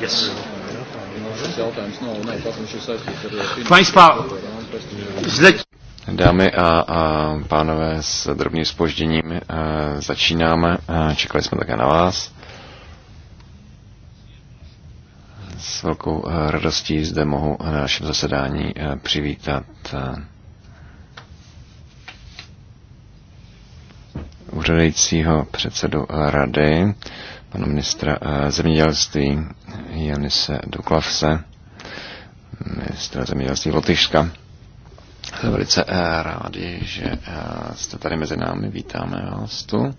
Yes. Państwa, zleci... Dámy a, a pánové s drobným spožděním e, začínáme. E, čekali jsme také na vás. S velkou e, radostí zde mohu na našem zasedání e, přivítat e, úřadujícího předsedu e, rady pana ministra eh, zemědělství Janise Duklavse, ministra zemědělství Lotyšska. Jsme velice eh, rádi, že eh, jste tady mezi námi. Vítáme vás tu.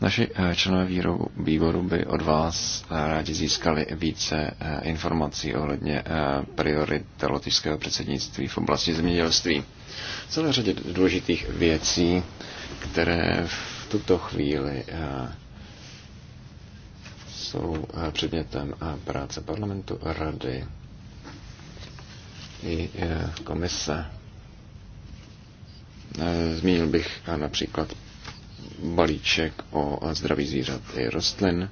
Naši členové výboru by od vás rádi získali více informací ohledně priorit lotyšského předsednictví v oblasti zemědělství celé řadě důležitých věcí, které v tuto chvíli eh, jsou eh, předmětem eh, práce parlamentu, rady i komise. Zmínil bych například balíček o zdraví zvířat i rostlin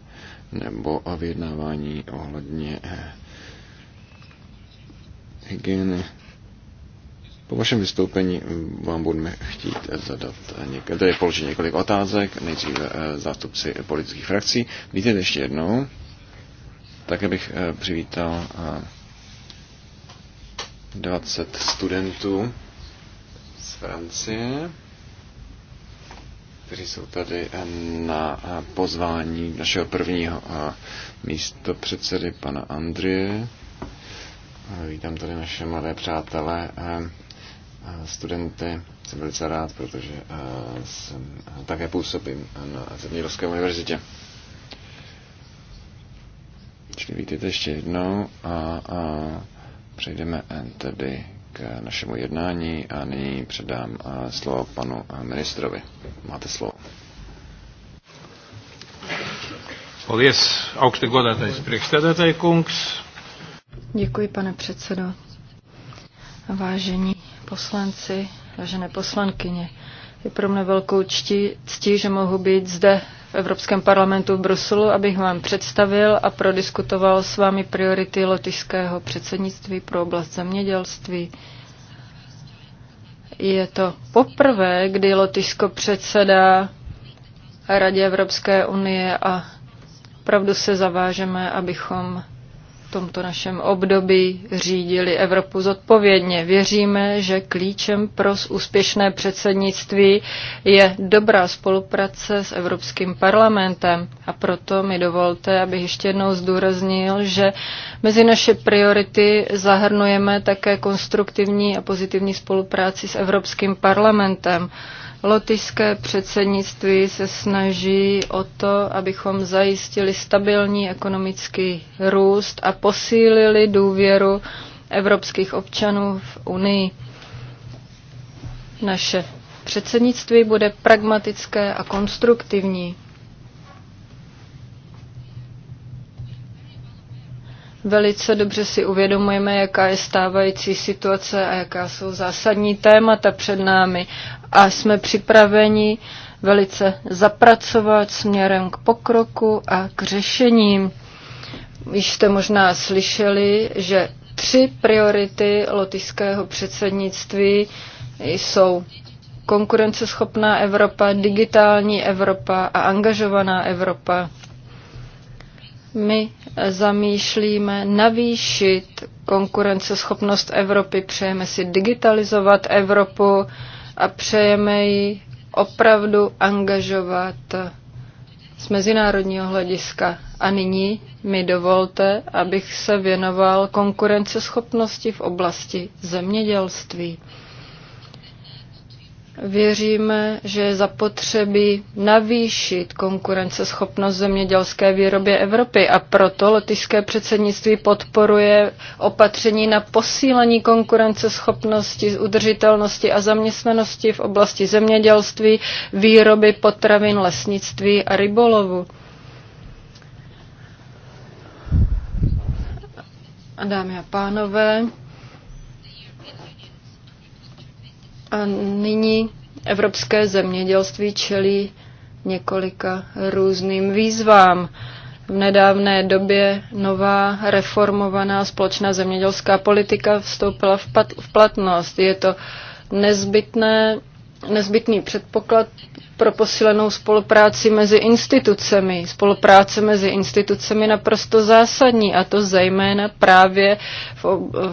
nebo o vyjednávání ohledně hygieny po vašem vystoupení vám budeme chtít zadat něk- tedy položit několik otázek, nejdříve eh, zástupci politických frakcí. Vítejte ještě jednou. Také bych eh, přivítal 20 eh, studentů z Francie, kteří jsou tady na pozvání našeho prvního místo předsedy pana Andrie. Vítám tady naše mladé přátelé studenty jsem velice rád, protože eh, jsem, eh, také působím na Zemědělské univerzitě. Čili vítejte ještě jednou a, a přejdeme eh, tedy k našemu jednání a nyní předám slovo panu ministrovi. Máte slovo. Děkuji, pane předsedo. Vážení poslanci, vážené poslankyně. Je pro mne velkou čtí, ctí, že mohu být zde v Evropském parlamentu v Bruselu, abych vám představil a prodiskutoval s vámi priority lotyšského předsednictví pro oblast zemědělství. Je to poprvé, kdy Lotyšsko předsedá Radě Evropské unie a opravdu se zavážeme, abychom tomto našem období řídili Evropu zodpovědně. Věříme, že klíčem pro úspěšné předsednictví je dobrá spolupráce s Evropským parlamentem. A proto mi dovolte, abych ještě jednou zdůraznil, že mezi naše priority zahrnujeme také konstruktivní a pozitivní spolupráci s Evropským parlamentem. Lotyšské předsednictví se snaží o to, abychom zajistili stabilní ekonomický růst a posílili důvěru evropských občanů v Unii. Naše předsednictví bude pragmatické a konstruktivní. Velice dobře si uvědomujeme, jaká je stávající situace a jaká jsou zásadní témata před námi. A jsme připraveni velice zapracovat směrem k pokroku a k řešením. Již jste možná slyšeli, že tři priority lotyšského předsednictví jsou konkurenceschopná Evropa, digitální Evropa a angažovaná Evropa. My zamýšlíme navýšit konkurenceschopnost Evropy, přejeme si digitalizovat Evropu a přejeme ji opravdu angažovat z mezinárodního hlediska. A nyní mi dovolte, abych se věnoval konkurenceschopnosti v oblasti zemědělství. Věříme, že je zapotřebí navýšit konkurenceschopnost zemědělské výroby Evropy a proto lotyšské předsednictví podporuje opatření na posílení konkurenceschopnosti, udržitelnosti a zaměstnanosti v oblasti zemědělství, výroby potravin, lesnictví a rybolovu. A dámy a pánové, A nyní evropské zemědělství čelí několika různým výzvám. V nedávné době nová reformovaná společná zemědělská politika vstoupila v, pat, v platnost. Je to nezbytné, nezbytný předpoklad pro posílenou spolupráci mezi institucemi. Spolupráce mezi institucemi naprosto zásadní, a to zejména právě v,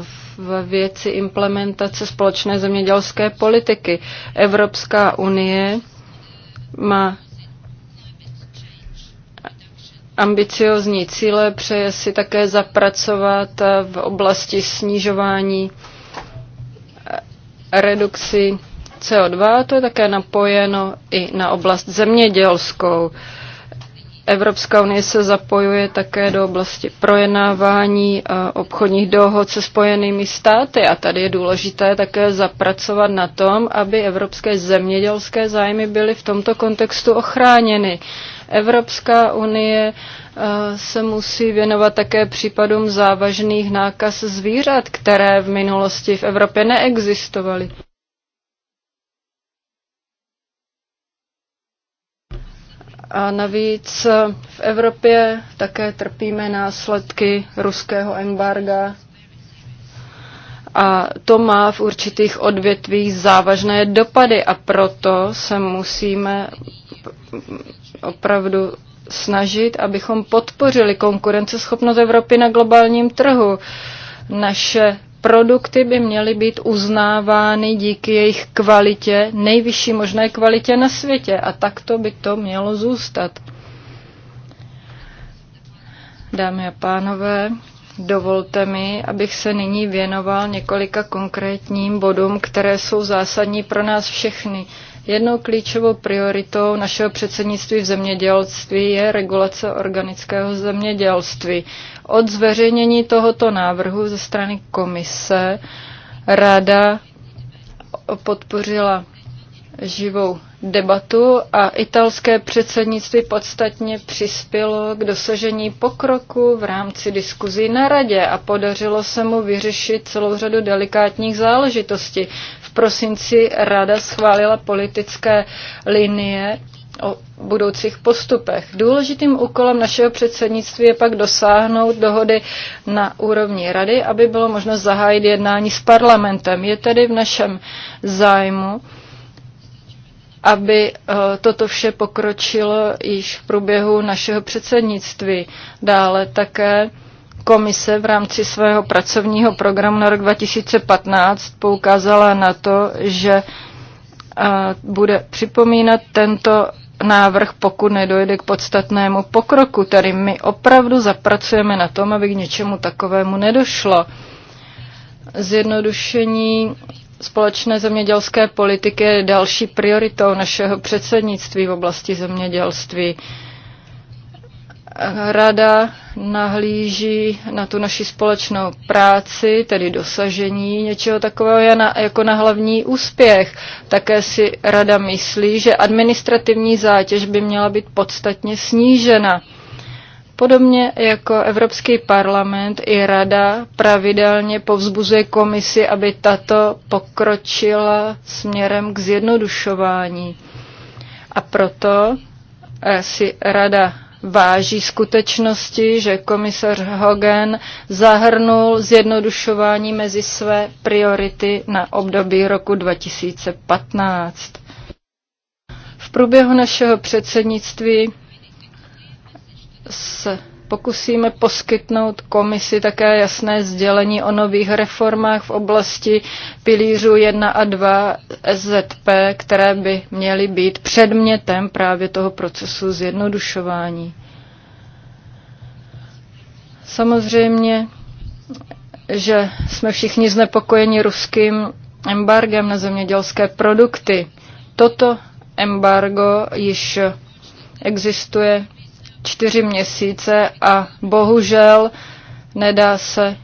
v ve věci implementace společné zemědělské politiky. Evropská unie má ambiciozní cíle, přeje si také zapracovat v oblasti snižování redukci CO2, to je také napojeno i na oblast zemědělskou. Evropská unie se zapojuje také do oblasti projednávání eh, obchodních dohod se spojenými státy a tady je důležité také zapracovat na tom, aby evropské zemědělské zájmy byly v tomto kontextu ochráněny. Evropská unie eh, se musí věnovat také případům závažných nákaz zvířat, které v minulosti v Evropě neexistovaly. A navíc v Evropě také trpíme následky ruského embarga a to má v určitých odvětvích závažné dopady a proto se musíme opravdu snažit, abychom podpořili konkurenceschopnost Evropy na globálním trhu. Naše produkty by měly být uznávány díky jejich kvalitě, nejvyšší možné kvalitě na světě. A takto by to mělo zůstat. Dámy a pánové, dovolte mi, abych se nyní věnoval několika konkrétním bodům, které jsou zásadní pro nás všechny. Jednou klíčovou prioritou našeho předsednictví v zemědělství je regulace organického zemědělství. Od zveřejnění tohoto návrhu ze strany komise rada podpořila živou debatu a italské předsednictví podstatně přispělo k dosažení pokroku v rámci diskuzí na radě a podařilo se mu vyřešit celou řadu delikátních záležitostí. V prosinci rada schválila politické linie o budoucích postupech. Důležitým úkolem našeho předsednictví je pak dosáhnout dohody na úrovni rady, aby bylo možno zahájit jednání s parlamentem. Je tedy v našem zájmu, aby eh, toto vše pokročilo již v průběhu našeho předsednictví. Dále také komise v rámci svého pracovního programu na rok 2015 poukázala na to, že eh, bude připomínat tento návrh, pokud nedojde k podstatnému pokroku. Tady my opravdu zapracujeme na tom, aby k něčemu takovému nedošlo. Zjednodušení společné zemědělské politiky je další prioritou našeho předsednictví v oblasti zemědělství. Rada nahlíží na tu naši společnou práci, tedy dosažení něčeho takového jako na hlavní úspěch. Také si Rada myslí, že administrativní zátěž by měla být podstatně snížena. Podobně jako Evropský parlament i Rada pravidelně povzbuzuje komisi, aby tato pokročila směrem k zjednodušování. A proto eh, si Rada váží skutečnosti, že komisař Hogan zahrnul zjednodušování mezi své priority na období roku 2015. V průběhu našeho předsednictví se pokusíme poskytnout komisi také jasné sdělení o nových reformách v oblasti pilířů 1 a 2 SZP, které by měly být předmětem právě toho procesu zjednodušování. Samozřejmě, že jsme všichni znepokojeni ruským embargem na zemědělské produkty. Toto embargo již existuje čtyři měsíce a bohužel nedá se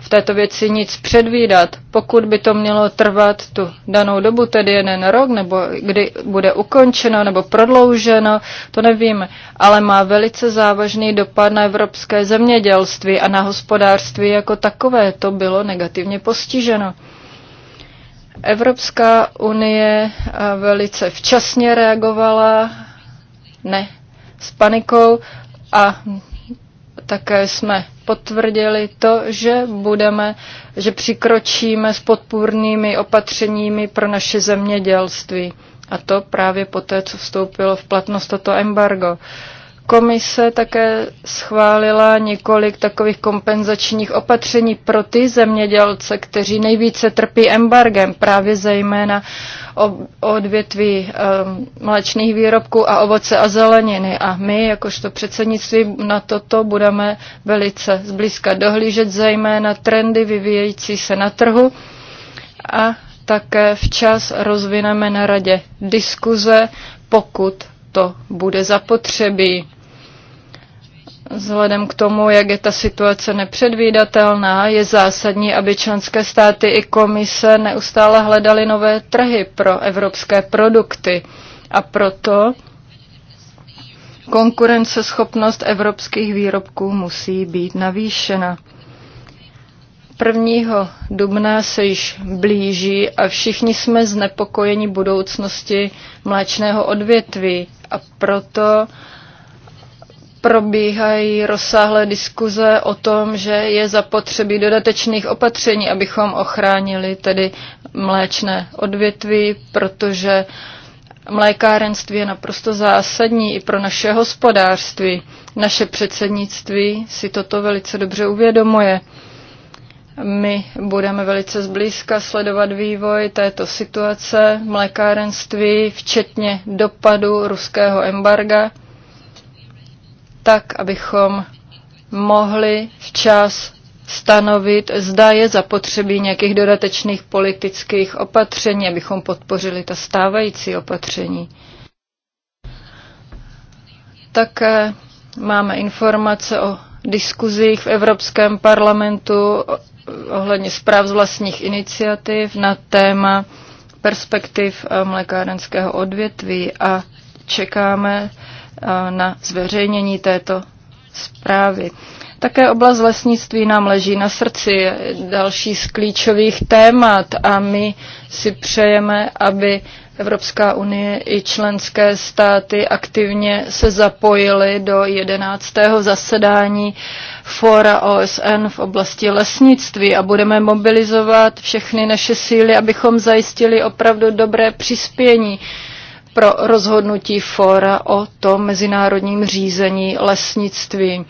v této věci nic předvídat. Pokud by to mělo trvat tu danou dobu, tedy jeden rok, nebo kdy bude ukončeno nebo prodlouženo, to nevíme, ale má velice závažný dopad na evropské zemědělství a na hospodářství jako takové. To bylo negativně postiženo. Evropská unie eh, velice včasně reagovala, ne s panikou a také jsme potvrdili to, že budeme, že přikročíme s podpůrnými opatřeními pro naše zemědělství. A to právě poté, co vstoupilo v platnost toto embargo. Komise také schválila několik takových kompenzačních opatření pro ty zemědělce, kteří nejvíce trpí embargem, právě zejména odvětví ehm, mléčných výrobků a ovoce a zeleniny. A my, jakožto předsednictví, na toto budeme velice zblízka dohlížet, zejména trendy vyvíjející se na trhu a také včas rozvineme na radě diskuze, pokud to bude zapotřebí. Vzhledem k tomu, jak je ta situace nepředvídatelná, je zásadní, aby členské státy i komise neustále hledaly nové trhy pro evropské produkty. A proto konkurenceschopnost evropských výrobků musí být navýšena. 1. dubna se již blíží a všichni jsme znepokojeni budoucnosti mléčného odvětví a proto probíhají rozsáhlé diskuze o tom, že je zapotřebí dodatečných opatření, abychom ochránili tedy mléčné odvětví, protože mlékárenství je naprosto zásadní i pro naše hospodářství. Naše předsednictví si toto velice dobře uvědomuje. My budeme velice zblízka sledovat vývoj této situace mlékárenství, včetně dopadu ruského embarga tak abychom mohli včas stanovit, zda je zapotřebí nějakých dodatečných politických opatření, abychom podpořili ta stávající opatření. Také máme informace o diskuzích v Evropském parlamentu ohledně zpráv z vlastních iniciativ na téma perspektiv eh, mlékárenského odvětví a čekáme na zveřejnění této zprávy. Také oblast lesnictví nám leží na srdci, další z klíčových témat a my si přejeme, aby Evropská unie i členské státy aktivně se zapojily do 11. zasedání Fora OSN v oblasti lesnictví a budeme mobilizovat všechny naše síly, abychom zajistili opravdu dobré přispění pro rozhodnutí fora o tom mezinárodním řízení lesnictví.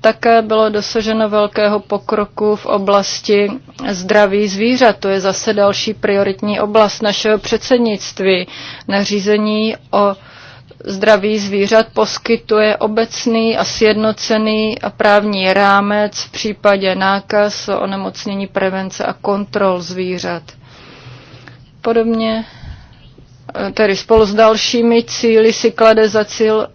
Také bylo dosaženo velkého pokroku v oblasti zdraví zvířat. To je zase další prioritní oblast našeho předsednictví. Nařízení o zdraví zvířat poskytuje obecný a sjednocený a právní rámec v případě nákaz, o nemocnění prevence a kontrol zvířat. Podobně tedy spolu s dalšími cíly si klade za cíl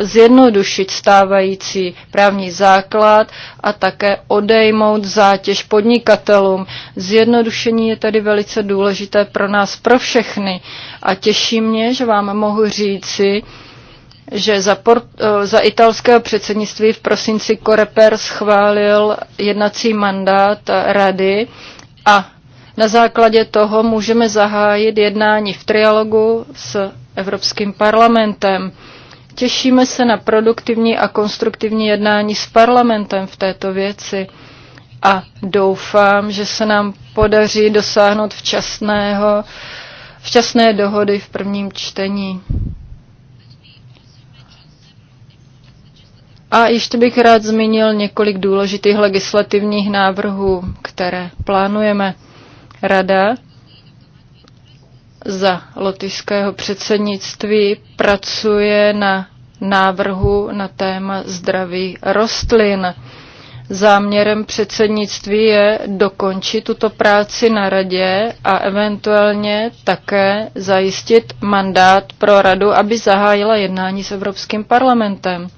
zjednodušit stávající právní základ a také odejmout zátěž podnikatelům. Zjednodušení je tedy velice důležité pro nás, pro všechny. A těší mě, že vám mohu říci, že za, port, za italského předsednictví v prosinci Koreper schválil jednací mandát rady a na základě toho můžeme zahájit jednání v trialogu s Evropským parlamentem. Těšíme se na produktivní a konstruktivní jednání s parlamentem v této věci a doufám, že se nám podaří dosáhnout včasného, včasné dohody v prvním čtení. A ještě bych rád zmínil několik důležitých legislativních návrhů, které plánujeme. Rada za lotyšského předsednictví pracuje na návrhu na téma zdraví rostlin. Záměrem předsednictví je dokončit tuto práci na radě a eventuálně také zajistit mandát pro radu, aby zahájila jednání s Evropským parlamentem.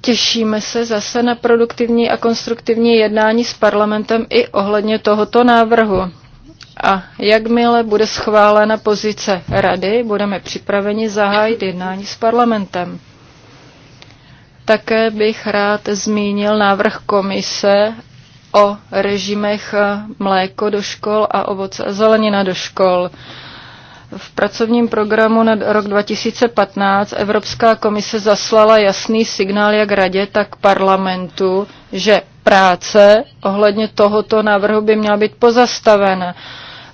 Těšíme se zase na produktivní a konstruktivní jednání s parlamentem i ohledně tohoto návrhu. A jakmile bude schválena pozice rady, budeme připraveni zahájit jednání s parlamentem. Také bych rád zmínil návrh komise o režimech mléko do škol a ovoce a zelenina do škol. V pracovním programu na rok 2015 Evropská komise zaslala jasný signál jak radě, tak parlamentu, že práce ohledně tohoto návrhu by měla být pozastavena,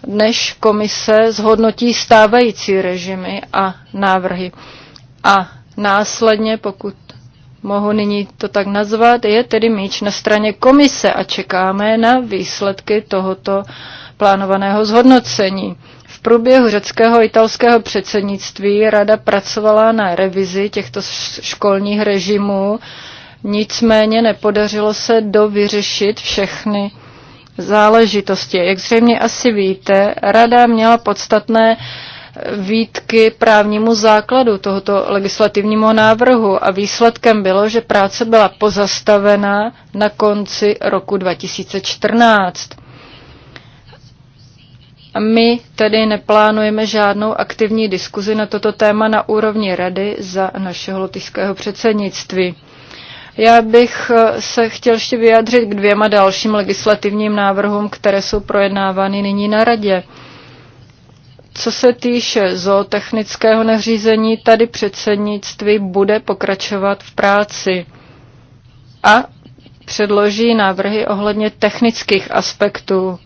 než komise zhodnotí stávající režimy a návrhy. A následně, pokud mohu nyní to tak nazvat, je tedy míč na straně komise a čekáme na výsledky tohoto plánovaného zhodnocení průběhu řeckého italského předsednictví rada pracovala na revizi těchto školních režimů, nicméně nepodařilo se dovyřešit všechny záležitosti. Jak zřejmě asi víte, rada měla podstatné výtky právnímu základu tohoto legislativního návrhu a výsledkem bylo, že práce byla pozastavena na konci roku 2014. My tedy neplánujeme žádnou aktivní diskuzi na toto téma na úrovni rady za našeho lotyšského předsednictví. Já bych eh, se chtěl ještě vyjádřit k dvěma dalším legislativním návrhům, které jsou projednávány nyní na radě. Co se týče zootechnického nařízení, tady předsednictví bude pokračovat v práci a předloží návrhy ohledně technických aspektů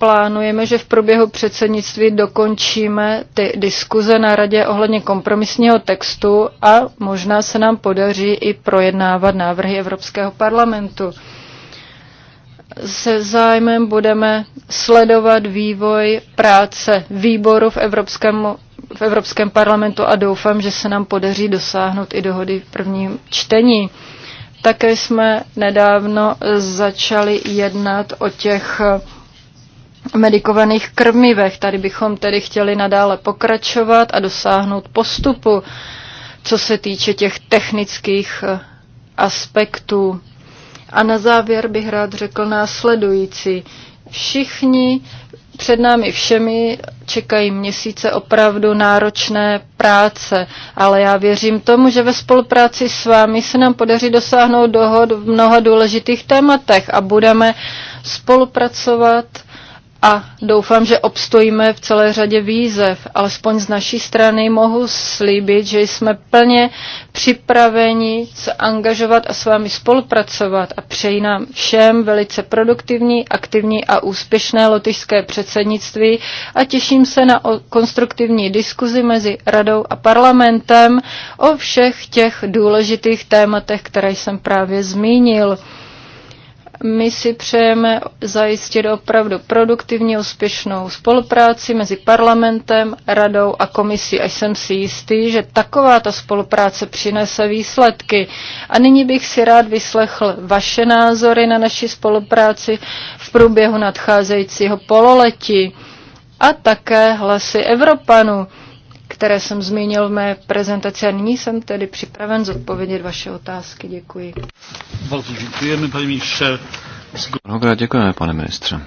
plánujeme, že v průběhu předsednictví dokončíme ty diskuze na radě ohledně kompromisního textu a možná se nám podaří i projednávat návrhy Evropského parlamentu. Se zájmem budeme sledovat vývoj práce výboru v Evropském, v Evropském parlamentu a doufám, že se nám podaří dosáhnout i dohody v prvním čtení. Také jsme nedávno začali jednat o těch medikovaných krmivech. Tady bychom tedy chtěli nadále pokračovat a dosáhnout postupu, co se týče těch technických eh, aspektů. A na závěr bych rád řekl následující. Všichni před námi všemi čekají měsíce opravdu náročné práce, ale já věřím tomu, že ve spolupráci s vámi se nám podaří dosáhnout dohod v mnoha důležitých tématech a budeme spolupracovat a doufám, že obstojíme v celé řadě výzev. Alespoň z naší strany mohu slíbit, že jsme plně připraveni se angažovat a s vámi spolupracovat a přeji nám všem velice produktivní, aktivní a úspěšné lotyšské předsednictví a těším se na konstruktivní diskuzi mezi radou a parlamentem o všech těch důležitých tématech, které jsem právě zmínil. My si přejeme zajistit opravdu produktivní úspěšnou spolupráci mezi parlamentem, radou a komisí. A jsem si jistý, že taková ta spolupráce přinese výsledky. A nyní bych si rád vyslechl vaše názory na naši spolupráci v průběhu nadcházejícího pololetí a také hlasy Evropanů které jsem zmínil v mé prezentaci. A nyní jsem tedy připraven zodpovědět vaše otázky. Děkuji. děkujeme, pane ministře. Mnohokrát děkujeme, pane ministře.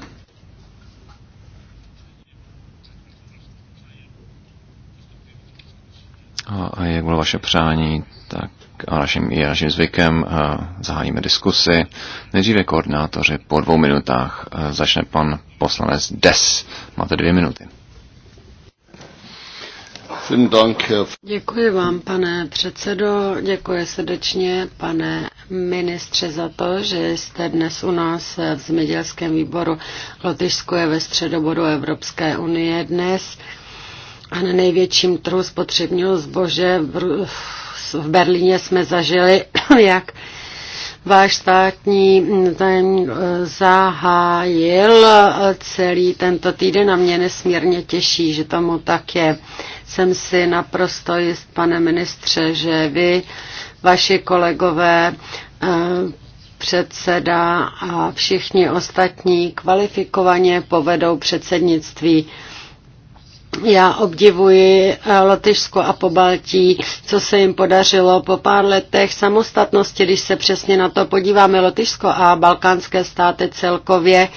A jak bylo vaše přání, tak a naším, i naším zvykem zahájíme diskusy. Nejdříve koordinátoři po dvou minutách začne pan poslanec Des. Máte dvě minuty. Děkuji vám, pane předsedo, děkuji srdečně, pane ministře, za to, že jste dnes u nás v zemědělském výboru. Lotyšsko je ve středobodu Evropské unie dnes a na největším trhu spotřebního zbože v Berlíně jsme zažili, jak váš státní mm, ten eh, zahájil eh, celý tento týden a mě nesmírně těší, že tomu tak je. Jsem si naprosto jist, pane ministře, že vy, vaši kolegové, eh, předseda a všichni ostatní kvalifikovaně povedou předsednictví já obdivuji eh, Lotyšsko a Pobaltí, co se jim podařilo po pár letech samostatnosti, když se přesně na to podíváme. Lotyšsko a balkánské státy celkově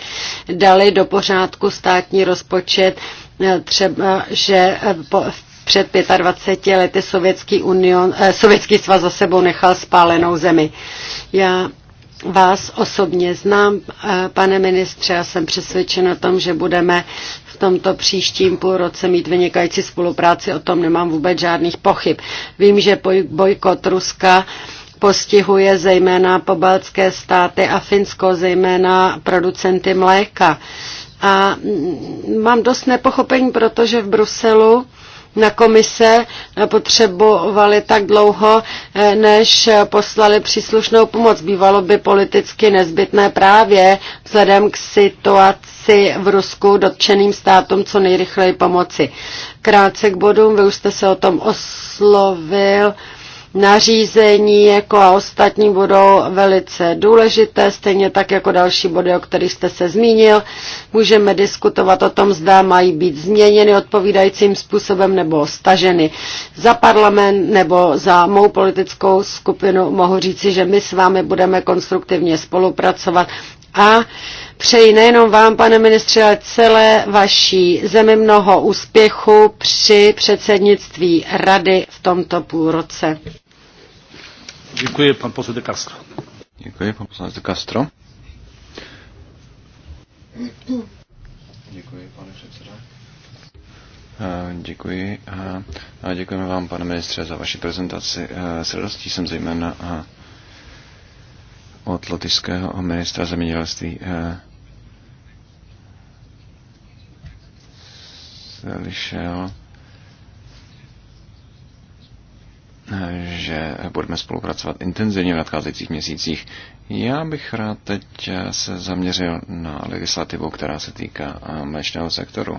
dali do pořádku státní rozpočet eh, třeba, že eh, po, před 25 lety Sovětský, union, Sovětský svaz za sebou nechal spálenou zemi. Já vás osobně znám, pane ministře, a jsem přesvědčen o tom, že budeme tomto příštím půlroce mít vynikající spolupráci, o tom nemám vůbec žádných pochyb. Vím, že bojkot Ruska postihuje zejména pobaltské státy a Finsko, zejména producenty mléka. A mm, mám dost nepochopení, protože v Bruselu na komise potřebovali tak dlouho, eh, než poslali příslušnou pomoc. Bývalo by politicky nezbytné právě vzhledem k situaci v Rusku dotčeným státům co nejrychleji pomoci. Krátce k bodům, vy už jste se o tom oslovil nařízení jako a ostatní budou velice důležité, stejně tak jako další body, o kterých jste se zmínil. Můžeme diskutovat o tom, zda mají být změněny odpovídajícím způsobem nebo staženy. Za parlament nebo za mou politickou skupinu mohu říci, že my s vámi budeme konstruktivně spolupracovat a Přeji nejenom vám, pane ministře, ale celé vaší zemi mnoho úspěchu při předsednictví rady v tomto půlroce. Děkuji, pan poslanec de Castro. Děkuji, pan poslanec de Castro. Děkuji, pane předsedo. Eh, děkuji a děkujeme vám, pane ministře, za vaši prezentaci. Eh, s radostí jsem zejména eh, od lotyšského ministra zemědělství slyšel že budeme spolupracovat intenzivně v nadcházejících měsících. Já bych rád teď se zaměřil na legislativu, která se týká mléčného sektoru.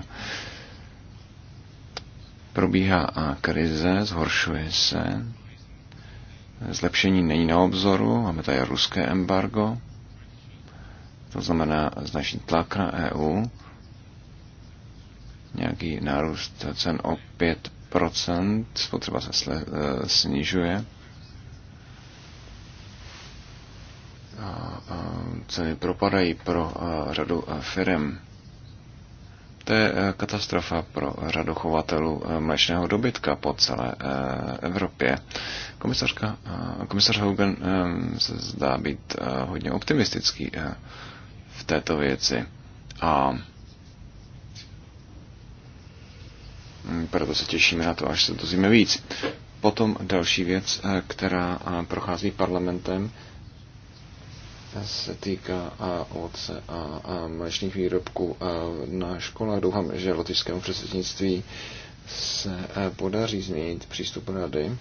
Probíhá a krize, zhoršuje se, zlepšení není na obzoru, máme tady ruské embargo, to znamená značný tlak na EU, nějaký nárůst cen o procent spotřeba se sle, eh, snižuje. A, a ceny propadají pro a, eh, řadu eh, firm. To je katastrofa pro řadu chovatelů mlečného dobytka po celé Evropě. Komisařka, komisař Hogan se zdá být hodně optimistický v této věci. A Mm, proto se těšíme na to, až se dozvíme víc. Potom další věc, eh, která eh, prochází parlamentem, se týká ovoce eh, a mléčných výrobků na školách. Doufám, že lotyšskému předsednictví se podaří změnit přístup rady,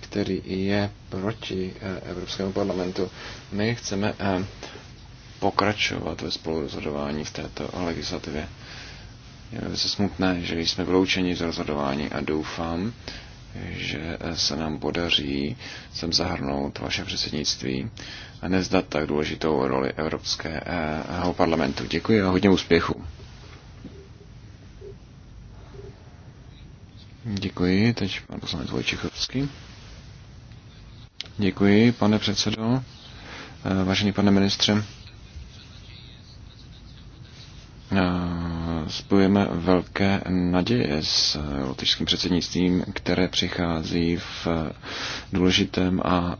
který je proti Evropskému parlamentu. My chceme pokračovat ve spolurozhodování v této legislativě. Je velice smutné, že jsme vyloučeni z rozhodování a doufám, že se nám podaří sem zahrnout vaše předsednictví a nezdat tak důležitou roli Evropského parlamentu. Děkuji a hodně úspěchu. Děkuji, teď pan poslanec Vojčichovský. Děkuji, pane předsedo, vážený pane ministře spojujeme velké naděje s eh, lotyšským předsednictvím, které přichází v eh, důležitém a,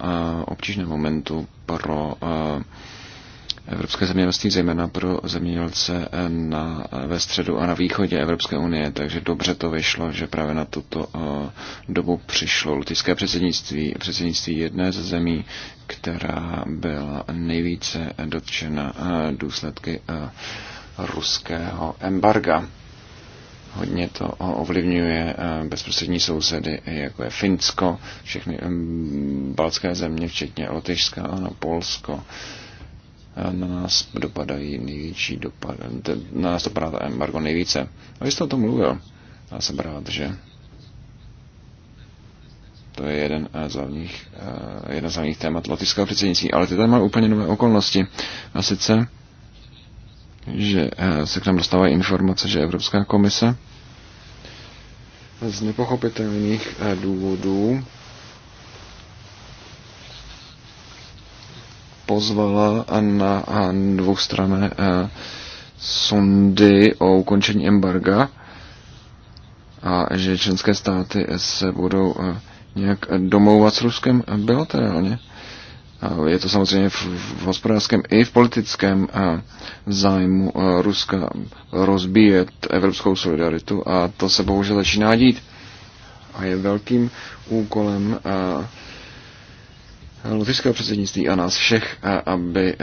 obtížném momentu pro eh, evropské zemědělství, zejména pro zemědělce na, ve středu a na východě Evropské unie, takže dobře to vyšlo, že právě na tuto dobu přišlo lutické předsednictví, předsednictví jedné ze zemí, která byla nejvíce dotčena důsledky ruského embarga. Hodně to ovlivňuje eh, bezprostřední sousedy, jako je Finsko, všechny balské země, včetně Lotyšska a Polsko. Na nás dopadají největší dopad, na nás dopadá to embargo nejvíce. A vy jste o tom mluvil. Dá se brát, že to je jeden eh, z hlavních, eh, jeden z hlavních témat lotyšského předsednictví. Ale ty tady má úplně nové okolnosti. A sice že eh, se k nám dostávají informace, že Evropská komise z nepochopitelných eh, důvodů pozvala na eh, dvou strany sondy o ukončení embarga a že členské státy se budou nějak domlouvat s Ruskem bilaterálně. Eh, je to samozřejmě v, v hospodářském i v politickém eh, zájmu eh, Ruska rozbíjet evropskou solidaritu a to se bohužel začíná dít. A je velkým úkolem lotyšského předsednictví a nás všech, aby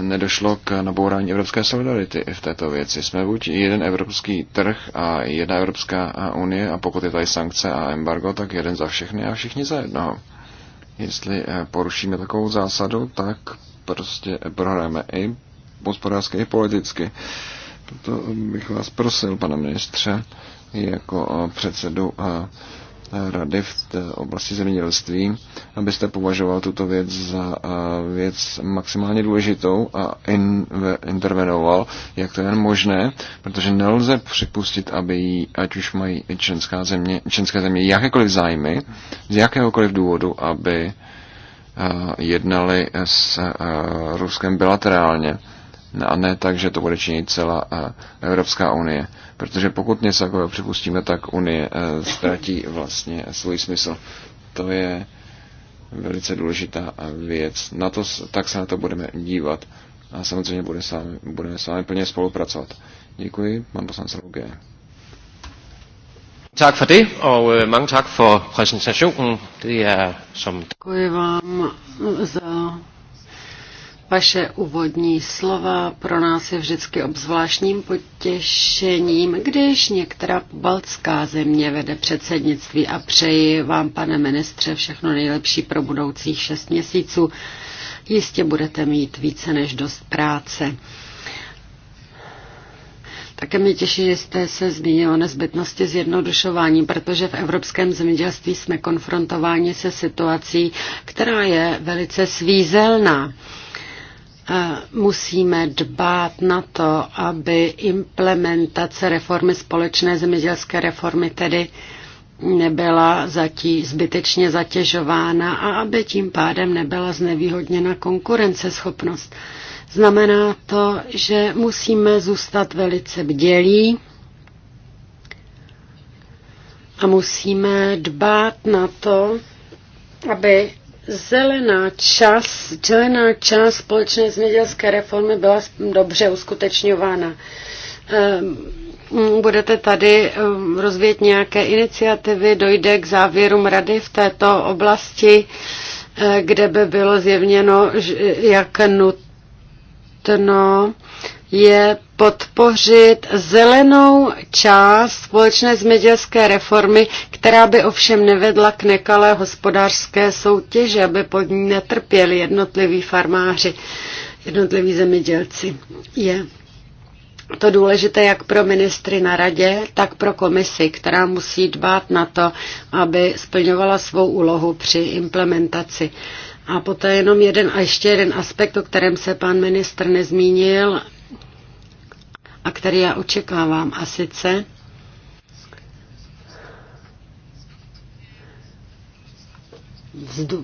nedošlo k nabourání evropské solidarity v této věci. Jsme buď jeden evropský trh a jedna Evropská unie a pokud je tady sankce a embargo, tak jeden za všechny a všichni za jednoho. Jestli eh, porušíme takovou zásadu, tak prostě prohráme i hospodářsky, i politicky. Proto bych vás prosil, pane ministře, jako eh, předsedu eh, rady v té oblasti zemědělství, abyste považoval tuto věc za eh, věc maximálně důležitou a in, intervenoval, jak to je možné, protože nelze připustit, aby jí, ať už mají členská země, členské země jakékoliv zájmy, z jakéhokoliv důvodu, aby eh, jednali s eh, Ruskem bilaterálně a ne tak, že to bude činit celá Evropská unie. Protože pokud něco takového připustíme, tak Unie eh, ztratí vlastně svůj smysl. To je velice důležitá věc. Na to, tak se na to budeme dívat a samozřejmě bude s vámi, budeme s vámi plně spolupracovat. Děkuji, pan poslanec Rugé. Tak for det, og uh, mange tak for præsentationen. Det er som... Děkuji vám za vaše úvodní slova pro nás je vždycky obzvláštním potěšením, když některá pobaltská země vede předsednictví a přeji vám, pane ministře, všechno nejlepší pro budoucích šest měsíců. Jistě budete mít více než dost práce. Také mě těší, že jste se zmínil o nezbytnosti zjednodušování, protože v evropském zemědělství jsme konfrontováni se situací, která je velice svízelná. Musíme dbát na to, aby implementace reformy společné zemědělské reformy tedy nebyla zatí, zbytečně zatěžována a aby tím pádem nebyla znevýhodněna konkurenceschopnost. Znamená to, že musíme zůstat velice bdělí a musíme dbát na to, aby Zelená čas, zelená část společné zemědělské reformy byla dobře uskutečňována. Ehm, budete tady ehm, rozvíjet nějaké iniciativy, dojde k závěrům rady v této oblasti, eh, kde by bylo zjevněno, jak nutno je podpořit zelenou část společné zemědělské reformy, která by ovšem nevedla k nekalé hospodářské soutěži, aby pod ní netrpěli jednotliví farmáři, jednotliví zemědělci. Je to důležité jak pro ministry na radě, tak pro komisi, která musí dbát na to, aby splňovala svou úlohu při implementaci. A poté jenom jeden a ještě jeden aspekt, o kterém se pan ministr nezmínil, a který já očekávám, a sice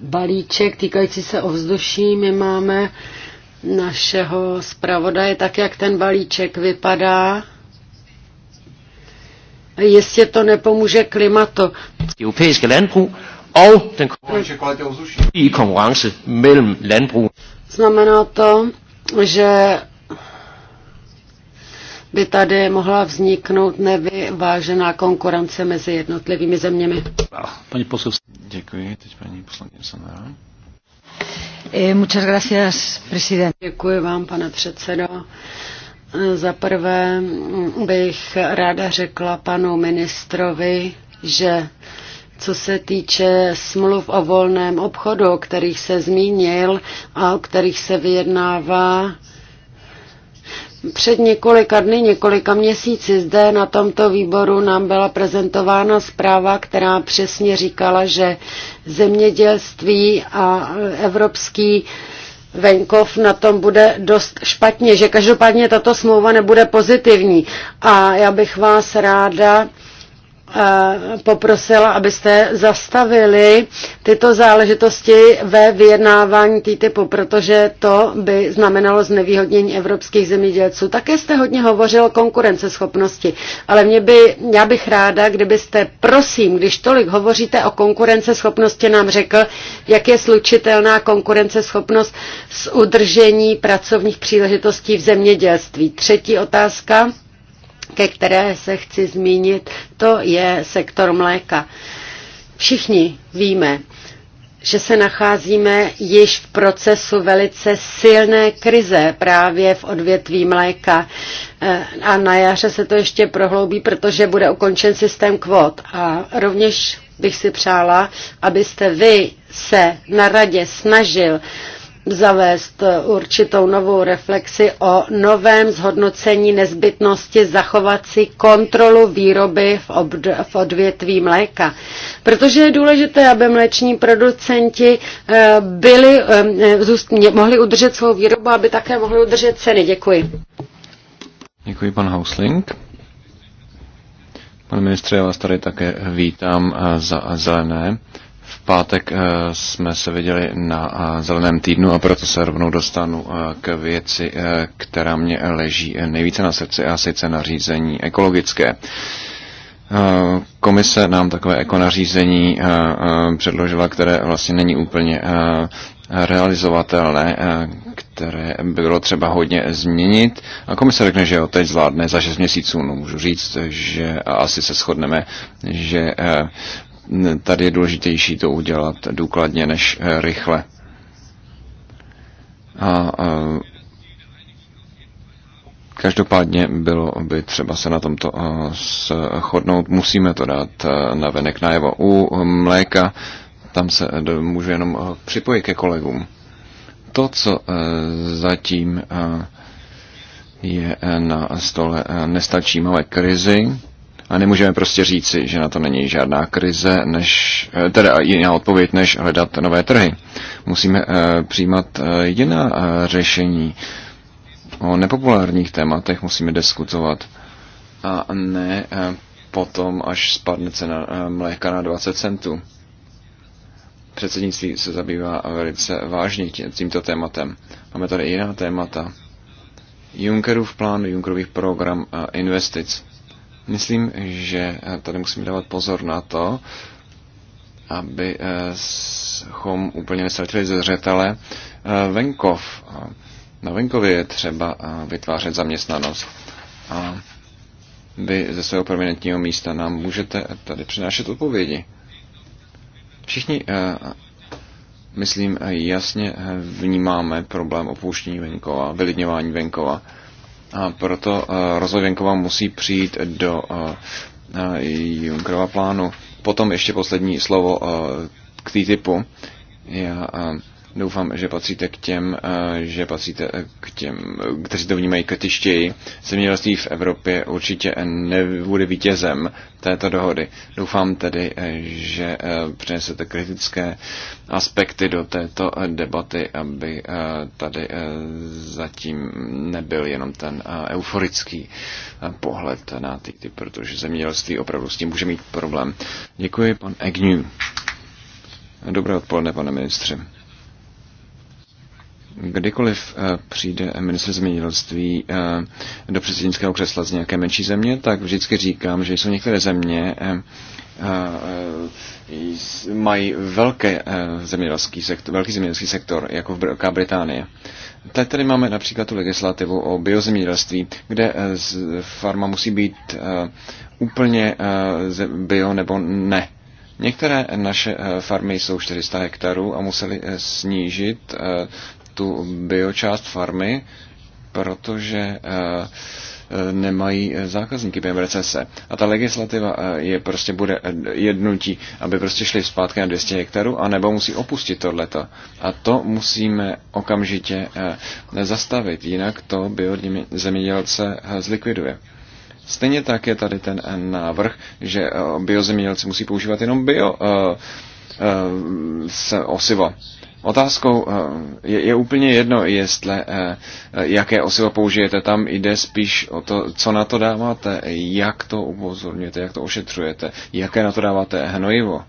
balíček týkající se ovzduší. My máme našeho zpravodaje, tak jak ten balíček vypadá. Jestli to nepomůže klimatu. Evropské landbrug a den konkurence mezi landbrug. Znamená to, že by tady mohla vzniknout nevyvážená konkurence mezi jednotlivými zeměmi. Paní poslou. Děkuji, teď paní poslankyně Sandra. Eh, muchas gracias, president. Děkuji vám, pane předsedo. Za prvé bych ráda řekla panu ministrovi, že co se týče smluv o volném obchodu, o kterých se zmínil a o kterých se vyjednává, před několika dny, několika měsíci zde na tomto výboru nám byla prezentována zpráva, která přesně říkala, že zemědělství a evropský venkov na tom bude dost špatně, že každopádně tato smlouva nebude pozitivní. A já bych vás ráda poprosila, abyste zastavili tyto záležitosti ve vyjednávání TTIPu, protože to by znamenalo znevýhodnění evropských zemědělců. Také jste hodně hovořil o konkurenceschopnosti, ale mě by, já bych ráda, kdybyste, prosím, když tolik hovoříte o konkurenceschopnosti, nám řekl, jak je slučitelná konkurenceschopnost s udržení pracovních příležitostí v zemědělství. Třetí otázka ke které se chci zmínit, to je sektor mléka. Všichni víme, že se nacházíme již v procesu velice silné krize právě v odvětví mléka eh, a na jaře se to ještě prohloubí, protože bude ukončen systém kvot. A rovněž bych si přála, abyste vy se na radě snažil uh, zavést určitou novou reflexi o novém zhodnocení nezbytnosti zachovat si kontrolu výroby v, obd- v odvětví mléka. Protože je důležité, aby mléční producenti eh, byli, eh, mohli udržet svou výrobu, aby také mohli udržet ceny. Děkuji. Děkuji, pan Hausling. Pane ministře, já vás tady také vítám eh, za zelené pátek eh, jsme se viděli na eh, zeleném týdnu a proto se rovnou dostanu eh, k věci, která mě leží nejvíce na srdci a sice nařízení ekologické. Komise nám takové ekonařízení předložila, které vlastně není úplně realizovatelné, které by bylo třeba hodně změnit. A komise řekne, že jo, teď zvládne za 6 měsíců. No, můžu říct, že asi se shodneme, že tady je důležitější to udělat důkladně než eh, rychle. A eh, Každopádně bylo by třeba se na tomto eh, shodnout. Musíme to dát na venek najevo. U mléka tam se můžu jenom připojit ke kolegům. To, co zatím je na stole, nestačí. malé krizi, a nemůžeme prostě říci, že na to není žádná krize, než, eh, teda jiná odpověď, než hledat nové trhy. Musíme eh, přijímat eh, jiná řešení. O nepopulárních tématech musíme diskutovat. A ne potom, až spadne cena mléka na 20 centů. Předsednictví se zabývá velice vážně tímto tématem. Máme tady jiná témata. Junckerův plán, Junckerův program a investic. Myslím, že eh, tady musíme dávat pozor na to, aby eh, chom úplně nestratili ze zřetele eh, venkov. Na venkově je třeba vytvářet zaměstnanost. A vy ze svého prominentního místa nám můžete tady přinášet odpovědi. Všichni, myslím, jasně vnímáme problém opouštění venkova, vylidňování venkova. A proto eh, rozvoj venkova musí přijít do eh, eh, Junckerova plánu. Potom ještě poslední slovo k TTIPu. Já Doufám, že patříte k těm, eh, že patříte eh, k těm, eh, kteří to vnímají kritičtěji. Zemědělství v Evropě určitě nebude vítězem této dohody. Doufám tedy, že přinesete kritické aspekty do této debaty, aby tady zatím nebyl jenom ten euforický pohled na ty, ty protože zemědělství opravdu s tím může mít problém. Děkuji, pan Egnu. Dobré odpoledne, pane ministře kdykoliv eh, přijde minister zemědělství eh, do předsednického křesla z nějaké menší země, tak vždycky říkám, že jsou některé země, eh, mají velké zemědělský sektor, velký zemědělský sektor, jako v Velká Británie. tady máme například tu legislativu o biozemědělství, kde farma musí být úplně bio nebo ne. Některé naše farmy jsou 400 hektarů a museli snížit tu biočást farmy, protože eh, eh, nemají eh, zákazníky během recese. A ta legislativa je prostě bude jednutí, aby prostě šli zpátky na 200 hektarů, anebo musí opustit tohleto. A to musíme okamžitě zastavit, jinak to biozemědělce zlikviduje. Stejně tak je tady ten návrh, že biozemědělci musí používat jenom bio uh, uh, osivo. Otázkou eh, je, je úplně jedno, jestli, eh, jaké osivo použijete. Tam jde spíš o to, co na to dáváte, jak to upozorňujete, jak to ošetřujete, jaké na to dáváte hnojivo.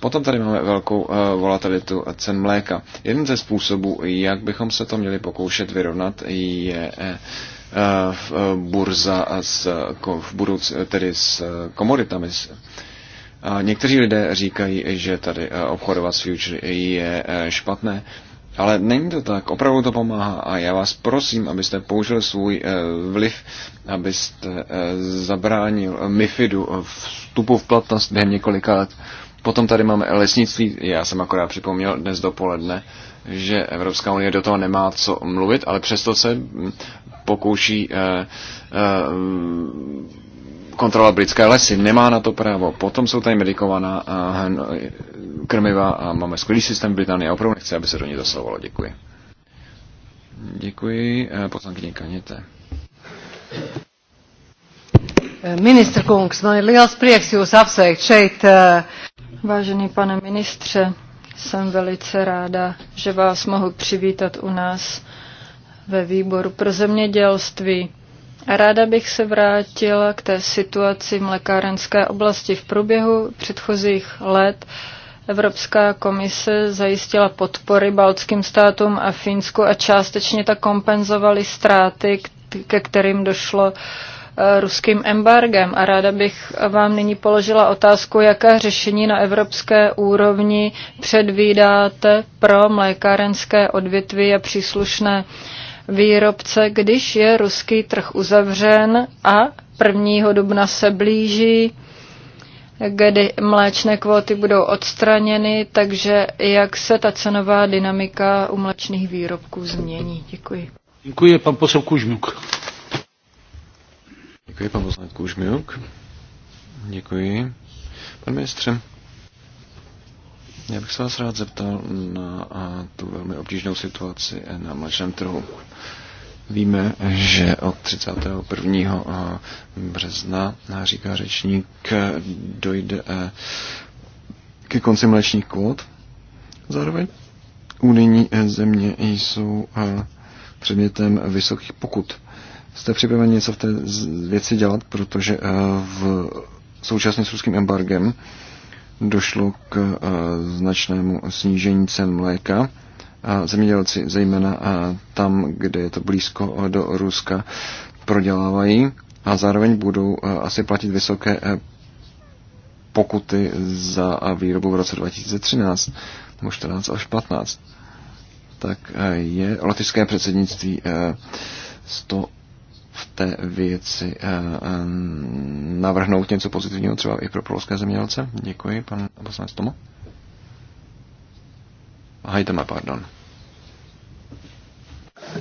Potom tady máme velkou eh, volatilitu cen mléka. Jeden ze způsobů, jak bychom se to měli pokoušet vyrovnat, je v burza s, v budouc, tedy s komoditami někteří lidé říkají, že tady eh, obchodovat s future je eh, špatné, ale není to tak, opravdu to pomáhá a já vás prosím, abyste použil svůj eh, vliv, abyste zabránil MIFIDu vstupu v platnost během několika let. Potom tady máme lesnictví, já jsem akorát připomněl dnes dopoledne, že Evropská unie do toho nemá co mluvit, ale přesto se hm, pokouší kontrola britské lesy, nemá na to právo. Potom jsou tady medikovaná a krmiva a máme skvělý systém v Británii a opravdu nechci, aby se do ní zasahovalo. Děkuji. Děkuji. E, poslankyně Kaněte. E, ministr Kungs, no je liels prieks jūs apsveikt šeit. E. Vážený pane ministře, jsem velice ráda, že vás mohu přivítat u nás ve výboru pro zemědělství. Ráda bych se vrátila k té situaci v mlekárenské oblasti. V průběhu předchozích let Evropská komise zajistila podpory baltským státům a Finsku a částečně tak kompenzovaly ztráty, ke kterým došlo eh, ruským embargem. A ráda bych vám nyní položila otázku, jaké řešení na evropské úrovni předvídáte pro mlékárenské odvětví a příslušné uh, výrobce, když je ruský trh uzavřen a 1. dubna se blíží, kdy mléčné kvóty budou odstraněny, takže jak se ta cenová dynamika u mléčných výrobků změní? Děkuji. Děkuji, pan posel Kužmiuk. Děkuji, pan poslanec Kužmiuk. Děkuji. Pan ministře, já bych se vás rád zeptal na tu velmi obtížnou situaci na mlečném trhu. Víme, že od 31. března, říká řečník, dojde e, ke konci mlečních kvót. Zároveň unijní e, země jsou e, předmětem vysokých pokut. Jste připraveni něco v té věci dělat, protože v současně s ruským embargem došlo k eh, značnému snížení cen mléka. A zemědělci, zejména eh, tam, kde je to blízko eh, do Ruska, prodělávají a zároveň budou asi platit vysoké pokuty za výrobu v roce 2013, nebo 14 až 15. Tak je lotické předsednictví z toho v té věci eh, eh, navrhnout něco pozitivního třeba i pro polské zemědělce? Děkuji, pan poslanec Tomo. Hajdeme, pardon.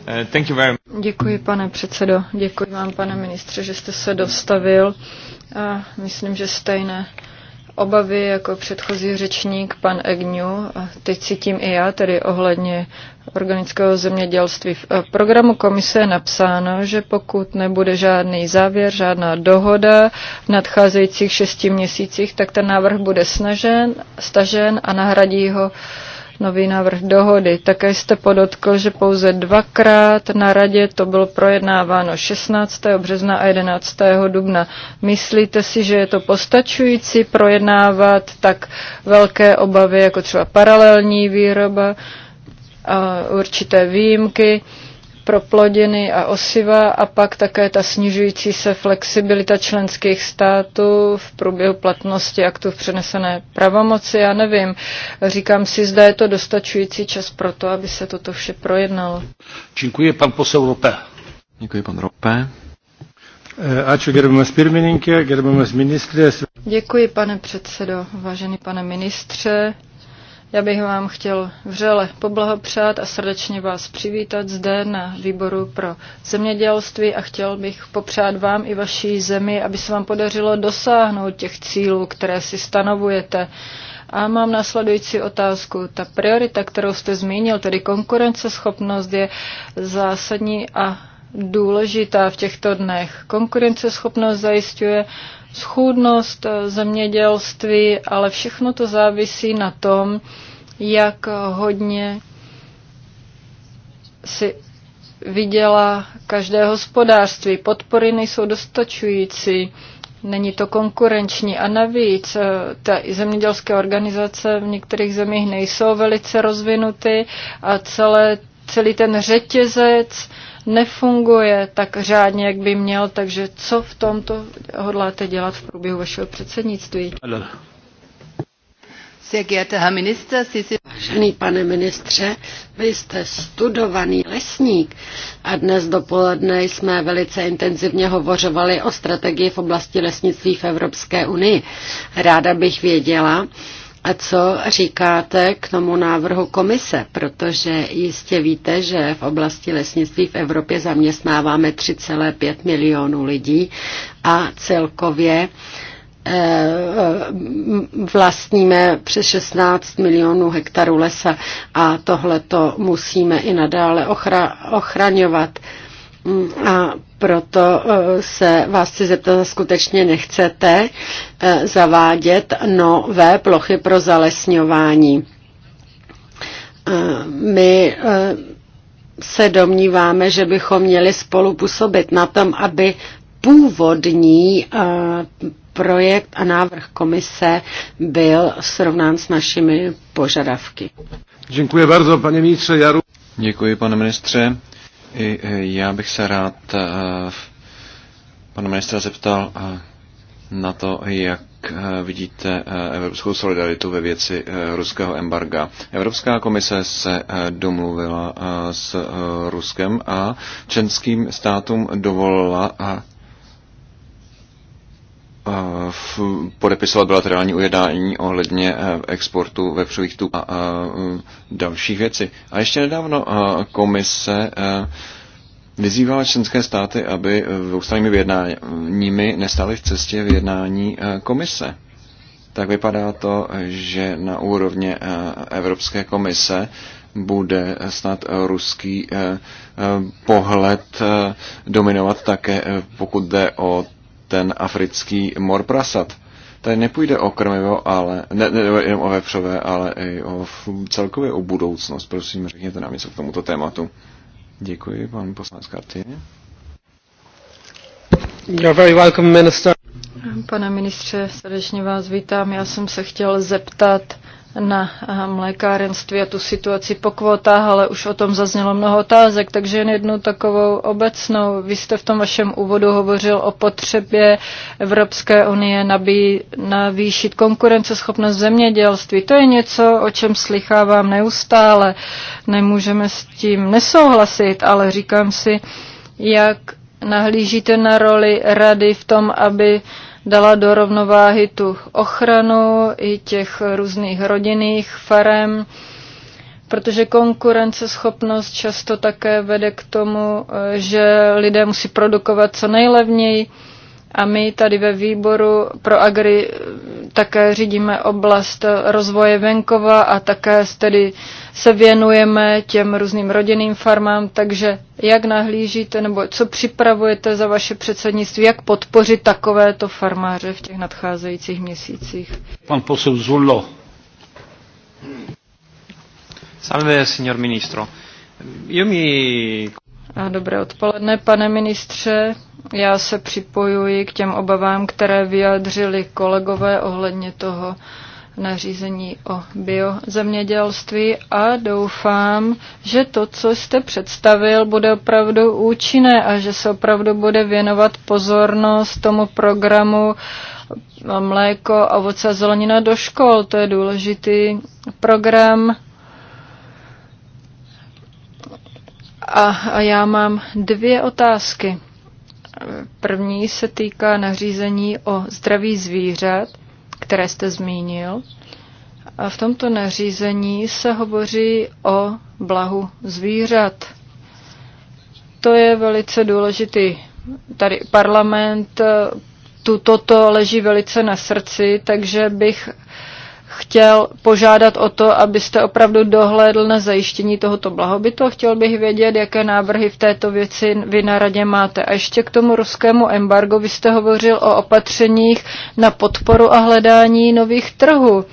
Eh, thank you very Děkuji, pane předsedo. Děkuji vám, pane ministře, že jste se dostavil. A myslím, že stejné obavy jako předchozí řečník pan Egňu, a teď cítím i já, tedy ohledně organického zemědělství. V eh, programu komise je napsáno, že pokud nebude žádný závěr, žádná dohoda v nadcházejících šesti měsících, tak ten návrh bude snažen, stažen a nahradí ho uh, nový návrh dohody. Také jste podotkl, že pouze dvakrát na radě to bylo projednáváno 16. března a 11. dubna. Myslíte si, že je to postačující projednávat tak velké obavy, jako třeba paralelní výroba, a určité výjimky? pro plodiny a osiva a pak také ta snižující se flexibilita členských států v průběhu platnosti aktu v přenesené pravomoci. Já nevím, říkám si, zda je to dostačující čas pro to, aby se toto vše projednalo. Děkuji, pan posel Rope. Děkuji, pan Rope. Eh, ačiū gerbiamas pirmininkė, gerbiamas ministrės. Děkuji, pane předsedo, vážený pane ministře. Já bych vám chtěl vřele poblahopřát a srdečně vás přivítat zde na výboru pro zemědělství a chtěl bych popřát vám i vaší zemi, aby se vám podařilo dosáhnout těch cílů, které si stanovujete. A mám následující otázku. Ta priorita, kterou jste zmínil, tedy konkurenceschopnost, je zásadní a důležitá v těchto dnech. Konkurenceschopnost zajišťuje schůdnost eh, zemědělství, ale všechno to závisí na tom, jak hodně si viděla každé hospodářství. Podpory nejsou dostačující, není to konkurenční a navíc eh, ty zemědělské organizace v některých zemích nejsou velice rozvinuty a celé celý ten řetězec nefunguje tak řádně, jak by měl, takže co v tomto hodláte dělat v průběhu vašeho předsednictví? Vážený pane ministře, vy jste studovaný lesník a dnes dopoledne jsme velice intenzivně hovořovali o strategii v oblasti lesnictví v Evropské unii. Ráda bych věděla, a co říkáte k tomu návrhu komise? Protože jistě víte, že v oblasti lesnictví v Evropě zaměstnáváme 3,5 milionů lidí a celkově eh, vlastníme přes 16 milionů hektarů lesa a tohle to musíme i nadále ochra- ochraňovat. A proto eh, se vás chci zeptat, skutečně nechcete eh, zavádět nové plochy pro zalesňování. Eh, my se domníváme, že bychom měli spolu působit na tom, aby původní projekt a návrh komise byl srovnán s našimi požadavky. Děkuji bardzo, pane ministře Jaru. Děkuji, pane ministře. I e, já bych se rád e, pana ministra zeptal e, na to, jak vidíte evropskou solidaritu ve věci ruského embarga. Evropská komise se domluvila s Ruskem a členským státům dovolila Eh, podepisovat bilaterální ujednání ohledně eh, exportu vepřových tuků a eh, dalších věcí. A ještě nedávno komise vyzývala členské státy, aby dvoustranými vyjednáními nestály v cestě vyjednání komise. Tak vypadá to, že na úrovně Evropské komise bude snad ruský pohled dominovat také, pokud jde o ten africký mor prasat. Tady nepůjde o krmivo, ale ne, ne, jenom o vepřové, ale i o celkově o budoucnost. Prosím, řekněte nám něco k tomuto tématu. Děkuji, pan poslanec Karty. You're very welcome, minister. Pane ministře, srdečně vás vítám. Já jsem se chtěl zeptat na eh, mlékárenství a tu situaci po kvotách, ale už o tom zaznělo mnoho otázek, takže jen jednu takovou obecnou. Vy jste v tom vašem úvodu hovořil o potřebě Evropské unie nabí, navýšit konkurenceschopnost zemědělství. To je něco, o čem slychávám neustále. Nemůžeme s tím nesouhlasit, ale říkám si, jak nahlížíte na roli rady v tom, aby uh, dala do rovnováhy tu ochranu i těch různých rodinných farem, protože konkurenceschopnost často také vede k tomu, eh, že lidé musí produkovat co nejlevněji a my tady ve výboru pro Agri také řídíme oblast rozvoje venkova a také tedy se věnujeme těm různým rodinným farmám, takže jak nahlížíte nebo co připravujete za vaše předsednictví, jak podpořit takovéto farmáře v těch nadcházejících měsících? Pan posel Zullo. Salve, signor ministro. Io mi... A dobré odpoledne, pane ministře. Já se připojuji k těm obavám, které vyjadřili kolegové ohledně toho nařízení o biozemědělství a doufám, že to, co jste představil, bude opravdu účinné a že se opravdu bude věnovat pozornost tomu programu mléko, ovoce a zelenina do škol. To je důležitý program, A já mám dvě otázky. První se týká nařízení o zdraví zvířat, které jste zmínil. A v tomto nařízení se hovoří o blahu zvířat. To je velice důležitý. Tady parlament tu toto leží velice na srdci, takže bych chtěl požádat o to, abyste opravdu dohlédl na zajištění tohoto blahobytu chtěl bych vědět, jaké návrhy v této věci vy na radě máte. A ještě k tomu ruskému embargo, vy jste hovořil o opatřeních na podporu a hledání nových trhů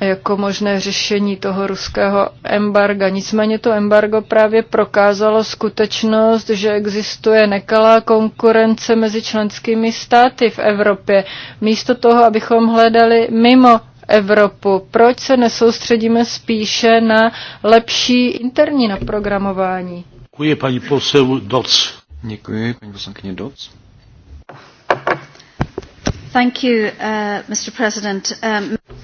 jako možné řešení toho ruského embarga. Nicméně to embargo právě prokázalo skutečnost, že existuje nekalá konkurence mezi členskými státy v Evropě. Místo toho, abychom hledali mimo Evropu, proč se nesoustředíme spíše na lepší interní naprogramování? Děkuji paní posel Doc. Děkuji paní poslankyně Doc. Uh, um,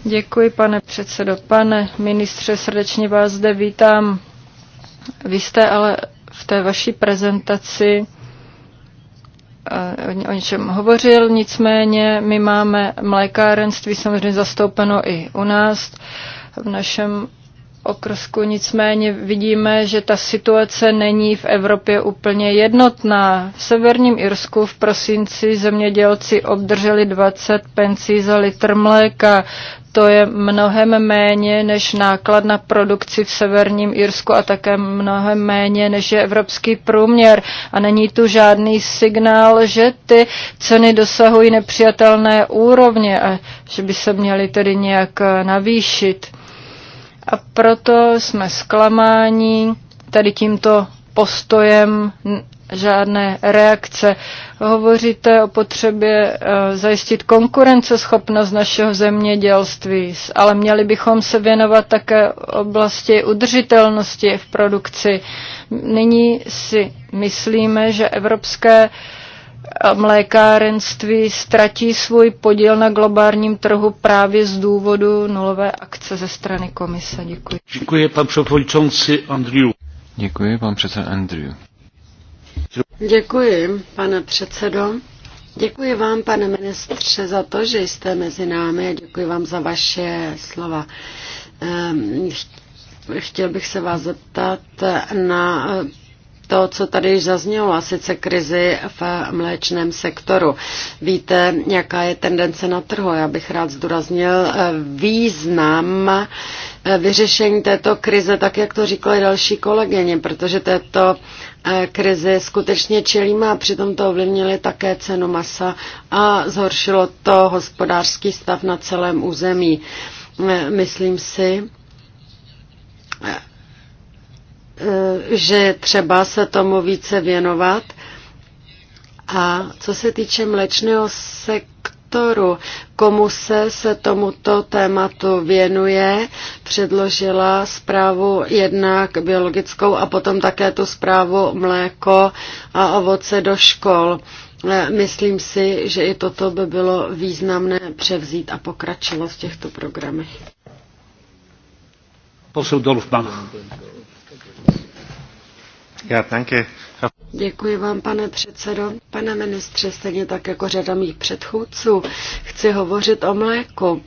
Děkuji, pane předsedo. Pane ministře, srdečně vás zde vítám. Vy jste ale v té vaší prezentaci eh, o něčem hovořil, nicméně my máme mlékárenství samozřejmě zastoupeno i u nás v našem okrsku. Nicméně vidíme, že ta situace není v Evropě úplně jednotná. V severním Irsku v prosinci zemědělci obdrželi 20 pencí za litr mléka. To je mnohem méně než náklad na produkci v severním Irsku a také mnohem méně než je evropský průměr. A není tu žádný signál, že ty ceny dosahují nepřijatelné úrovně a že by se měly tedy nějak navýšit a proto jsme zklamáni tady tímto postojem žádné reakce. Hovoříte o potřebě e, zajistit konkurenceschopnost našeho zemědělství, ale měli bychom se věnovat také oblasti udržitelnosti v produkci. Nyní si myslíme, že evropské uh, mlékárenství ztratí svůj podíl na globálním trhu právě z důvodu nulové akce ze strany komise. Děkuji. Děkuji pan předsedající Andrew. Děkuji pan předseda Andrew. Děkuji, pane předsedo. Děkuji vám, pane ministře, za to, že jste mezi námi a děkuji vám za vaše slova. Ehm, chtěl bych se vás zeptat na to, co tady již zaznělo, a sice krizi v mléčném sektoru. Víte, jaká je tendence na trhu? Já bych rád zdůraznil eh, význam eh, vyřešení této krize, tak jak to říkali další kolegyně, protože této eh, krizi skutečně čelíme a přitom to ovlivnili také cenu masa a zhoršilo to hospodářský stav na celém území. Myslím si, Eh, že třeba se tomu více věnovat. A co se týče mlečného sektoru, komu se se tomuto tématu věnuje, předložila zprávu jednak biologickou a potom také tu zprávu mléko a ovoce do škol. Eh, myslím si, že i toto by bylo významné převzít a pokračovat v těchto programech. Poseł Dorfman. Děkuji vám, pane předsedo. Pane ministře, stejně tak jako řada mých předchůdců, chci hovořit o mléku.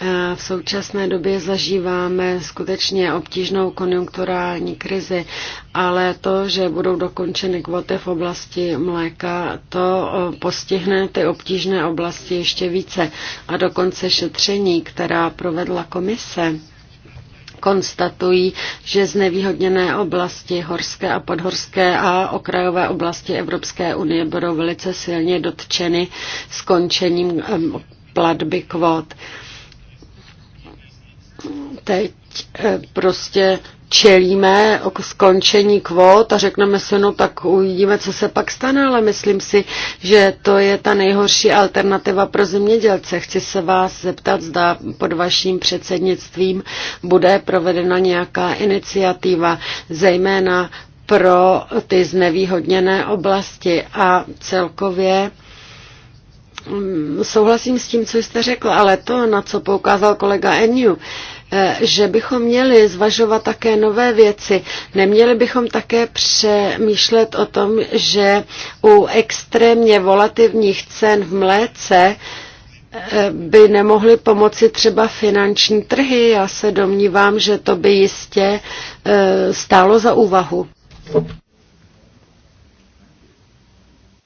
E, v současné době zažíváme skutečně obtížnou konjunkturální krizi, ale to, že budou dokončeny kvoty v oblasti mléka, to e, postihne ty obtížné oblasti ještě více. A dokonce šetření, která provedla komise, konstatují, že znevýhodněné oblasti horské a podhorské a okrajové oblasti Evropské unie budou velice silně dotčeny skončením platby kvót teď eh, prostě čelíme o skončení kvót a řekneme si, no tak uvidíme, co se pak stane, ale myslím si, že to je ta nejhorší alternativa pro zemědělce. Chci se vás zeptat, zda pod vaším předsednictvím bude provedena nějaká iniciativa, zejména pro ty znevýhodněné oblasti a celkově Mm, souhlasím s tím, co jste řekl, ale to, na co poukázal kolega Enju, eh, že bychom měli zvažovat také nové věci. Neměli bychom také přemýšlet o tom, že u extrémně volativních cen v mléce eh, by nemohly pomoci třeba finanční trhy. Já se domnívám, že to by jistě eh, stálo za úvahu.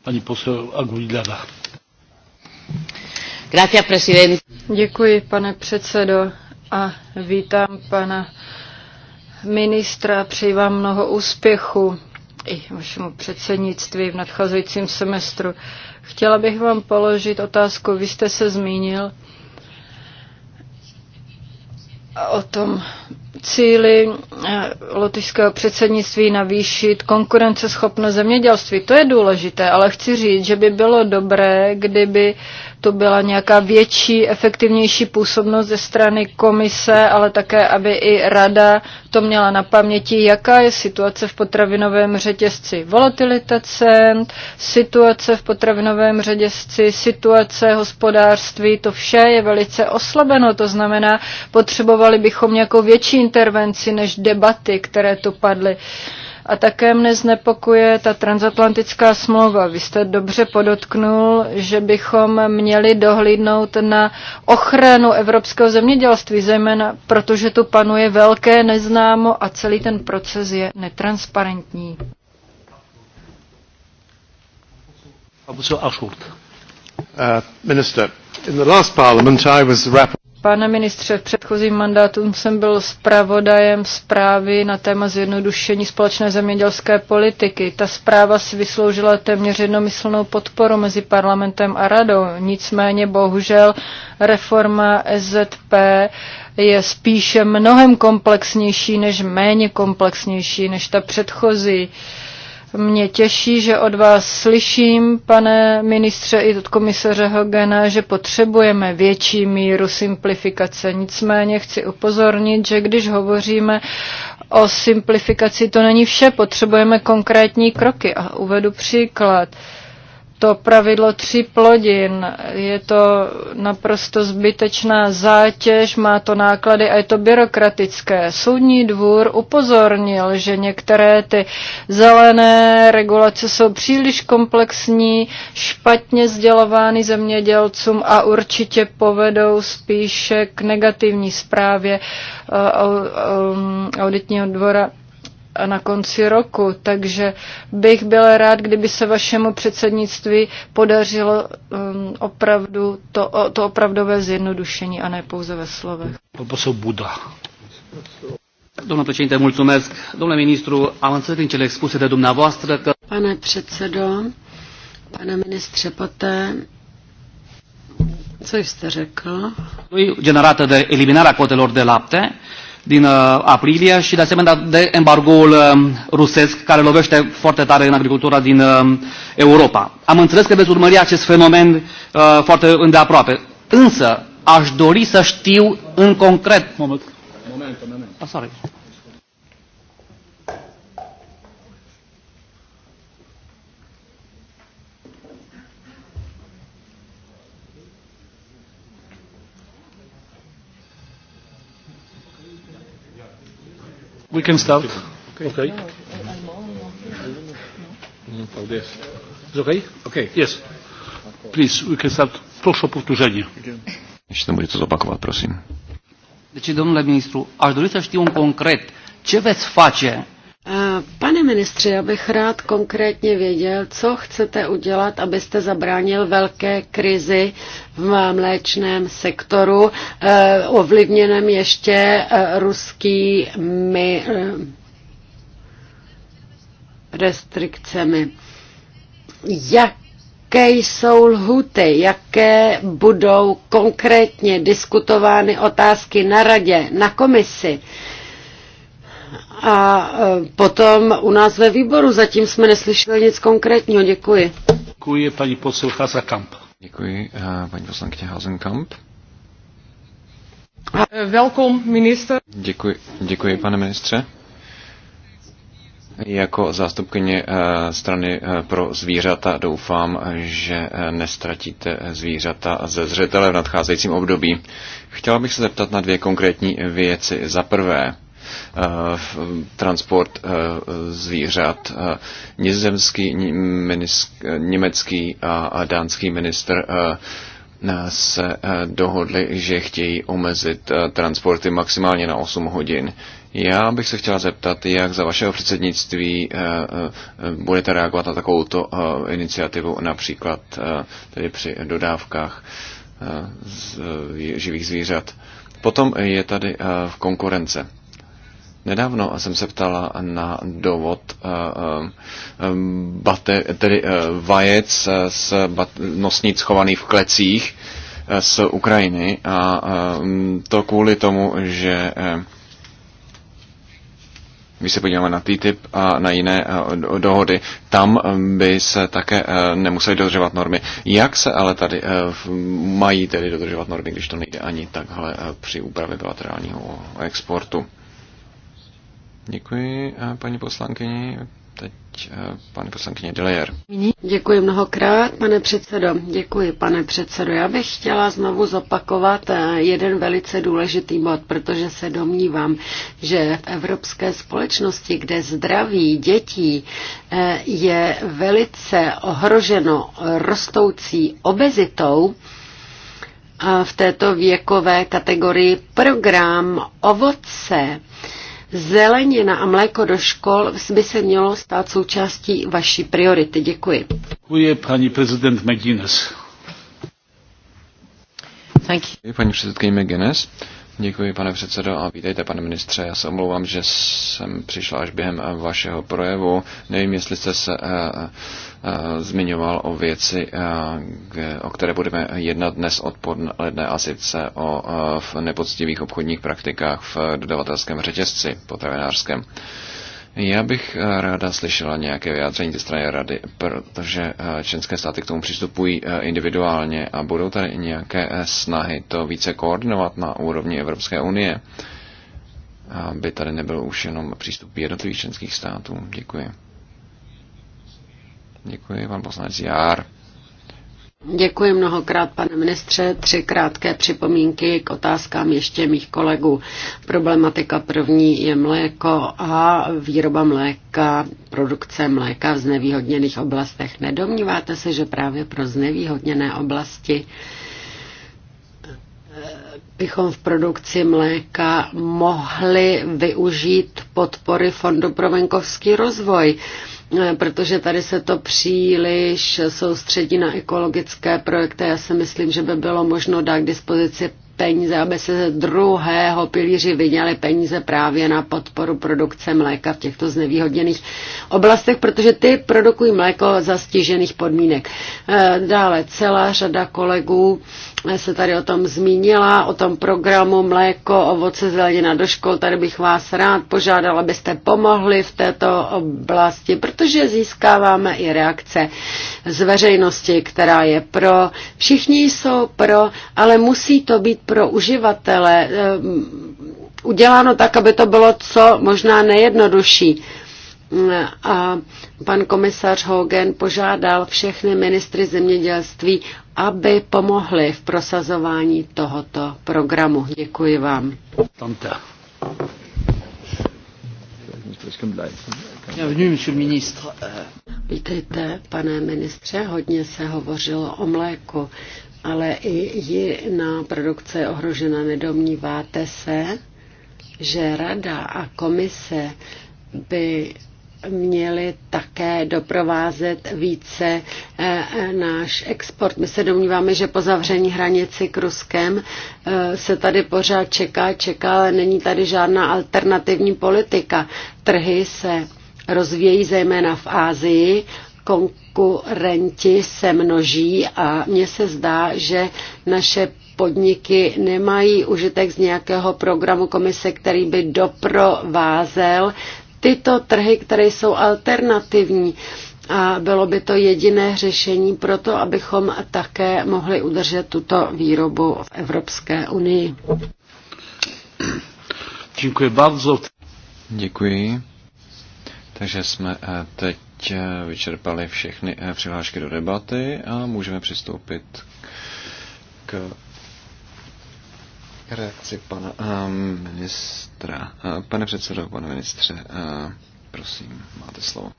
Pani poseł Aguilera. Děkuji, pane předsedo, a vítám pana ministra. Přeji vám mnoho úspěchu i vašemu předsednictví v nadcházejícím semestru. Chtěla bych vám položit otázku. Vy jste se zmínil o tom cíli eh, lotyšského předsednictví navýšit konkurenceschopnost zemědělství. To je důležité, ale chci říct, že by bylo dobré, kdyby to byla nějaká větší, efektivnější působnost ze strany komise, ale také, aby i rada to měla na paměti, jaká je situace v potravinovém řetězci. Volatilita cen, situace v potravinovém řetězci, situace hospodářství, to vše je velice oslabeno. To znamená, potřebovali bychom nějakou větší intervenci než debaty, které tu padly. A také mne znepokuje ta transatlantická smlouva. Vy jste dobře podotknul, že bychom měli dohlídnout na ochranu evropského zemědělství, zejména protože tu panuje velké neznámo a celý ten proces je netransparentní. Uh, minister, in the last parliament I was the Pane ministře, v předchozím mandátu jsem byl zpravodajem zprávy na téma zjednodušení společné zemědělské politiky. Ta zpráva si vysloužila téměř jednomyslnou podporu mezi parlamentem a radou. Nicméně bohužel reforma SZP je spíše mnohem komplexnější než méně komplexnější než ta předchozí. Uh, mě těší, že od vás slyším, pane ministře i od komisaře Hogena, že potřebujeme větší míru simplifikace. Nicméně chci upozornit, že když hovoříme o simplifikaci, to není vše. Potřebujeme konkrétní kroky. A uvedu příklad to pravidlo tři plodin. Je to naprosto zbytečná zátěž, má to náklady a je to byrokratické. Soudní dvůr upozornil, že některé ty zelené regulace jsou příliš komplexní, špatně sdělovány zemědělcům a určitě povedou spíše k negativní zprávě eh, um, auditního dvora na konci roku, takže bych byl rád, kdyby se vašemu předsednictví podařilo um, opravdu to, to opravdové zjednodušení a ne pouze ve slovech. Poposou Buda. Domnule președinte, mulțumesc. Domnule ministru, am înțeles din cele expuse de dumneavoastră că... Pane předsedo, pane ministře, poté, co jste řekl? ...generată de eliminarea cotelor de lapte, din uh, aprilie și de asemenea de embargoul uh, rusesc care lovește foarte tare în agricultura din uh, Europa. Am înțeles că veți urmări acest fenomen uh, foarte îndeaproape, însă aș dori să știu în concret... Moment, moment, moment. Oh, sorry. We can start. Okay. okay. It's okay? Okay. Yes. Please, we can start. Proszę o powtórzenie. Jeśli to to zopakować, prosím. Deci, domnule ministru, aș dori să știu un concret ce veți face Pane ministře, já bych rád konkrétně věděl, co chcete udělat, abyste zabránil velké krizi v mléčném sektoru, e, ovlivněném ještě e, ruskými e, restrikcemi. Jak jaké jsou lhuty, jaké budou konkrétně diskutovány otázky na radě, na komisi. A e, potom u nás ve výboru zatím jsme neslyšeli nic konkrétního. Děkuji. Děkuji paní poslucha za kamp. Děkuji e, paní poslankyně Hazenkamp. Velkom minister. Děkuji, děkuji pane ministře. Jako zástupkyně e, strany pro zvířata doufám, že nestratíte zvířata ze zřetele v nadcházejícím období. Chtěla bych se zeptat na dvě konkrétní věci. Za prvé, Eh, transport eh, zvířat. Eh, nizozemský, německý a dánský minister se dohodli, že chtějí omezit transporty maximálně na 8 hodin. Já bych se chtěla zeptat, jak za vašeho předsednictví budete reagovat na takovouto iniciativu, například tedy při dodávkách živých zvířat. Potom je tady konkurence. Nedávno jsem se ptala na dovod eh, eh, bate, tedy eh, vajec z nosnic chovaných v klecích z Ukrajiny a to kvůli tomu, že když se podíváme na TTIP a na jiné dohody, tam by se také nemuseli dodržovat normy. Jak se ale tady mají tedy dodržovat normy, když to nejde ani takhle při úpravě bilaterálního exportu? Děkuji eh, paní poslankyni. Teď eh, paní poslankyně Delier. Děkuji mnohokrát, pane předsedo. Děkuji, pane předsedo. Já bych chtěla znovu zopakovat eh, jeden velice důležitý bod, protože se domnívám, že v evropské společnosti, kde zdraví dětí je velice ohroženo rostoucí obezitou, v této věkové kategorii program ovoce zelenina a mléko do škol by se mělo stát součástí vaší priority. Děkuji. Děkuji, paní prezident McGuinness. Děkuji, paní předsedkyně McGuinness. Děkuji, pane předsedo, a vítejte, pane ministře. Já se omlouvám, že jsem přišla až během vašeho projevu. Nevím, jestli jste se eh, Eh, zmiňoval o věci, eh, o které budeme jednat dnes odpoledne a sice o eh, v nepoctivých obchodních praktikách v dodavatelském řetězci potravinářském. Já bych ráda slyšela nějaké vyjádření ze strany rady, protože členské státy k tomu přistupují individuálně a budou tady nějaké snahy to více koordinovat na úrovni Evropské unie, aby tady nebyl už jenom přístup jednotlivých členských států. Děkuji. Děkuji, pan poslanec Jár. Děkuji mnohokrát, pane ministře. Tři krátké připomínky k otázkám ještě mých kolegů. Problematika první je mléko a výroba mléka, produkce mléka v znevýhodněných oblastech. Nedomníváte se, že právě pro znevýhodněné oblasti eh, bychom v produkci mléka mohli využít podpory Fondu pro venkovský rozvoj? Eh, protože tady se to příliš soustředí na ekologické projekty. Já si myslím, že by bylo možno dát k dispozici peníze, aby se ze druhého pilíři vyňaly peníze právě na podporu produkce mléka v těchto znevýhodněných oblastech, protože ty produkují mléko za stížených podmínek. Eh, dále celá řada kolegů se tady o tom zmínila, o tom programu mléko, ovoce, zelenina do škol. Tady bych vás rád požádala, abyste pomohli v této oblasti, protože získáváme i reakce z veřejnosti, která je pro. Všichni jsou pro, ale musí to být pro uživatele eh, uděláno tak, aby to bylo co možná nejjednodušší a pan komisař Hogan požádal všechny ministry zemědělství, aby pomohli v prosazování tohoto programu. Děkuji vám. Tanta. Vítejte, pane ministře, hodně se hovořilo o mléku, ale i jiná produkce je ohrožena. Nedomníváte se, že rada a komise by měli také doprovázet více eh, náš export. My se domníváme, že po zavření hranici k Ruskem eh, se tady pořád čeká, čeká, ale není tady žádná alternativní politika. Trhy se rozvíjejí zejména v Ázii, konkurenti se množí a mně se zdá, že naše podniky nemají užitek z nějakého programu komise, který by doprovázel tyto trhy, které jsou alternativní. A bylo by to jediné řešení pro to, abychom také mohli udržet tuto výrobu v Evropské unii. Děkuji bardzo. Děkuji. Takže jsme eh, teď eh, vyčerpali všechny eh, přihlášky do debaty a můžeme přistoupit k reakci pana ministra Petra. Eh, pane předsedo, pane ministře, eh, prosím, máte slovo.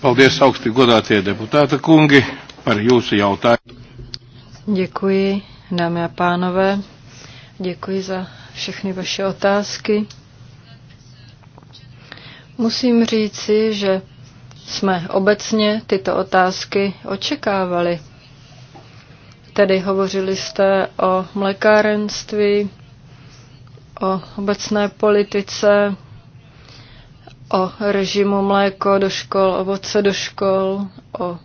Paldies, augsti godātie deputāta kungi, par jūsu jautājumu. Děkuji, dámy a pánové. Děkuji za všechny vaše otázky. Musím říci, že jsme obecně tyto otázky očekávali. Tedy hovořili jste o mlekárenství, o obecné politice, o režimu mléko do škol, ovoce do škol, o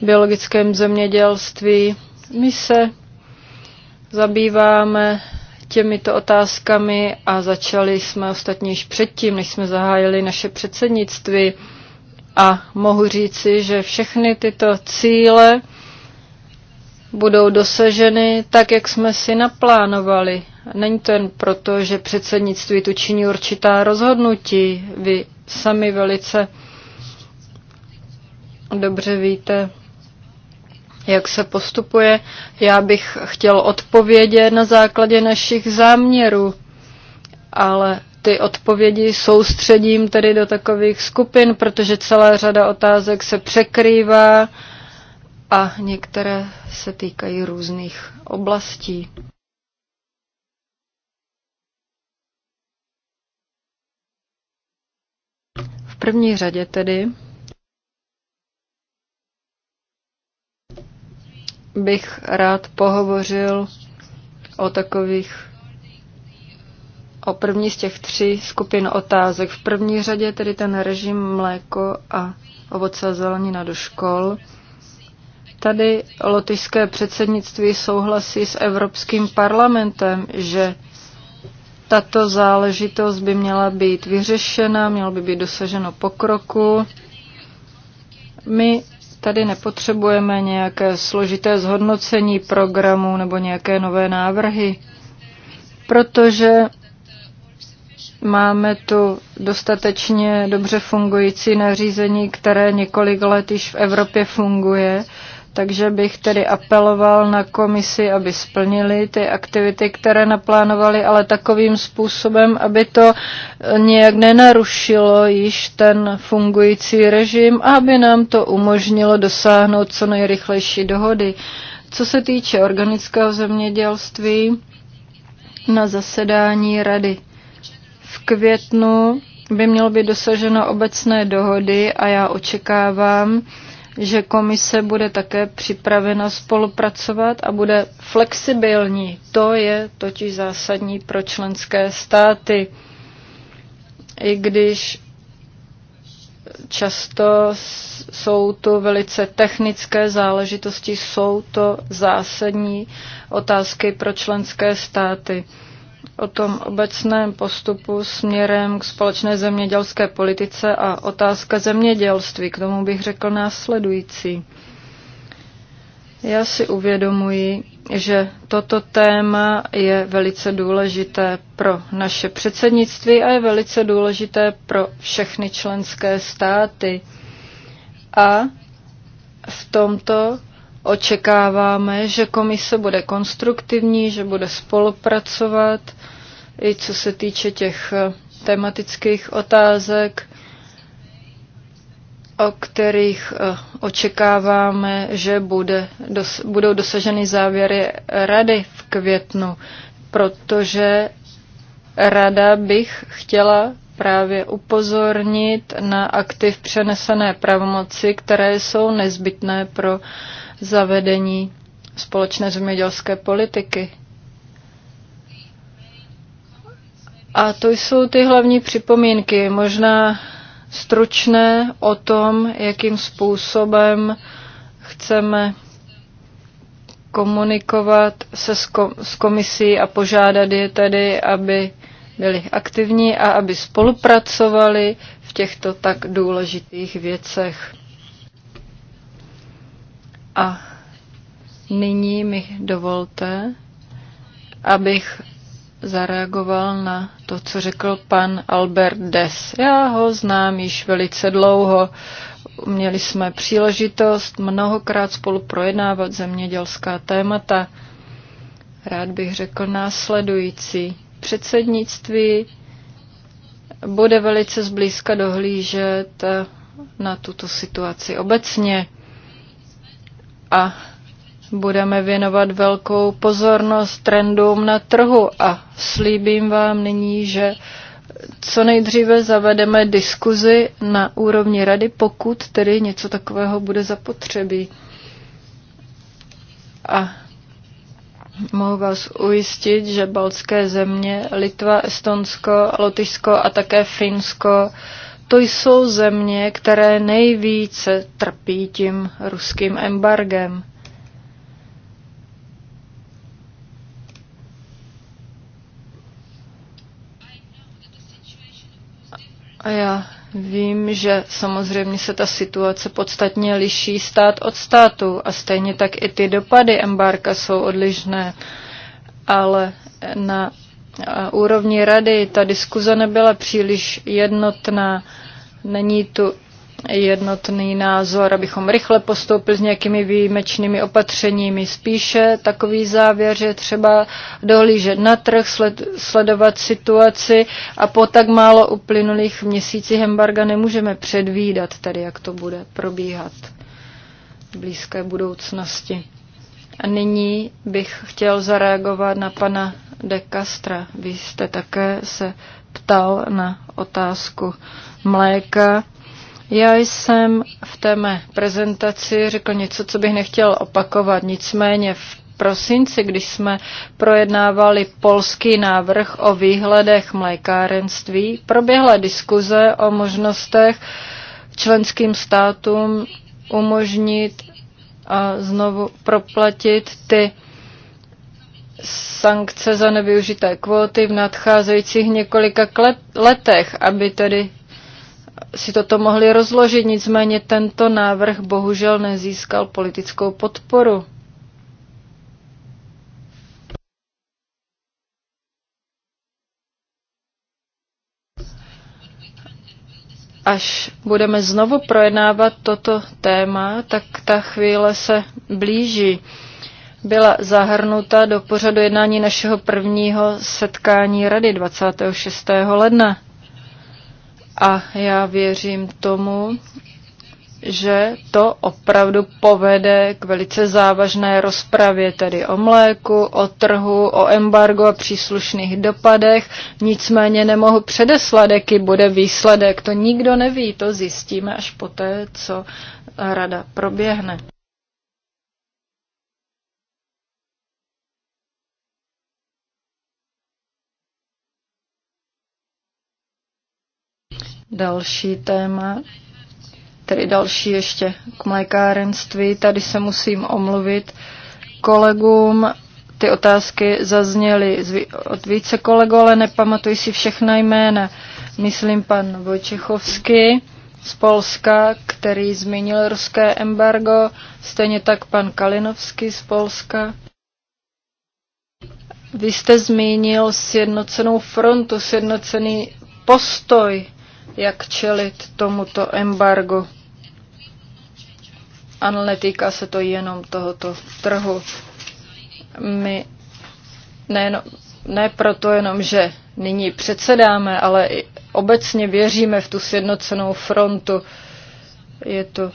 biologickém zemědělství. My se zabýváme těmito otázkami a začali jsme ostatně již předtím, než jsme zahájili naše předsednictví. A mohu říci, že všechny tyto cíle budou dosaženy tak, jak jsme si naplánovali. Není to jen proto, že předsednictví tu činí určitá rozhodnutí. Vy sami velice dobře víte, jak se postupuje. Já bych chtěl odpovědět na základě našich záměrů, ale ty odpovědi soustředím tedy do takových skupin, protože celá řada otázek se překrývá a některé se týkají různých oblastí. V první řadě tedy bych rád pohovořil o takových o první z těch tří skupin otázek. V první řadě tedy ten režim mléko a ovoce a zelenina do škol. Tady lotyšské předsednictví souhlasí s Evropským parlamentem, že tato záležitost by měla být vyřešena, mělo by být dosaženo pokroku. My tady nepotřebujeme nějaké složité zhodnocení programu nebo nějaké nové návrhy, protože Máme tu dostatečně dobře fungující nařízení, které několik let již v Evropě funguje, takže bych tedy apeloval na komisi, aby splnili ty aktivity, které naplánovali, ale takovým způsobem, aby to eh, nějak nenarušilo již ten fungující režim a aby nám to umožnilo dosáhnout co nejrychlejší dohody. Co se týče organického zemědělství, na zasedání rady květnu by mělo být dosaženo obecné dohody a já očekávám, že komise bude také připravena spolupracovat a bude flexibilní. To je totiž zásadní pro členské státy. I když často jsou to velice technické záležitosti, jsou to zásadní otázky pro členské státy o tom obecném postupu směrem k společné zemědělské politice a otázka zemědělství. K tomu bych řekl následující. Já si uvědomuji, že toto téma je velice důležité pro naše předsednictví a je velice důležité pro všechny členské státy. A v tomto očekáváme, že komise bude konstruktivní, že bude spolupracovat i co se týče těch eh, tematických otázek, o kterých eh, očekáváme, že bude, dos, budou dosaženy závěry rady v květnu, protože rada bych chtěla právě upozornit na aktiv přenesené pravomoci, které jsou nezbytné pro zavedení společné zemědělské politiky. A to jsou ty hlavní připomínky, možná stručné o tom, jakým způsobem chceme komunikovat se s komisí a požádat je tedy, aby byli aktivní a aby spolupracovali v těchto tak důležitých věcech. A nyní mi dovolte, abych zareagoval na to, co řekl pan Albert Des. Já ho znám již velice dlouho. Měli jsme příležitost mnohokrát spolu projednávat zemědělská témata. Rád bych řekl následující. Předsednictví bude velice zblízka dohlížet na tuto situaci obecně a budeme věnovat velkou pozornost trendům na trhu a slíbím vám nyní, že co nejdříve zavedeme diskuzi na úrovni rady, pokud tedy něco takového bude zapotřebí. A mohu vás ujistit, že baltské země, Litva, Estonsko, Lotyšsko a také Finsko, to jsou země, které nejvíce trpí tím ruským embargem. A já vím, že samozřejmě se ta situace podstatně liší stát od státu a stejně tak i ty dopady embarka jsou odlišné. Ale na úrovni rady ta diskuze nebyla příliš jednotná. Není tu jednotný názor, abychom rychle postoupili s nějakými výjimečnými opatřeními. Spíše takový závěr, že třeba dohlížet na trh, sled, sledovat situaci a po tak málo uplynulých měsících embarga nemůžeme předvídat tady, jak to bude probíhat v blízké budoucnosti. A nyní bych chtěl zareagovat na pana de Castra. Vy jste také se ptal na otázku mléka já jsem v té mé prezentaci řekl něco, co bych nechtěl opakovat. Nicméně v prosinci, když jsme projednávali polský návrh o výhledech mlékárenství, proběhla diskuze o možnostech členským státům umožnit a znovu proplatit ty sankce za nevyužité kvóty v nadcházejících několika letech, aby tedy si toto mohli rozložit, nicméně tento návrh bohužel nezískal politickou podporu. Až budeme znovu projednávat toto téma, tak ta chvíle se blíží byla zahrnuta do pořadu jednání našeho prvního setkání Rady 26. ledna. A já věřím tomu, že to opravdu povede k velice závažné rozpravě, tedy o mléku, o trhu, o embargo a příslušných dopadech. Nicméně nemohu předeslat, jaký bude výsledek. To nikdo neví, to zjistíme až poté, co rada proběhne. Další téma, tedy další ještě k mlékárenství. Tady se musím omluvit kolegům. Ty otázky zazněly od více kolegů, ale nepamatuji si všechna jména. Myslím pan Vojčechovský z Polska, který zmínil ruské embargo, stejně tak pan Kalinovský z Polska. Vy jste zmínil sjednocenou frontu, sjednocený postoj jak čelit tomuto embargo? Ano, netýká se to jenom tohoto trhu. My nejen, ne proto jenom, že nyní předsedáme, ale i obecně věříme v tu sjednocenou frontu. Je to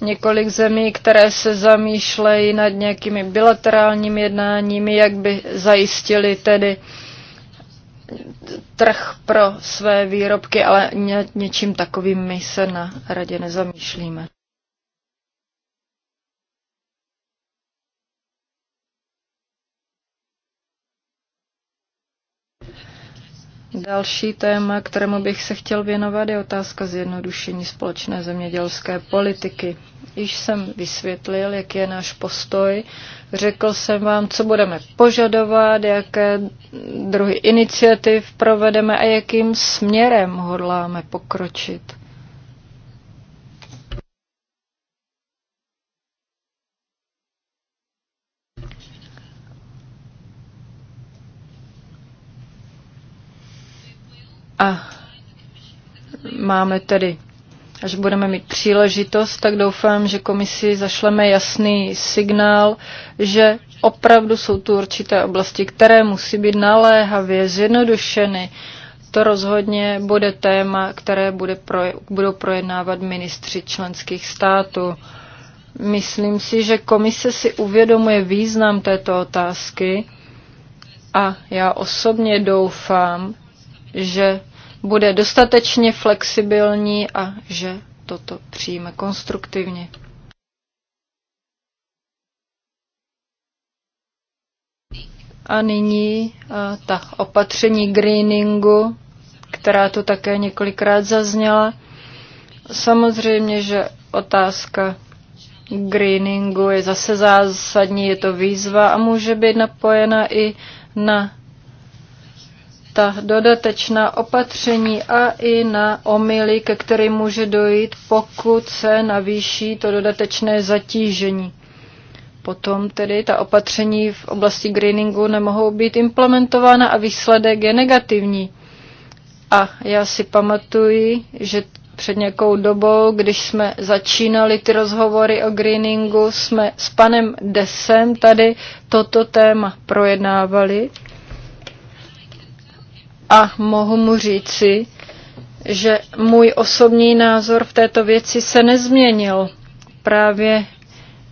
několik zemí, které se zamýšlejí nad nějakými bilaterálními jednáními, jak by zajistili tedy uh, trh pro své výrobky, ale ně, něčím takovým my se na radě nezamýšlíme. Další téma, kterému bych se chtěl věnovat, je otázka zjednodušení společné zemědělské politiky. Již jsem vysvětlil, jaký je náš postoj. Řekl jsem vám, co budeme požadovat, jaké druhy iniciativ provedeme a jakým směrem hodláme pokročit. A máme tedy až budeme mít příležitost, tak doufám, že komisi zašleme jasný signál, že opravdu jsou tu určité oblasti, které musí být naléhavě zjednodušeny. To rozhodně bude téma, které bude proje, budou projednávat ministři členských států. Myslím si, že komise si uvědomuje význam této otázky a já osobně doufám, že bude dostatečně flexibilní a že toto přijme konstruktivně. A nyní a eh, ta opatření greeningu, která tu také několikrát zazněla. Samozřejmě, že otázka greeningu je zase zásadní, je to výzva a může být napojena i na ta dodatečná opatření a i na omily, ke kterým může dojít, pokud se navýší to dodatečné zatížení. Potom tedy ta opatření v oblasti greeningu nemohou být implementována a výsledek je negativní. A já si pamatuji, že před nějakou dobou, když jsme začínali ty rozhovory o greeningu, jsme s panem Desem tady toto téma projednávali a mohu mu říci, že můj osobní názor v této věci se nezměnil. Právě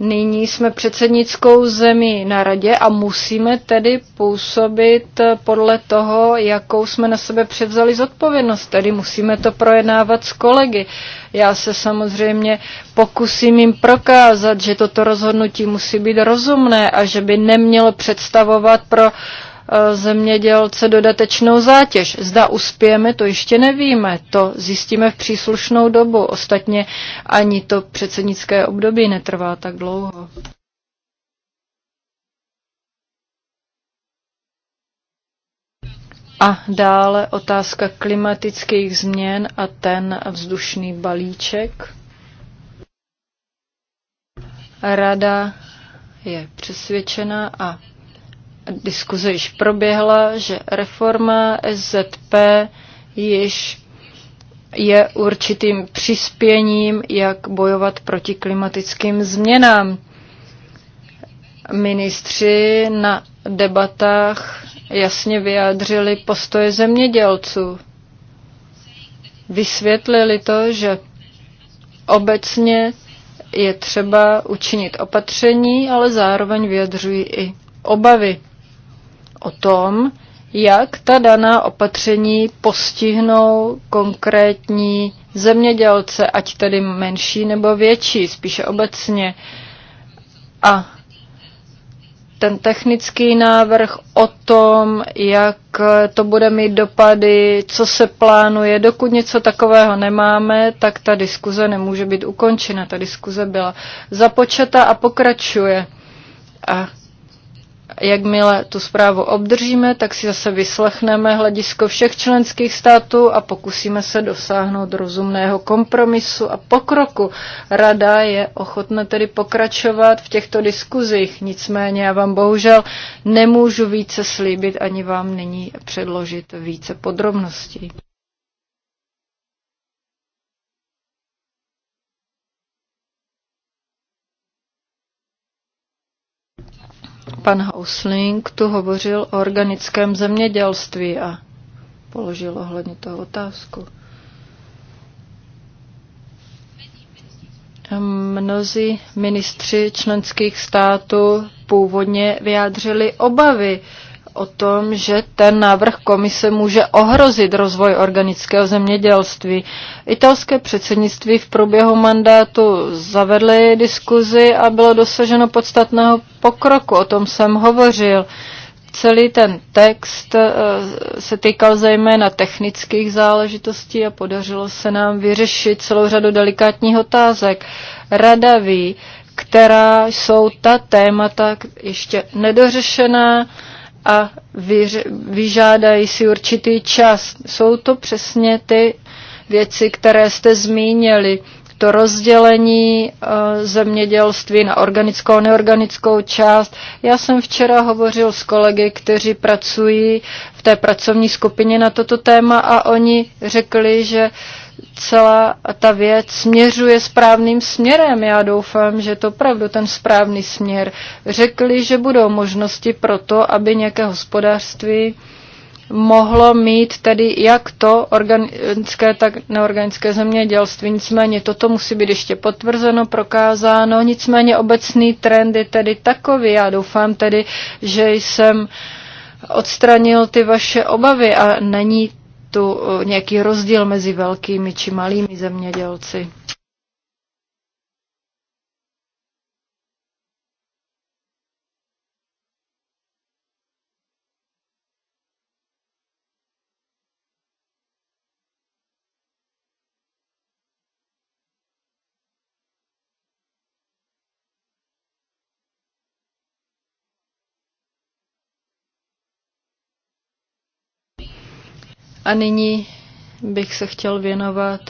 nyní jsme předsednickou zemí na radě a musíme tedy působit podle toho, jakou jsme na sebe převzali zodpovědnost. Tedy musíme to projednávat s kolegy. Já se samozřejmě pokusím jim prokázat, že toto rozhodnutí musí být rozumné a že by nemělo představovat pro uh, E, zemědělce dodatečnou zátěž. Zda uspějeme, to ještě nevíme. To zjistíme v příslušnou dobu. Ostatně ani to předsednické období netrvá tak dlouho. A dále otázka klimatických změn a ten vzdušný balíček. Rada je přesvědčena a diskuze již proběhla, že reforma SZP již je určitým přispěním, jak bojovat proti klimatickým změnám. Ministři na debatách jasně vyjádřili postoje zemědělců. Vysvětlili to, že obecně je třeba učinit opatření, ale zároveň vyjadřují i obavy o tom, jak ta daná opatření postihnou konkrétní zemědělce, ať tedy menší nebo větší, spíše obecně. A ten technický návrh o tom, jak to bude mít dopady, co se plánuje. Dokud něco takového nemáme, tak ta diskuze nemůže být ukončena. Ta diskuze byla započata a pokračuje. A jakmile tu zprávu obdržíme, tak si zase vyslechneme hledisko všech členských států a pokusíme se dosáhnout rozumného kompromisu a pokroku. Rada je ochotna tedy pokračovat v těchto diskuzích, nicméně já vám bohužel nemůžu více slíbit ani vám nyní předložit více podrobností. Pan Hausling tu hovořil o organickém zemědělství a položil ohledně toho otázku. Mnozí ministři členských států původně vyjádřili obavy o tom, že ten návrh komise může ohrozit rozvoj organického zemědělství. Italské předsednictví v průběhu mandátu zavedly diskuzi a bylo dosaženo podstatného pokroku, o tom jsem hovořil. Celý ten text eh, se týkal zejména technických záležitostí a podařilo se nám vyřešit celou řadu delikátních otázek. Rada ví, která jsou ta témata ještě nedořešená a vyžádají si určitý čas. Jsou to přesně ty věci, které jste zmínili. To rozdělení eh, zemědělství na organickou a neorganickou část. Já jsem včera hovořil s kolegy, kteří pracují v té pracovní skupině na toto téma a oni řekli, že celá ta věc směřuje správným směrem. Já doufám, že to opravdu ten správný směr. Řekli, že budou možnosti pro to, aby nějaké hospodářství mohlo mít tedy jak to organické, tak neorganické zemědělství. Nicméně toto musí být ještě potvrzeno, prokázáno. Nicméně obecný trend je tedy takový. Já doufám tedy, že jsem odstranil ty vaše obavy a není tu eh, nějaký rozdíl mezi velkými či malými zemědělci. A nyní bych se chtěl věnovat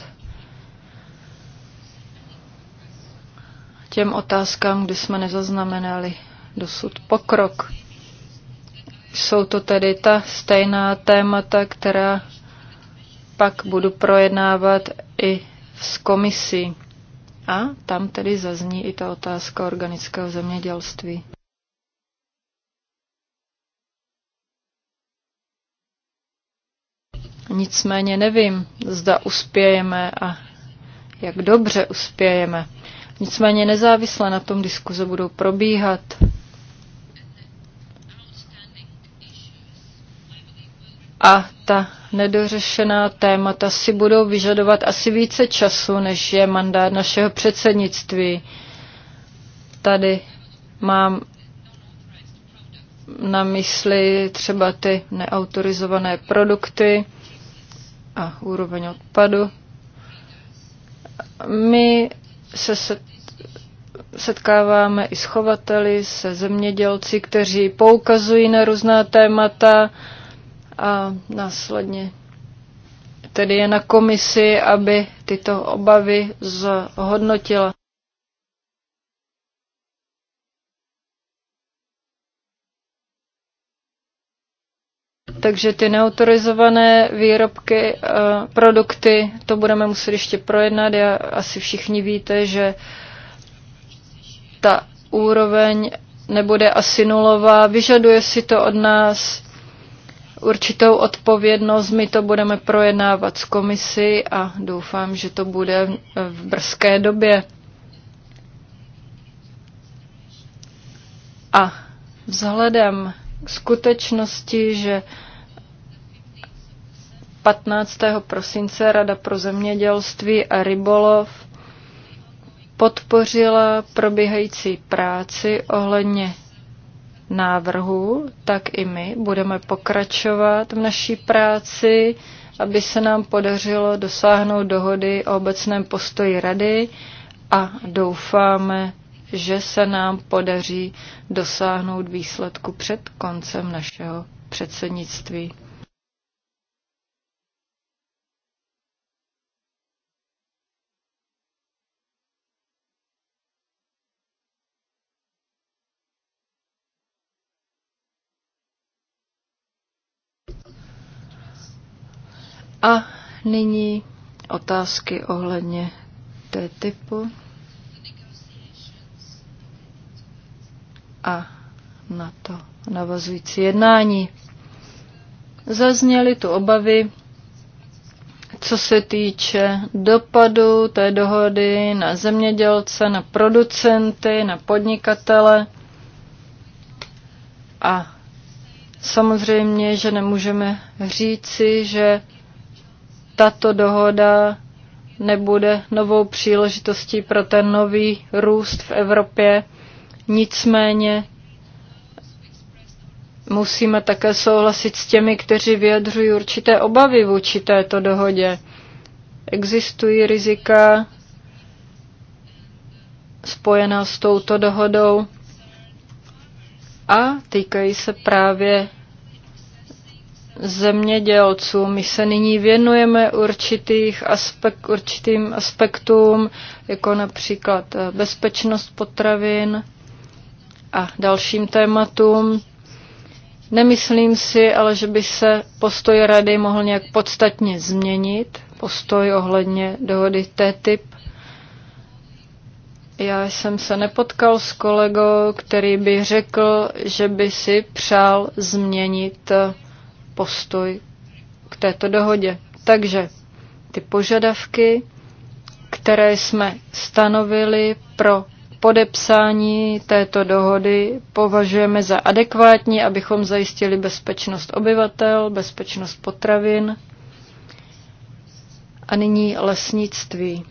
těm otázkám, kdy jsme nezaznamenali dosud pokrok. Jsou to tedy ta stejná témata, která pak budu projednávat i s komisí. A tam tedy zazní i ta otázka organického zemědělství. Nicméně nevím, zda uspějeme a jak dobře uspějeme. Nicméně nezávisle na tom diskuze budou probíhat. A ta nedořešená témata si budou vyžadovat asi více času, než je mandát našeho předsednictví. Tady mám na mysli třeba ty neautorizované produkty, a úroveň odpadu. My se setkáváme i s chovateli, se zemědělci, kteří poukazují na různá témata a následně tedy je na komisi, aby tyto obavy zhodnotila. Takže ty neautorizované výrobky, eh, produkty, to budeme muset ještě projednat. Já asi všichni víte, že ta úroveň nebude asi nulová. Vyžaduje si to od nás určitou odpovědnost. My to budeme projednávat s komisí a doufám, že to bude v brzké době. A vzhledem k skutečnosti, že 15. prosince Rada pro zemědělství a rybolov podpořila probíhající práci ohledně návrhu, tak i my budeme pokračovat v naší práci, aby se nám podařilo dosáhnout dohody o obecném postoji Rady a doufáme, že se nám podaří dosáhnout výsledku před koncem našeho předsednictví. A nyní otázky ohledně té typu a na to navazující jednání. Zazněly tu obavy, co se týče dopadu té dohody na zemědělce, na producenty, na podnikatele. A samozřejmě, že nemůžeme říci, že tato dohoda nebude novou příležitostí pro ten nový růst v Evropě. Nicméně musíme také souhlasit s těmi, kteří vyjadřují určité obavy vůči této dohodě. Existují rizika spojená s touto dohodou a týkají se právě zemědělců. My se nyní věnujeme určitých aspekt, určitým aspektům, jako například eh, bezpečnost potravin a dalším tématům. Nemyslím si, ale že by se postoj rady mohl nějak podstatně změnit, postoj ohledně dohody TTIP. Já jsem se nepotkal s kolegou, který by řekl, že by si přál změnit eh, postoj k této dohodě. Takže ty požadavky, které jsme stanovili pro podepsání této dohody považujeme za adekvátní, abychom zajistili bezpečnost obyvatel, bezpečnost potravin a nyní lesnictví.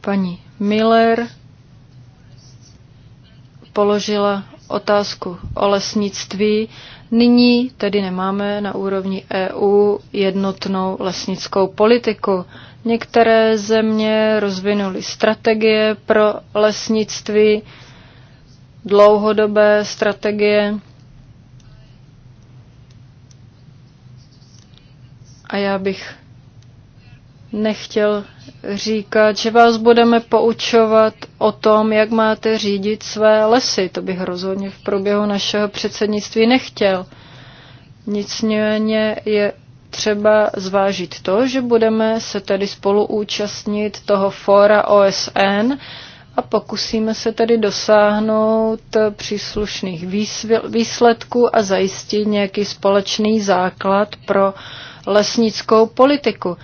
Paní Miller položila otázku o lesnictví. Nyní tedy nemáme na úrovni EU jednotnou lesnickou politiku. Některé země rozvinuly strategie pro lesnictví, dlouhodobé strategie. A já bych nechtěl říkat, že vás budeme poučovat o tom, jak máte řídit své lesy. To bych rozhodně v průběhu našeho předsednictví nechtěl. Nicméně je třeba zvážit to, že budeme se tedy spolu účastnit toho fóra OSN a pokusíme se tedy dosáhnout příslušných výsledků a zajistit nějaký společný základ pro lesnickou politiku.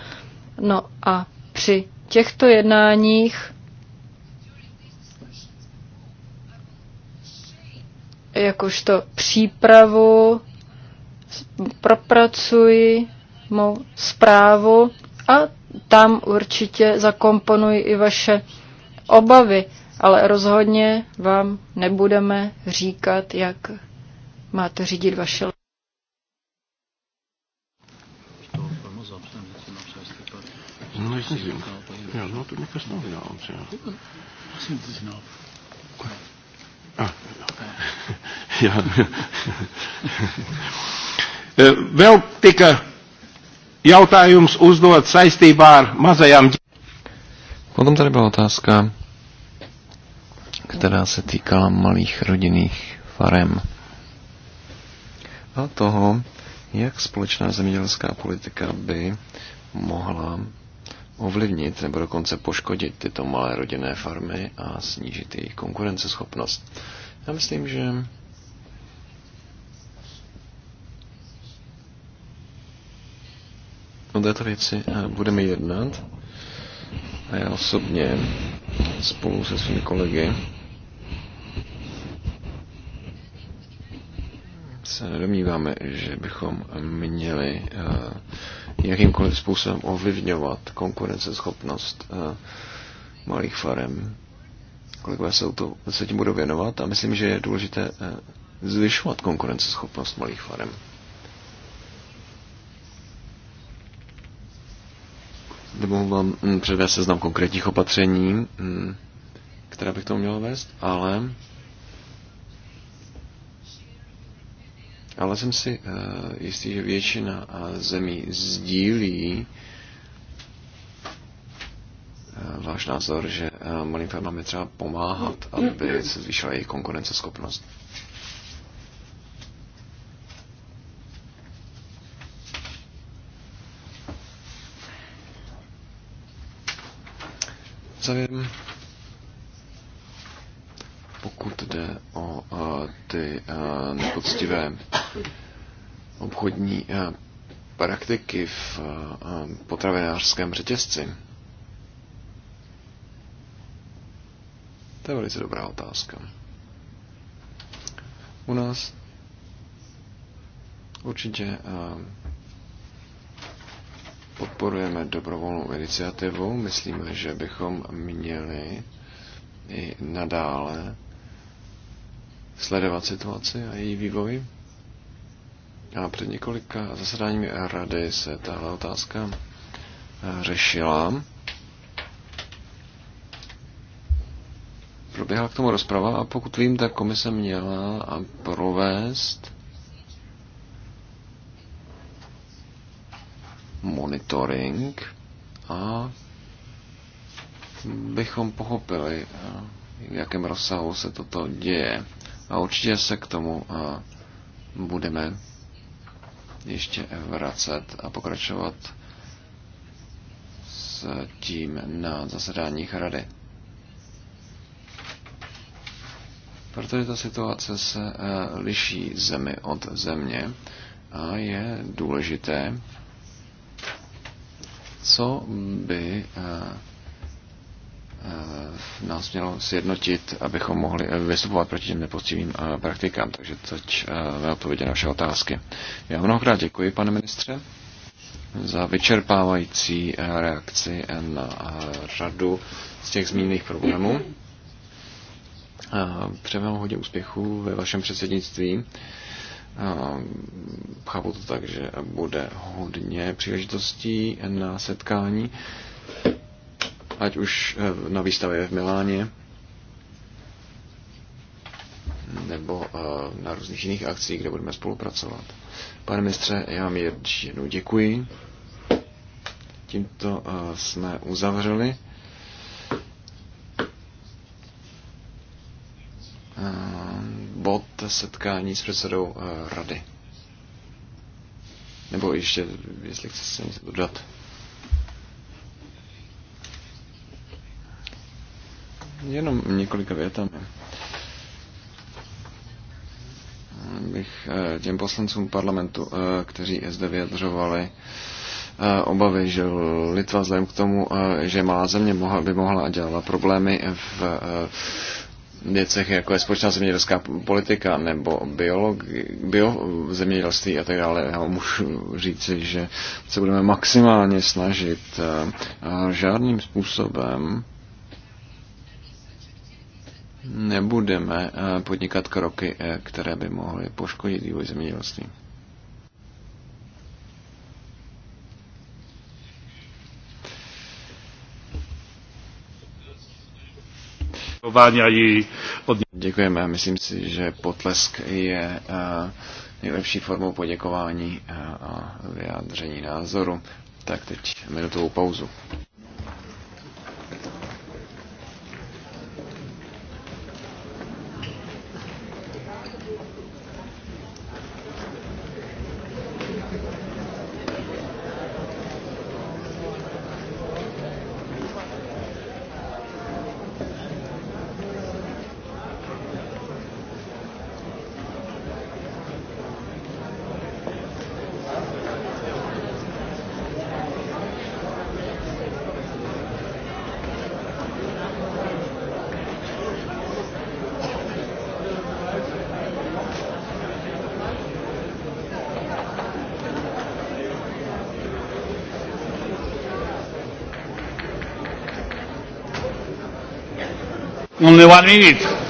No a při těchto jednáních jakožto přípravu propracuji mou zprávu a tam určitě zakomponuji i vaše obavy, ale rozhodně vám nebudeme říkat, jak máte řídit vaše No, ich nicht sehen. Ja, no, to mi kasno wieder uns, ja. Was sind das noch? Ah, ja. Vēl tika jautājums uzdot saistībā ar mazajām Potom tady byla otázka, která se týkala malých rodinných farem a toho, jak společná zemědělská politika by mohla ovlivnit nebo dokonce poškodit tyto malé rodinné farmy a snížit jejich konkurenceschopnost. Já myslím, že o této věci eh, budeme jednat a já osobně spolu se svými kolegy se domníváme, že bychom měli eh, jakýmkoliv způsobem ovlivňovat konkurenceschopnost eh, malých farem. Kolegové se, to, se tím budou věnovat a myslím, že je důležité eh, zvyšovat konkurenceschopnost malých farem. Nemohu vám hm, předvést seznam konkrétních opatření, hm, která bych to měla vést, ale Ale jsem si eh, jistý, že většina eh, zemí sdílí eh, váš názor, že malým firmám je třeba pomáhat, aby se zvýšila jejich konkurenceschopnost. Závěrem pokud jde o eh, ty eh, nepoctivé obchodní eh, praktiky v potravinářském řetězci? To je velice dobrá otázka. U nás určitě podporujeme dobrovolnou iniciativu. Myslíme, že bychom měli i nadále sledovat situaci a její vývoj. A před několika zasedáními rady se tahle otázka eh, řešila. Proběhla k tomu rozprava a pokud vím, tak komise měla provést monitoring a bychom pochopili, eh, v jakém rozsahu se toto děje. A určitě se k tomu budeme ještě vracet a pokračovat s tím na zasedáních rady. Protože ta situace se e, liší zemi od země a je důležité, co by e, Eh, nás mělo sjednotit, abychom mohli eh, vystupovat proti těm nepoctivým eh, praktikám. Takže teď ve odpovědi na vaše otázky. Já mnohokrát děkuji, pane ministře, za vyčerpávající reakci na řadu z těch zmíněných problémů. Přeji vám hodně úspěchů ve vašem předsednictví. Chápu to tak, že bude hodně příležitostí na setkání ať už eh, na výstavě v Miláně, nebo eh, na různých jiných akcích, kde budeme spolupracovat. Pane ministře, já vám jednou děkuji. Tímto eh, jsme uzavřeli. bod setkání s předsedou rady. Nebo ještě, jestli chcete se něco dodat. Jenom několika větami bych eh, těm poslancům parlamentu, eh, kteří zde vyjadřovali eh, obavy, že Litva vzhledem k tomu, že je malá země by mohla a dělala problémy v věcech, jako je společná zemědělská politika nebo biolog bio zemědělství a tak dále. Já můžu říci, že se budeme maximálně snažit žádným způsobem nebudeme eh, podnikat kroky, eh, které by mohly poškodit vývoj zemědělství. Děkujeme, myslím si, že potlesk je eh, nejlepší formou poděkování a vyjádření názoru. Tak teď minutovou pauzu. de one minute.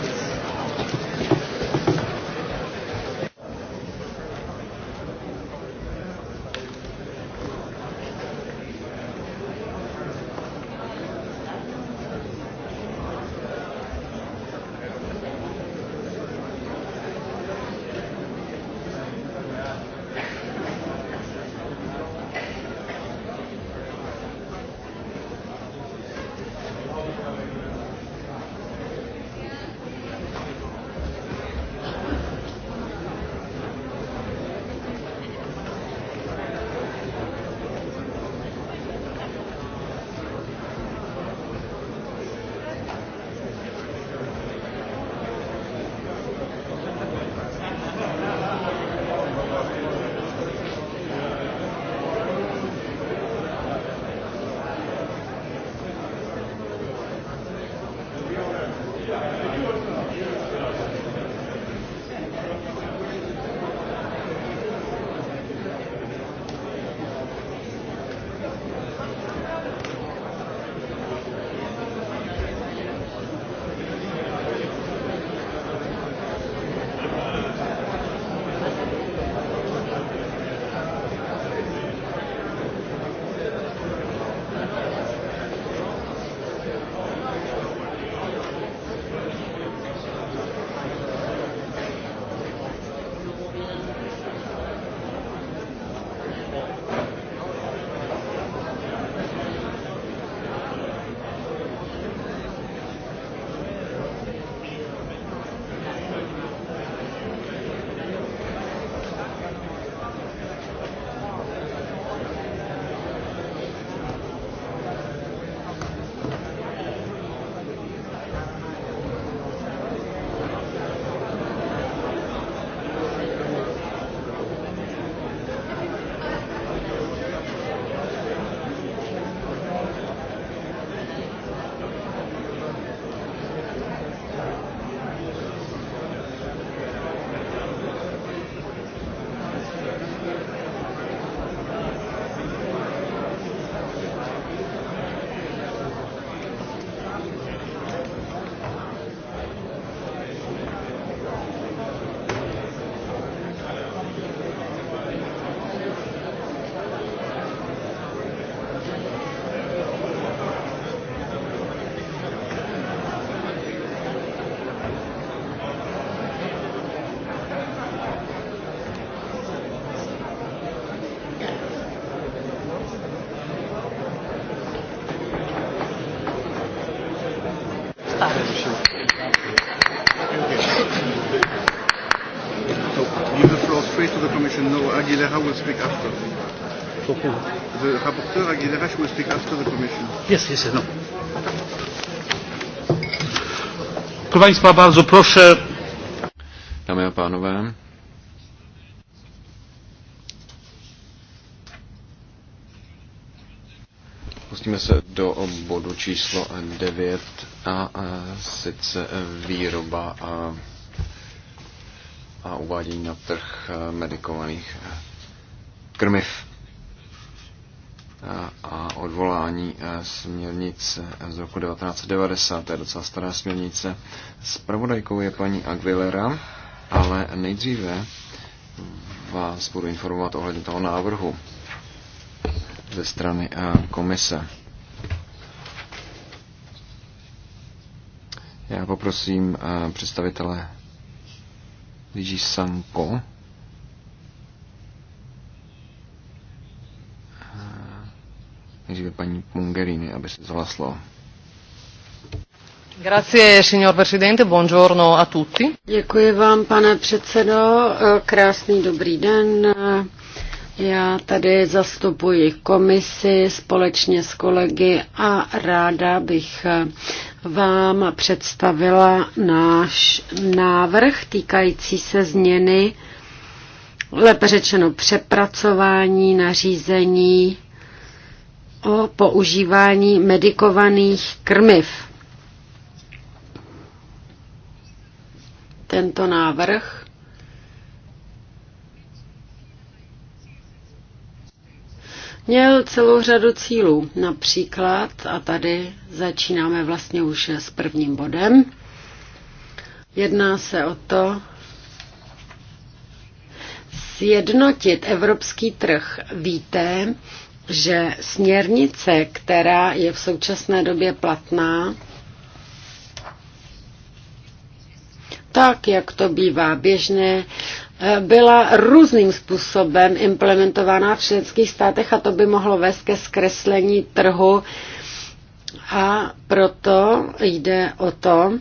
we speak after the commission? Yes, yes, no. Państwa, bardzo proszę. Dámy a pánové. Pustíme se do bodu číslo 9 a, a sice výroba a, a uvádění na trh medikovaných krmiv a odvolání e, směrnice z roku 1990, to je docela stará směrnice. Spravodajkou je paní Aguilera, ale nejdříve vás budu informovat ohledně toho návrhu ze strany e, komise. Já poprosím e, představitele Ligi Sanko, nejdříve paní Mungerini, aby se vzala slovo. Grazie, signor Presidente, buongiorno a tutti. Děkuji vám, pane předsedo, krásný dobrý den. Já tady zastupuji komisi společně s kolegy a ráda bych vám představila náš návrh týkající se změny, lépe řečeno přepracování nařízení o používání medikovaných krmiv. Tento návrh měl celou řadu cílů. Například, a tady začínáme vlastně už s prvním bodem, jedná se o to, sjednotit evropský trh. Víte, že směrnice, která je v současné době platná, tak, jak to bývá běžné, byla různým způsobem implementována v členských státech a to by mohlo vést ke zkreslení trhu. A proto jde o to,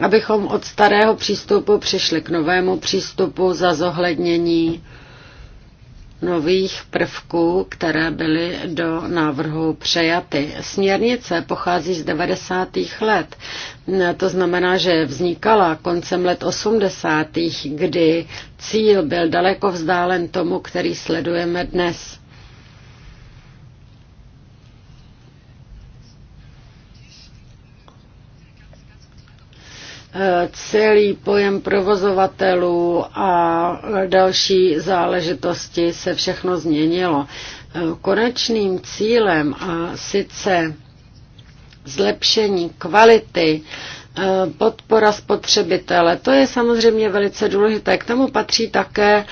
abychom od starého přístupu přišli k novému přístupu za zohlednění nových prvků, které byly do návrhu přejaty. Směrnice pochází z 90. let. To znamená, že vznikala koncem let 80., kdy cíl byl daleko vzdálen tomu, který sledujeme dnes. celý pojem provozovatelů a další záležitosti se všechno změnilo. Konečným cílem a sice zlepšení kvality, e, podpora spotřebitele, to je samozřejmě velice důležité. K tomu patří také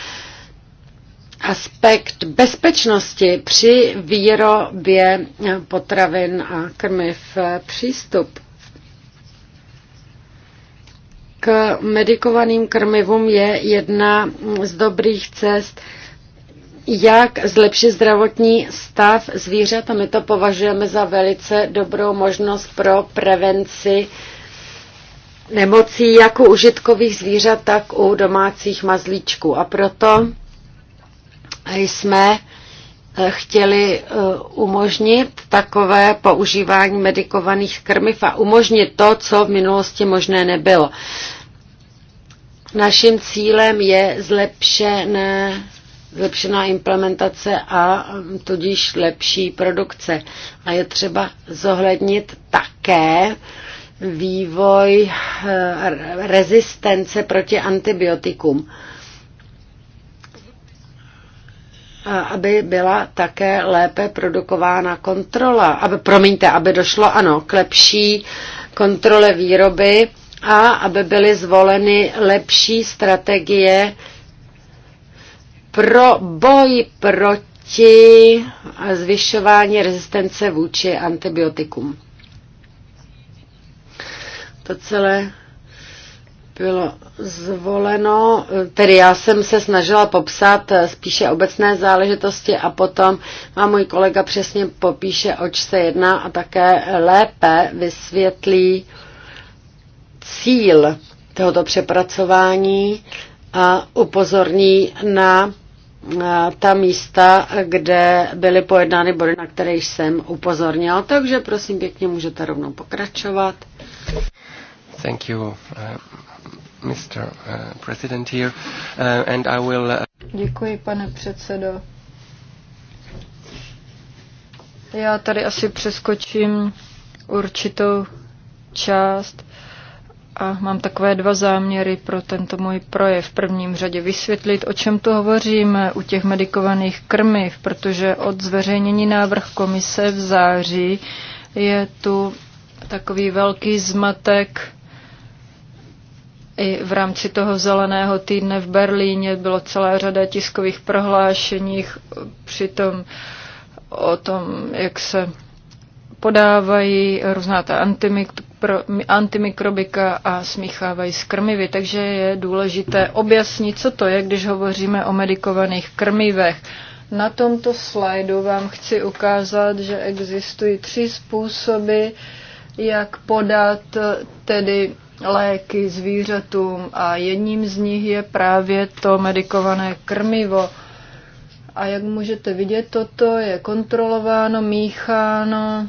aspekt bezpečnosti při výrobě potravin a krmiv e, přístup k medikovaným krmivům je jedna z dobrých cest, jak zlepšit zdravotní stav zvířat a my to považujeme za velice dobrou možnost pro prevenci nemocí jak u užitkových zvířat, tak u domácích mazlíčků. A proto jsme Eh, chtěli eh, umožnit takové používání medikovaných krmiv a umožnit to, co v minulosti možné nebylo. Naším cílem je zlepšené, zlepšená implementace a mm, tudíž lepší produkce. A je třeba zohlednit také vývoj eh, rezistence proti antibiotikům aby byla také lépe produkována kontrola, aby, promiňte, aby došlo ano, k lepší kontrole výroby a aby byly zvoleny lepší strategie pro boj proti zvyšování rezistence vůči antibiotikům. To celé bylo zvoleno, tedy já jsem se snažila popsat spíše obecné záležitosti a potom a můj kolega přesně popíše, oč se jedná a také lépe vysvětlí cíl tohoto přepracování a upozorní na ta místa, kde byly pojednány body, na které jsem upozornila. Takže prosím pěkně, můžete rovnou pokračovat. Thank you. Uh... Mr. Uh, President here, uh, and I will... Uh, Děkuji, pane předsedo. Já tady asi přeskočím určitou část a mám takové dva záměry pro tento můj projev. V prvním řadě vysvětlit, o čem tu hovoříme u těch medikovaných krmiv, protože od zveřejnění návrh komise v září je tu takový velký zmatek i v rámci toho zeleného týdne v Berlíně bylo celá řada tiskových při přitom o tom, jak se podávají různá ta antimikrobika a smíchávají s krmivy. Takže je důležité objasnit, co to je, když hovoříme o medikovaných krmivech. Na tomto slajdu vám chci ukázat, že existují tři způsoby, jak podat tedy léky zvířatům a jedním z nich je právě to medikované krmivo. A jak můžete vidět, toto je kontrolováno, mícháno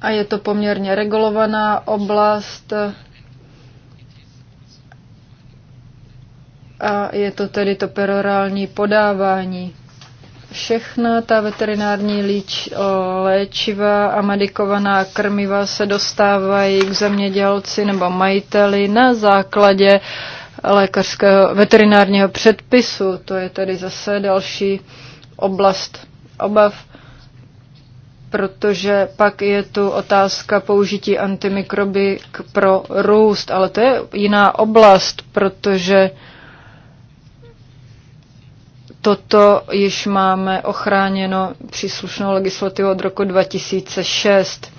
a je to poměrně regulovaná oblast. A je to tedy to perorální podávání všechna ta veterinární líč, léčiva a medikovaná krmiva se dostávají k zemědělci nebo majiteli na základě lékařského veterinárního předpisu. To je tedy zase další oblast obav, protože pak je tu otázka použití antimikrobik pro růst, ale to je jiná oblast, protože Toto již máme ochráněno příslušnou legislativou od roku 2006.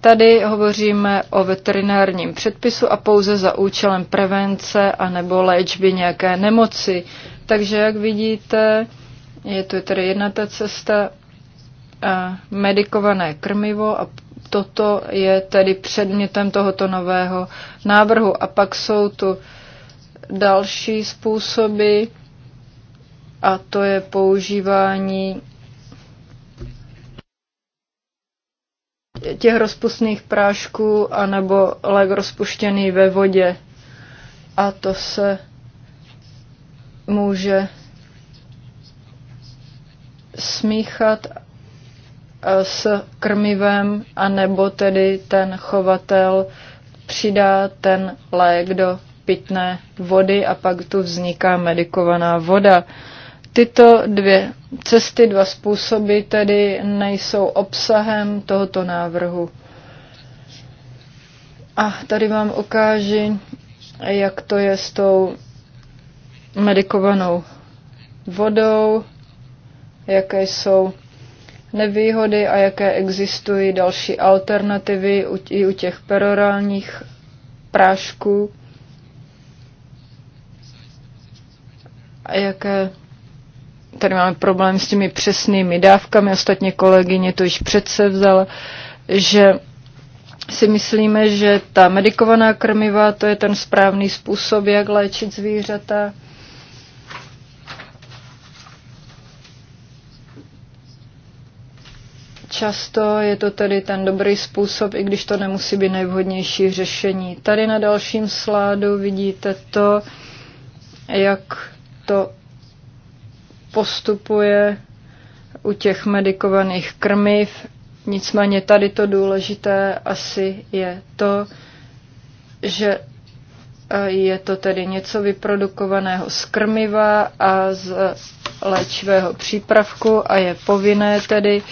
Tady hovoříme o veterinárním předpisu a pouze za účelem prevence a nebo léčby nějaké nemoci. Takže jak vidíte, je to tedy jedna ta cesta, medikované krmivo a toto je tedy předmětem tohoto nového návrhu. A pak jsou tu další způsoby, a to je používání těch rozpustných prášků anebo lék rozpuštěný ve vodě. A to se může smíchat e, s krmivem, anebo tedy ten chovatel přidá ten lék do pitné vody a pak tu vzniká medikovaná voda. Tyto dvě cesty, dva způsoby tedy nejsou obsahem tohoto návrhu. A tady vám ukážu, jak to je s tou medikovanou vodou, jaké jsou nevýhody a jaké existují další alternativy i u těch perorálních prášků a jaké tady máme problém s těmi přesnými dávkami, ostatně kolegyně to již přece vzala, že si myslíme, že ta medikovaná krmiva to je ten správný způsob, jak léčit zvířata. Často je to tedy ten dobrý způsob, i když to nemusí být nejvhodnější řešení. Tady na dalším sládu vidíte to, jak to postupuje u těch medikovaných krmiv. Nicméně tady to důležité asi je to, že eh, je to tedy něco vyprodukovaného z krmiva a z léčivého přípravku a je povinné tedy,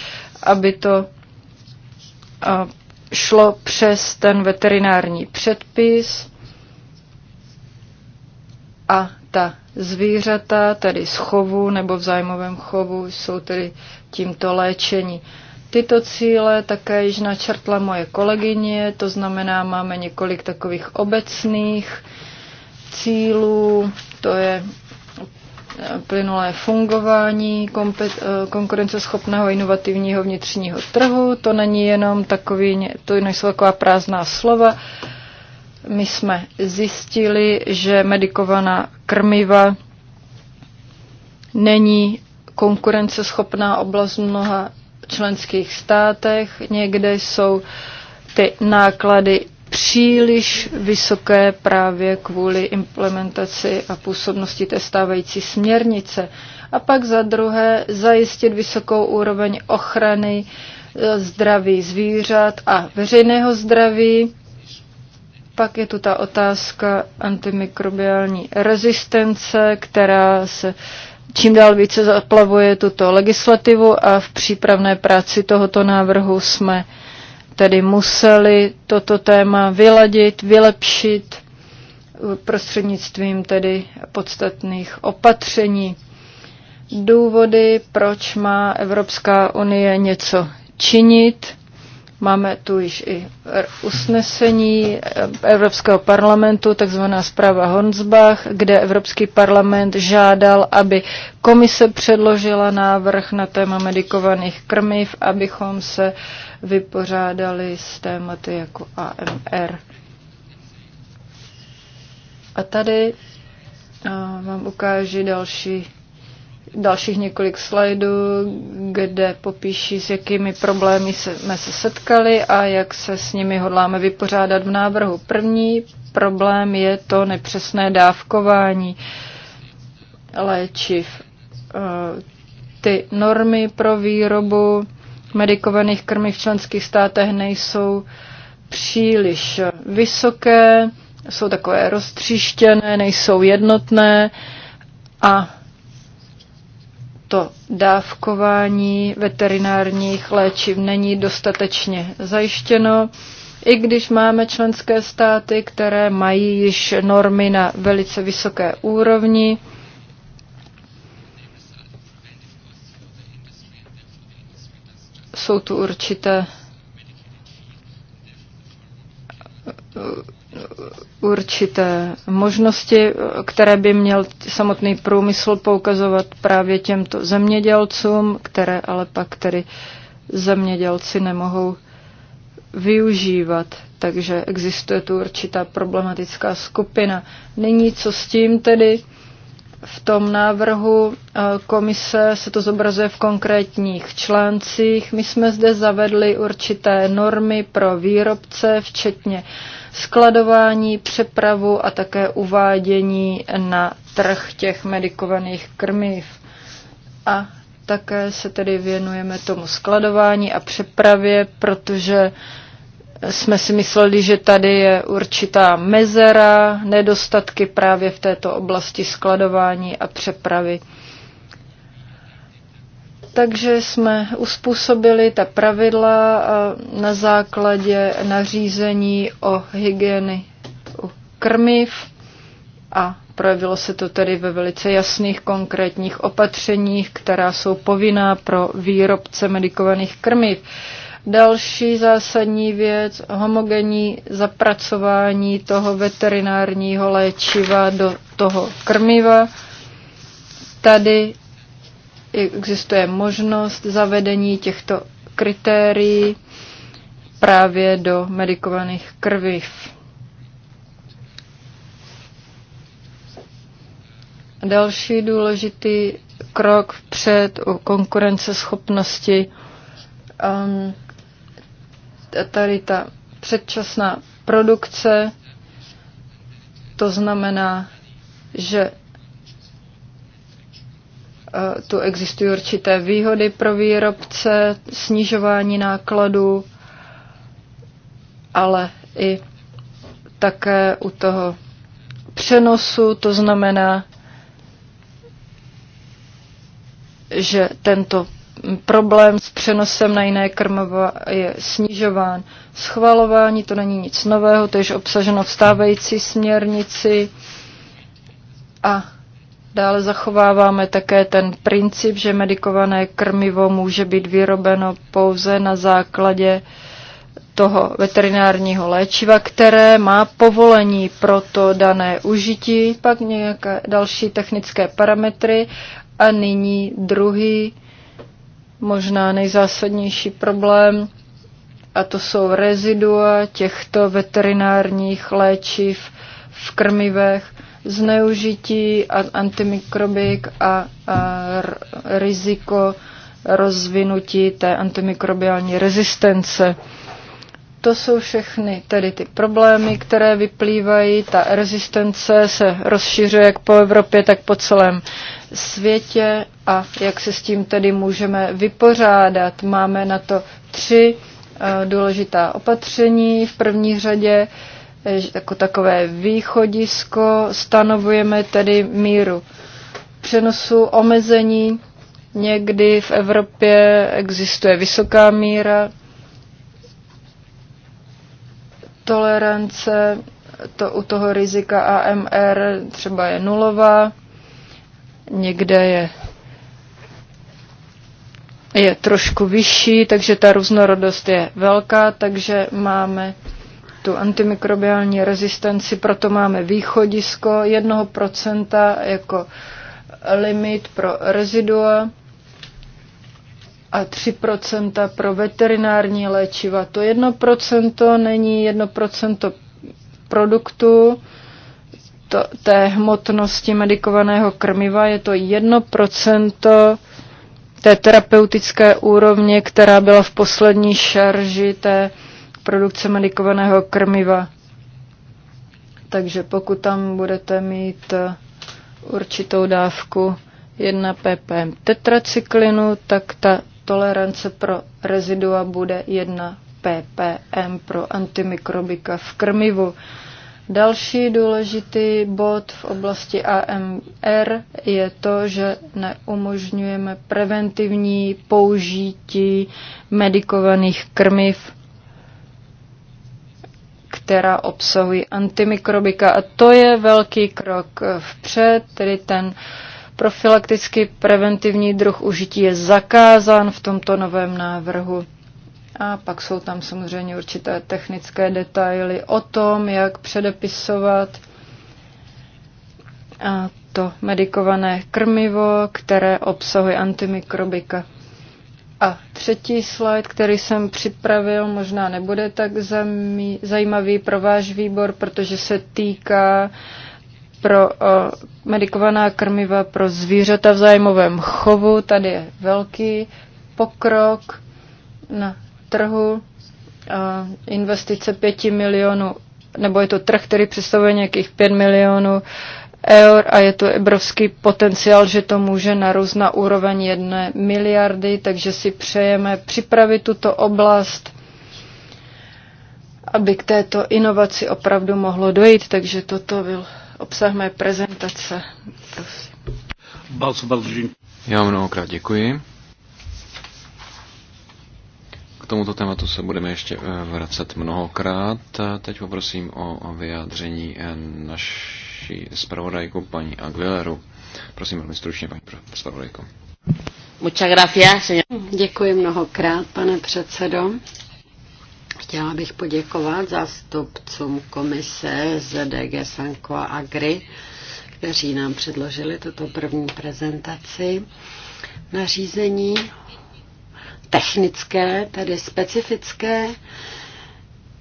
aby to eh, šlo přes ten veterinární předpis a ta zvířata, tedy z chovu nebo v zájmovém chovu, jsou tedy tímto léčení. Tyto cíle také již načrtla moje kolegyně, to znamená, máme několik takových obecných cílů, to je eh, plynulé fungování eh, konkurenceschopného inovativního vnitřního trhu. To není jenom takový, to nejsou taková prázdná slova, my jsme zjistili, že medikovaná krmiva není konkurenceschopná oblast v mnoha členských státech. Někde jsou ty náklady příliš vysoké právě kvůli implementaci a působnosti té stávající směrnice. A pak za druhé zajistit vysokou úroveň ochrany e, zdraví zvířat a veřejného zdraví pak je tu ta otázka antimikrobiální rezistence, která se čím dál více zaplavuje tuto legislativu a v přípravné práci tohoto návrhu jsme tedy museli toto téma vyladit, vylepšit prostřednictvím tedy podstatných opatření. Důvody, proč má Evropská unie něco činit, Máme tu již i usnesení eh, Evropského parlamentu, takzvaná zpráva Honsbach, kde Evropský parlament žádal, aby komise předložila návrh na téma medikovaných krmiv, abychom se vypořádali s tématy jako AMR. A tady eh, vám ukážu další dalších několik slajdů, kde popíší, s jakými problémy jsme se setkali a jak se s nimi hodláme vypořádat v návrhu. První problém je to nepřesné dávkování léčiv. E, ty normy pro výrobu medikovaných krmiv v členských státech nejsou příliš vysoké, jsou takové roztříštěné, nejsou jednotné a to dávkování veterinárních léčiv není dostatečně zajištěno, i když máme členské státy, které mají již normy na velice vysoké úrovni. Jsou tu určité určité možnosti, které by měl samotný průmysl poukazovat právě těmto zemědělcům, které ale pak tedy zemědělci nemohou využívat. Takže existuje tu určitá problematická skupina. Nyní co s tím tedy? v tom návrhu eh, komise se to zobrazuje v konkrétních článcích. My jsme zde zavedli určité normy pro výrobce, včetně uh, skladování, přepravu a také uvádění na trh těch medikovaných krmiv. A také se tedy věnujeme tomu skladování a přepravě, protože jsme si mysleli, že tady je určitá mezera, nedostatky právě v této oblasti skladování a přepravy. Takže jsme uspůsobili ta pravidla eh, na základě nařízení o hygieny u krmiv a projevilo se to tedy ve velice jasných konkrétních opatřeních, která jsou povinná pro výrobce medikovaných krmiv. Další zásadní věc, homogenní zapracování toho veterinárního léčiva do toho krmiva. Tady existuje možnost zavedení těchto kritérií právě do medikovaných krviv. Další důležitý krok před u konkurenceschopnosti um, tady ta předčasná produkce, to znamená, že Eh, tu existují určité výhody pro výrobce, snižování nákladů, ale i také u toho přenosu, to znamená, že tento problém s přenosem na jiné krmiva je snižován. Schvalování to není nic nového, to je obsaženo v stávající směrnici a Dále zachováváme také ten princip, že medikované krmivo může být vyrobeno pouze na základě toho veterinárního léčiva, které má povolení pro to dané užití, pak nějaké další technické parametry a nyní druhý, možná nejzásadnější problém, a to jsou rezidua těchto veterinárních léčiv v krmivech zneužití antimikrobik a, a riziko rozvinutí té antimikrobiální rezistence. To jsou všechny tedy ty problémy, které vyplývají. Ta rezistence se rozšiřuje jak po Evropě, tak po celém světě a jak se s tím tedy můžeme vypořádat. Máme na to tři eh, důležitá opatření. V první řadě uh, jako takové východisko, stanovujeme tedy míru přenosu, omezení. Někdy v Evropě existuje vysoká míra tolerance, to u toho rizika AMR třeba je nulová, někde je je trošku vyšší, takže ta různorodost je velká, takže máme tu antimikrobiální rezistenci, proto máme východisko 1% jako limit pro rezidua a 3% pro veterinární léčiva. To 1% není 1% produktu, to, té hmotnosti medikovaného krmiva, je to 1% té terapeutické úrovně, která byla v poslední šarži té produkce medikovaného krmiva. Takže pokud tam budete mít eh, určitou dávku 1 ppm tetracyklinu, tak ta tolerance pro rezidua bude 1 ppm pro antimikrobika v krmivu. Další důležitý bod v oblasti AMR je to, že neumožňujeme preventivní použití medikovaných krmiv která obsahují antimikrobika. A to je velký krok vpřed, tedy ten profilaktický preventivní druh užití je zakázán v tomto novém návrhu. A pak jsou tam samozřejmě určité technické detaily o tom, jak předepisovat to medikované krmivo, které obsahuje antimikrobika. A třetí slide, který jsem připravil, možná nebude tak zajímavý pro váš výbor, protože se týká pro medikovaná krmiva pro zvířata v zájmovém chovu. Tady je velký pokrok na trhu. Investice 5 milionů, nebo je to trh, který představuje nějakých 5 milionů eur a je to obrovský potenciál, že to může narůst na úroveň jedné miliardy, takže si přejeme připravit tuto oblast, aby k této inovaci opravdu mohlo dojít. Takže toto byl obsah mé prezentace. Prosím. Já mnohokrát děkuji. K tomuto tématu se budeme ještě eh, vracet mnohokrát. Teď poprosím o vyjádření eh, naš naši zpravodajku paní Aguileru. Prosím velmi stručně, paní zpravodajko. Děkuji mnohokrát, pane předsedo. Chtěla bych poděkovat zástupcům komise z DG Sanko a Agri, kteří nám předložili tuto první prezentaci nařízení technické, tedy specifické,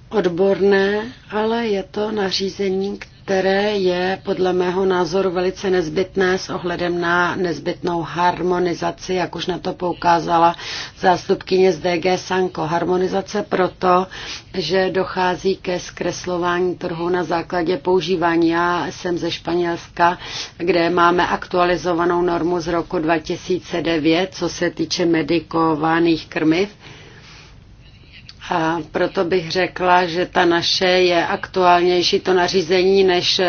odborné, ale je to nařízení, které je podle mého názoru velice nezbytné s ohledem na nezbytnou harmonizaci, jak už na to poukázala zástupkyně z DG Sanko. Harmonizace proto, že dochází ke zkreslování trhu na základě používání. Já jsem ze Španělska, kde máme aktualizovanou normu z roku 2009, co se týče medikovaných krmiv a proto bych řekla, že ta naše je aktuálnější to nařízení než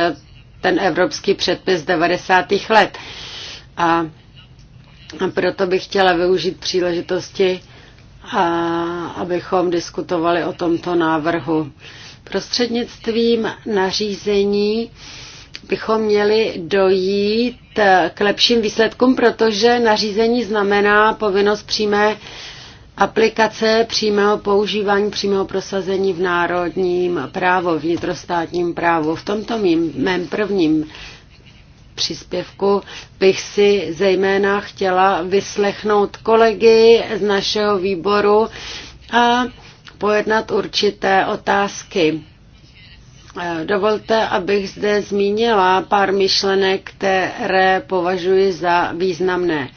ten evropský předpis 90. let. A proto bych chtěla využít příležitosti, a abychom diskutovali o tomto návrhu. Prostřednictvím nařízení bychom měli dojít k lepším výsledkům, protože nařízení znamená povinnost přímé Aplikace přímého používání přímého prosazení v národním právu, vnitrostátním právu. V tomto mým, mém prvním příspěvku bych si zejména chtěla vyslechnout kolegy z našeho výboru a pojednat určité otázky. Dovolte, abych zde zmínila pár myšlenek, které považuji za významné.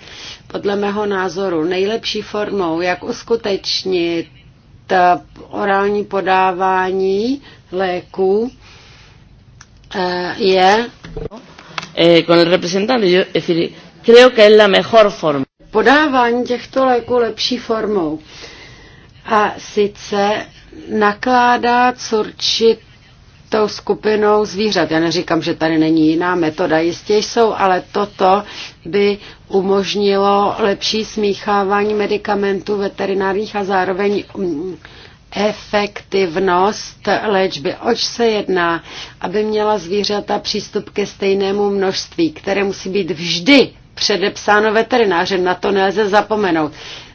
Podle mého názoru nejlepší formou, jak uskutečnit eh, orální podávání léku, eh, je eh, con el representante. Yo, es decir, creo que es la mejor forma. Podávání těchto léků lepší formou. A sice nakládá, s určitou skupinou zvířat. Já neříkám, že tady není jiná metoda, jistě jsou, ale toto by umožnilo lepší smíchávání medicamentů veterinárních a zároveň mm, efektivnost léčby. Oč se jedná, aby měla zvířata přístup ke stejnému množství, které musí být vždy předepsáno veterinářem, na to nelze zapomenout.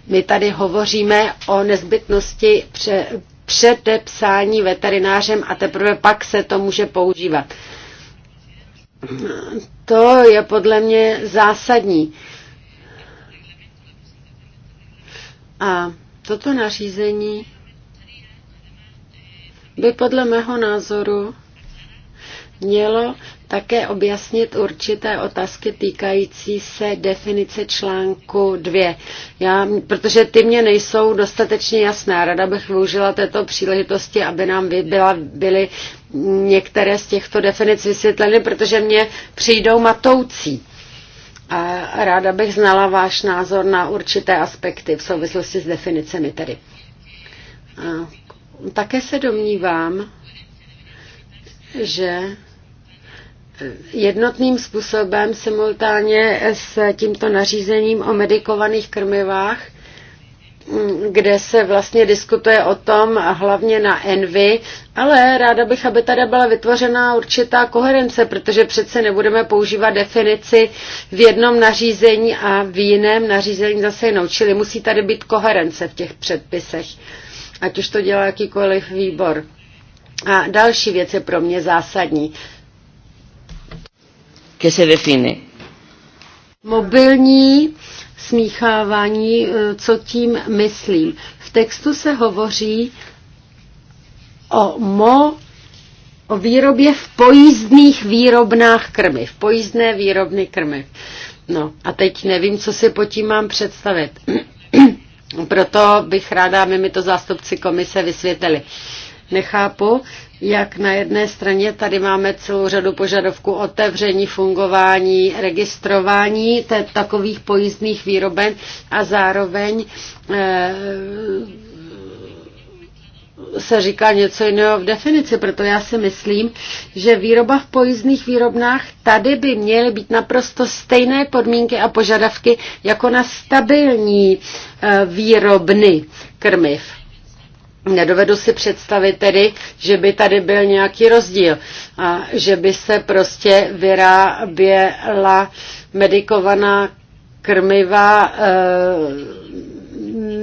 My tady hovoříme o nezbytnosti předepsání veterinářem a teprve pak se to může používat. To je podle mě zásadní. A toto nařízení by podle mého názoru mělo také objasnit určité otázky týkající se definice článku 2. Já, protože ty mě nejsou dostatečně jasné. Rada bych využila této příležitosti, aby nám byla, byly některé z těchto definic vysvětleny, protože mě přijdou matoucí. A ráda bych znala váš názor na určité aspekty v souvislosti s definicemi tedy. A také se domnívám, že jednotným způsobem simultánně s tímto nařízením o medikovaných krmivách, kde se vlastně diskutuje o tom hlavně na Envy, ale ráda bych, aby tady byla vytvořena určitá koherence, protože přece nebudeme používat definici v jednom nařízení a v jiném nařízení zase jinou. Čili musí tady být koherence v těch předpisech, ať už to dělá jakýkoliv výbor. A další věc je pro mě zásadní que se define. Mobilní smíchávání, eh, co tím myslím. V textu se hovoří o mo o výrobě v pojízdných výrobnách krmy, v pojízdné výrobny krmy. No a teď nevím, co si po tím mám představit. Proto bych ráda, aby mi to zástupci komise vysvětlili nechápu, jak na jedné straně tady máme celou řadu požadavků otevření, fungování, registrování takových pojízdných výroben a zároveň e, se říká něco jiného v definici, proto já si myslím, že výroba v pojízdných výrobnách tady by měly být naprosto stejné podmínky a požadavky jako na stabilní eh, výrobny krmiv. Nedovedu si představit tedy, že by tady byl nějaký rozdíl a že by se prostě vyráběla medikovaná krmiva e,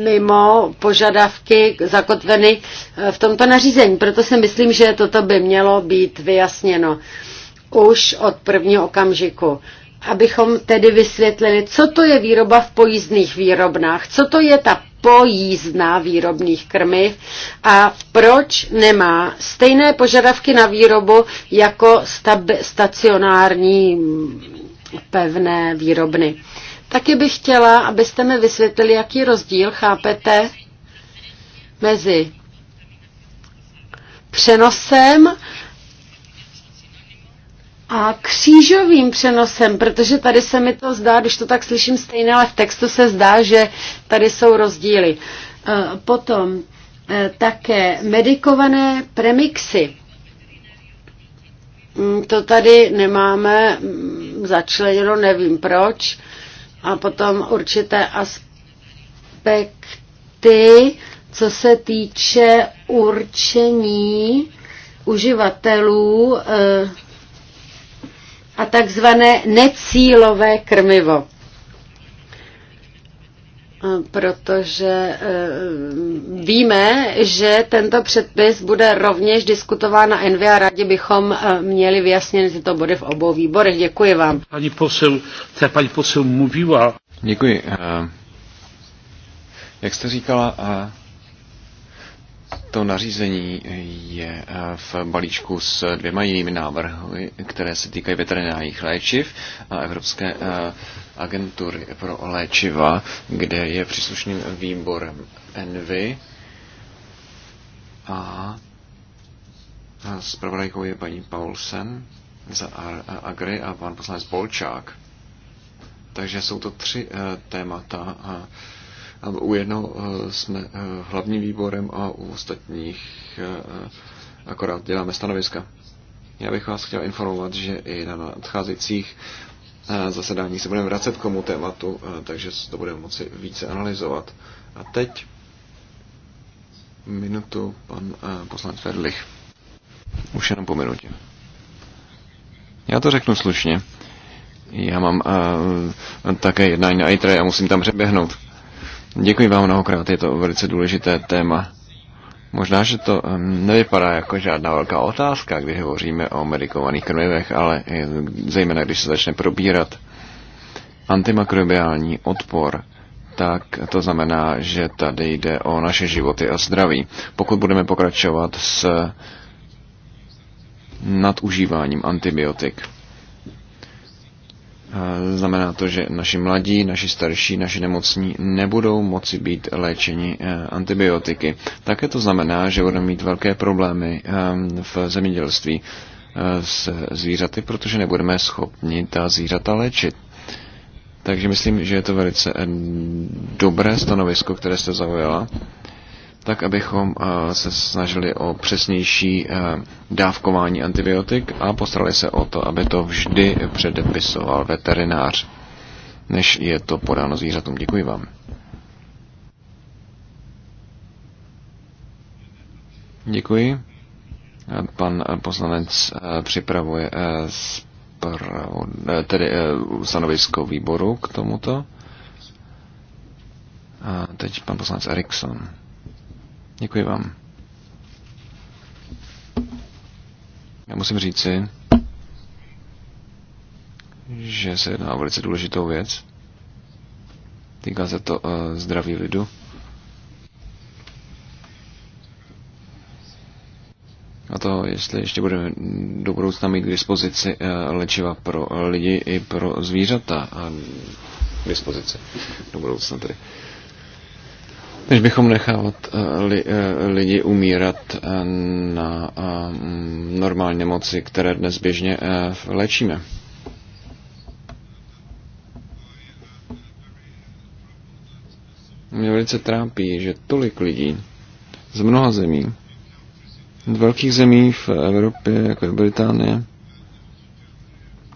mimo požadavky zakotveny eh, v tomto nařízení. Proto si myslím, že toto by mělo být vyjasněno už od prvního okamžiku abychom tedy vysvětlili, co to je výroba v pojízdných výrobnách, co to je ta pojízdná výrobních krmiv a proč nemá stejné požadavky na výrobu jako stacionární pevné výrobny. Taky bych chtěla, abyste mi vysvětlili, jaký rozdíl chápete mezi přenosem a křížovým přenosem, protože tady se mi to zdá, když to tak slyším stejné, ale v textu se zdá, že tady jsou rozdíly. E, potom e, také medikované premixy. Mm, to tady nemáme mm, začleněno, nevím proč. A potom určité aspekty, co se týče určení uživatelů e, a takzvané necílové krmivo. Protože e, víme, že tento předpis bude rovněž diskutován na NV a rádi bychom e, měli že tyto body v obou výborech. Děkuji vám. Pani posel, ta paní posel mluvila. Děkuji. E, jak jste říkala, to nařízení je eh, v balíčku s dvěma jinými návrhy, které se týkají veterinárních léčiv a Evropské eh, agentury pro léčiva, kde je příslušným výborem ENVY a eh, zpravodajkou je paní Paulsen za Agri a pan poslanec Polčák. Takže jsou to tři témata a u jednoho eh, jsme eh, hlavním výborem a u ostatních eh, akorát děláme stanoviska. Já bych vás chtěl informovat, že i na nadcházejících zasedání se budeme vracet k tomu tématu, takže to budeme moci více analyzovat. A teď minutu pan poslanec Ferlich. Už jenom po minutě. Já to řeknu slušně. Já mám uh, také jednání na ITRE a musím tam přeběhnout. Děkuji vám mnohokrát, je to velice důležité téma. Možná, že to nevypadá jako žádná velká otázka, když hovoříme o medikovaných krmivech, ale zejména když se začne probírat antimakrobiální odpor, tak to znamená, že tady jde o naše životy a zdraví. Pokud budeme pokračovat s nadužíváním antibiotik, Znamená to, že naši mladí, naši starší, naši nemocní nebudou moci být léčeni eh, antibiotiky. Také to znamená, že budeme mít velké problémy eh, v zemědělství eh, s zvířaty, protože nebudeme schopni ta zvířata léčit. Takže myslím, že je to velice dobré stanovisko, které jste zaujala tak abychom eh, se snažili o přesnější eh, dávkování antibiotik a postarali se o to, aby to vždy předepisoval veterinář, než je to podáno zvířatům. Děkuji vám. Děkuji. Pan eh, poslanec připravuje tedy stanovisko výboru k tomuto. A teď pan poslanec Erikson. Děkuji vám. Já musím říci, že se jedná o velice důležitou věc. Týká se to uh, zdraví lidu. A to, jestli ještě budeme do budoucna mít k dispozici uh, léčiva pro lidi i pro zvířata a k dispozici do budoucna tedy. Uh, než bychom nechávat eh, li, eh, lidi umírat eh, na normální nemoci, které dnes běžně léčíme. Mě velice trápí, že tolik lidí z mnoha zemí, z velkých zemí v Evropě, jako je Británie,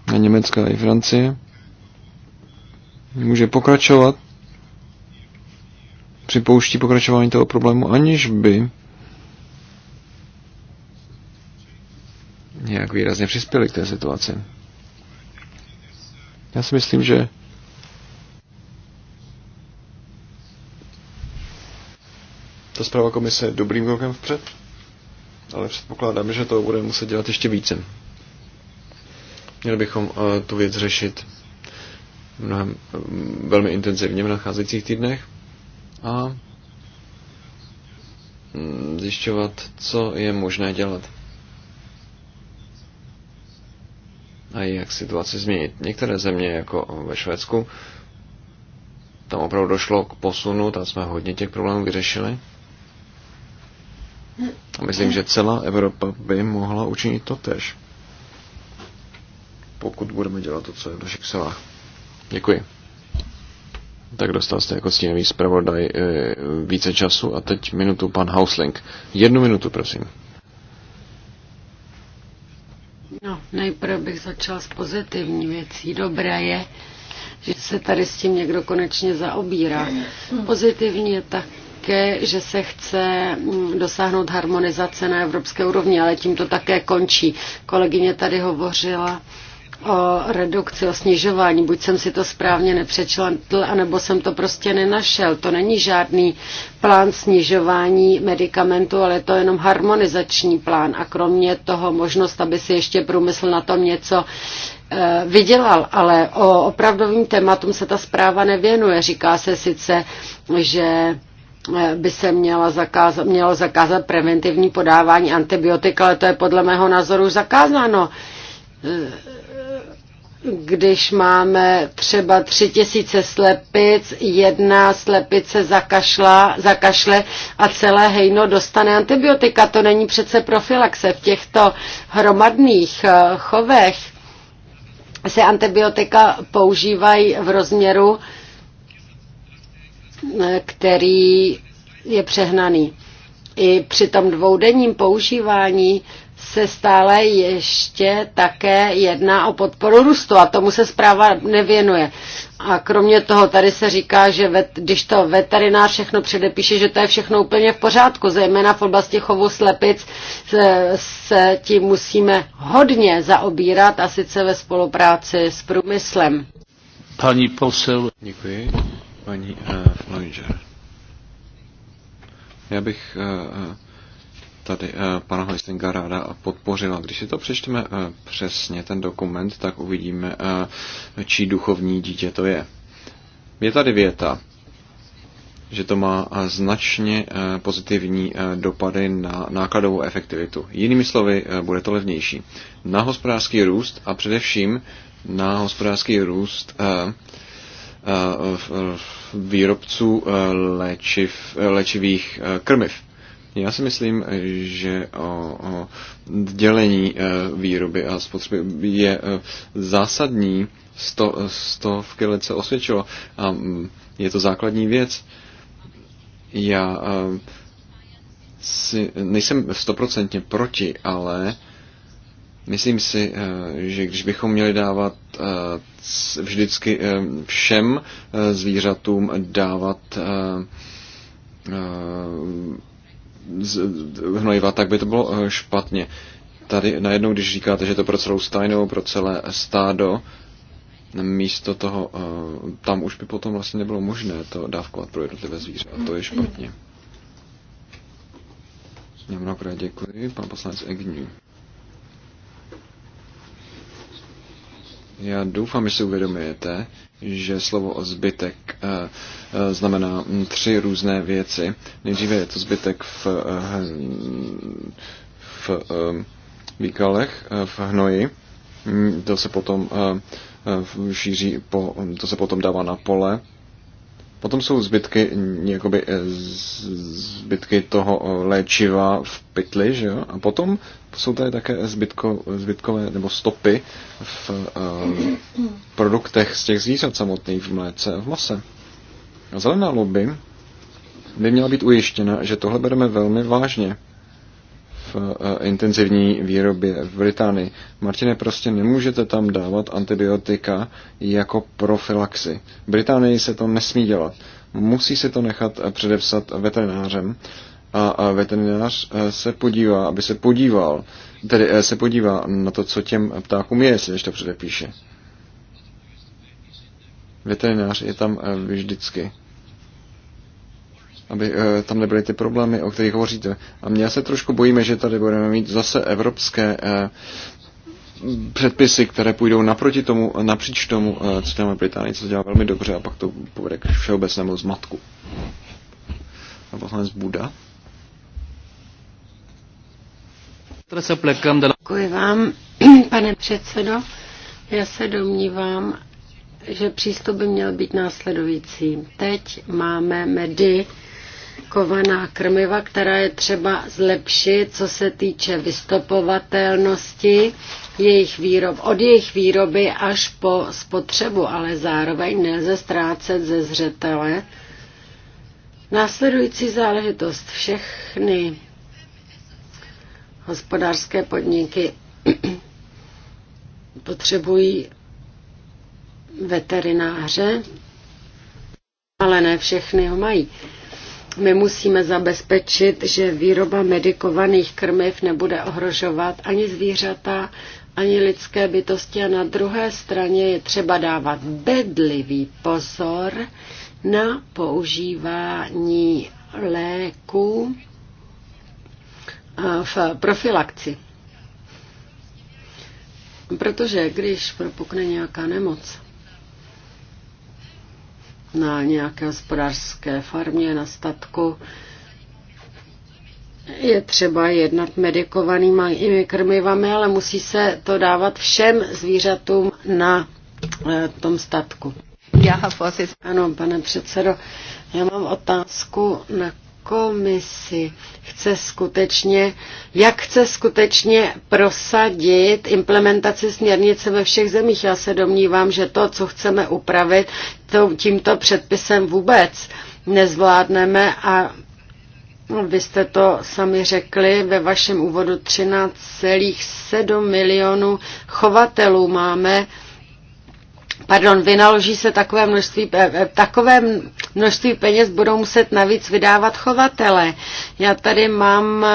a Německa i Francie, může pokračovat připouští pokračování toho problému, aniž by nějak výrazně přispěli k té situaci. Já si myslím, že ta zpráva komise je dobrým krokem vpřed, ale předpokládám, že to bude muset dělat ještě více. Měli bychom eh, tu věc řešit mnohem, eh, velmi intenzivně v nadcházejících týdnech a mm, zjišťovat, co je možné dělat. A jak situaci změnit. Některé země, jako ve Švédsku, tam opravdu došlo k posunu, tam jsme hodně těch problémů vyřešili. A myslím, že celá Evropa by mohla učinit to tež. Pokud budeme dělat to, co je v našich silách. Děkuji tak dostal jste jako stínový zpravodaj eh, více času. A teď minutu pan Hausling. Jednu minutu, prosím. No, nejprve bych začal s pozitivní věcí. Dobré je, že se tady s tím někdo konečně zaobírá. Pozitivní je také, že se chce mm, dosáhnout harmonizace na evropské úrovni, ale tím to také končí. Kolegyně tady hovořila o redukci, o snižování. Buď jsem si to správně nepřečetl, anebo jsem to prostě nenašel. To není žádný plán snižování medicamentu, ale to je jenom harmonizační plán. A kromě toho možnost, aby si ještě průmysl na tom něco eh, vydělal, ale o opravdovým tématům se ta zpráva nevěnuje. Říká se sice, že eh, by se měla zakázat, mělo zakázat preventivní podávání antibiotik, ale to je podle mého názoru zakázáno eh, když máme třeba tři tisíce slepic, jedna slepice zakašla, zakašle a celé hejno dostane antibiotika. To není přece profilaxe. V těchto hromadných eh, chovech se antibiotika používají v rozměru, eh, který je přehnaný. I při tom dvoudenním používání se stále ještě také jedná o podporu růstu a tomu se zpráva nevěnuje. A kromě toho tady se říká, že vet, když to veterinář všechno předepíše, že to je všechno úplně v pořádku, zejména v oblasti chovu slepic se, se tím musíme hodně zaobírat a sice ve spolupráci s průmyslem. Paní posel. Děkuji. Paní uh, Já bych uh, tady eh, pana Hojstinga ráda podpořila. Když si to přečteme eh, přesně, ten dokument, tak uvidíme, eh, čí duchovní dítě to je. Je tady věta, že to má značně pozitivní dopady na nákladovou efektivitu. Jinými slovy, bude to levnější. Na hospodářský růst a především na hospodářský růst výrobců léčiv, léčivých krmiv. Já si myslím, že o, o dělení e, výroby a spotřeby je e, zásadní. Sto, stovky let se osvědčilo a mm, je to základní věc. Já e, si, nejsem stoprocentně proti, ale myslím si, že když bychom měli dávat vždycky všem zvířatům dávat hnojiva, tak by to bylo eh, špatně. Tady najednou, když říkáte, že to pro celou stajnou, pro celé stádo, místo toho, eh, tam už by potom vlastně nebylo možné to dávkovat pro jednotlivé zvíře a to je špatně. Já mnohokrát děkuji, pan poslanec Egní. Já doufám, že si uvědomujete, že slovo zbytek eh, eh, znamená hm, tři různé věci. Nejdříve je to zbytek v, eh, hm, v výkalech, v hnoji. Hm, to se potom šíří, po, to se potom dává na pole Potom jsou zbytky, jakoby, eh, zbytky toho eh, léčiva v pytli, že jo? A potom jsou tady také zbytko, zbytkové nebo stopy v uh, produktech z těch zvířat samotných, v mléce a v mase. A zelená lobby by měla být ujištěna, že tohle bereme velmi vážně Eh, intenzivní výrobě v Británii. Martine, prostě nemůžete tam dávat antibiotika jako profilaxi. V Británii se to nesmí dělat. Musí se to nechat eh, předepsat veterinářem a veterinář eh, se podívá, aby se podíval, tedy se podívá na to, co těm ptákům je, jestli to předepíše. Veterinář je tam vždycky aby eh, tam nebyly ty problémy, o kterých hovoříte. A mě se trošku bojíme, že tady budeme mít zase evropské eh, předpisy, které půjdou naproti tomu, napříč tomu, eh, co děláme Británii, co dělá velmi dobře a pak to povede k všeobecnému zmatku. A poslanec Buda. Děkuji vám, pane předsedo. Já se domnívám, že přístup by měl být následující. Teď máme medy kovaná krmiva, která je třeba zlepšit, co se týče vystopovatelnosti jejich výrob, od jejich výroby až po spotřebu, ale zároveň nelze ztrácet ze zřetele. Následující záležitost všechny hospodářské podniky potřebují veterináře, ale ne všechny ho mají my musíme zabezpečit, že výroba medikovaných krmiv nebude ohrožovat ani zvířata, ani lidské bytosti a na druhé straně je třeba dávat bedlivý pozor na používání léků eh, v profilakci. Protože když propukne nějaká nemoc, na nějaké hospodářské farmě, na statku. Je třeba jednat medikovanými krmivami, ale musí se to dávat všem zvířatům na eh, tom statku. Já, Ano, pane předsedo, já mám otázku na komisi chce skutečně, jak chce skutečně prosadit implementaci směrnice ve všech zemích. Já se domnívám, že to, co chceme upravit, to, tímto předpisem vůbec nezvládneme a vy jste to sami řekli ve vašem úvodu 13,7 milionů chovatelů máme pardon, vynaloží se takové množství, takové množství peněz budou muset navíc vydávat chovatele. Já tady mám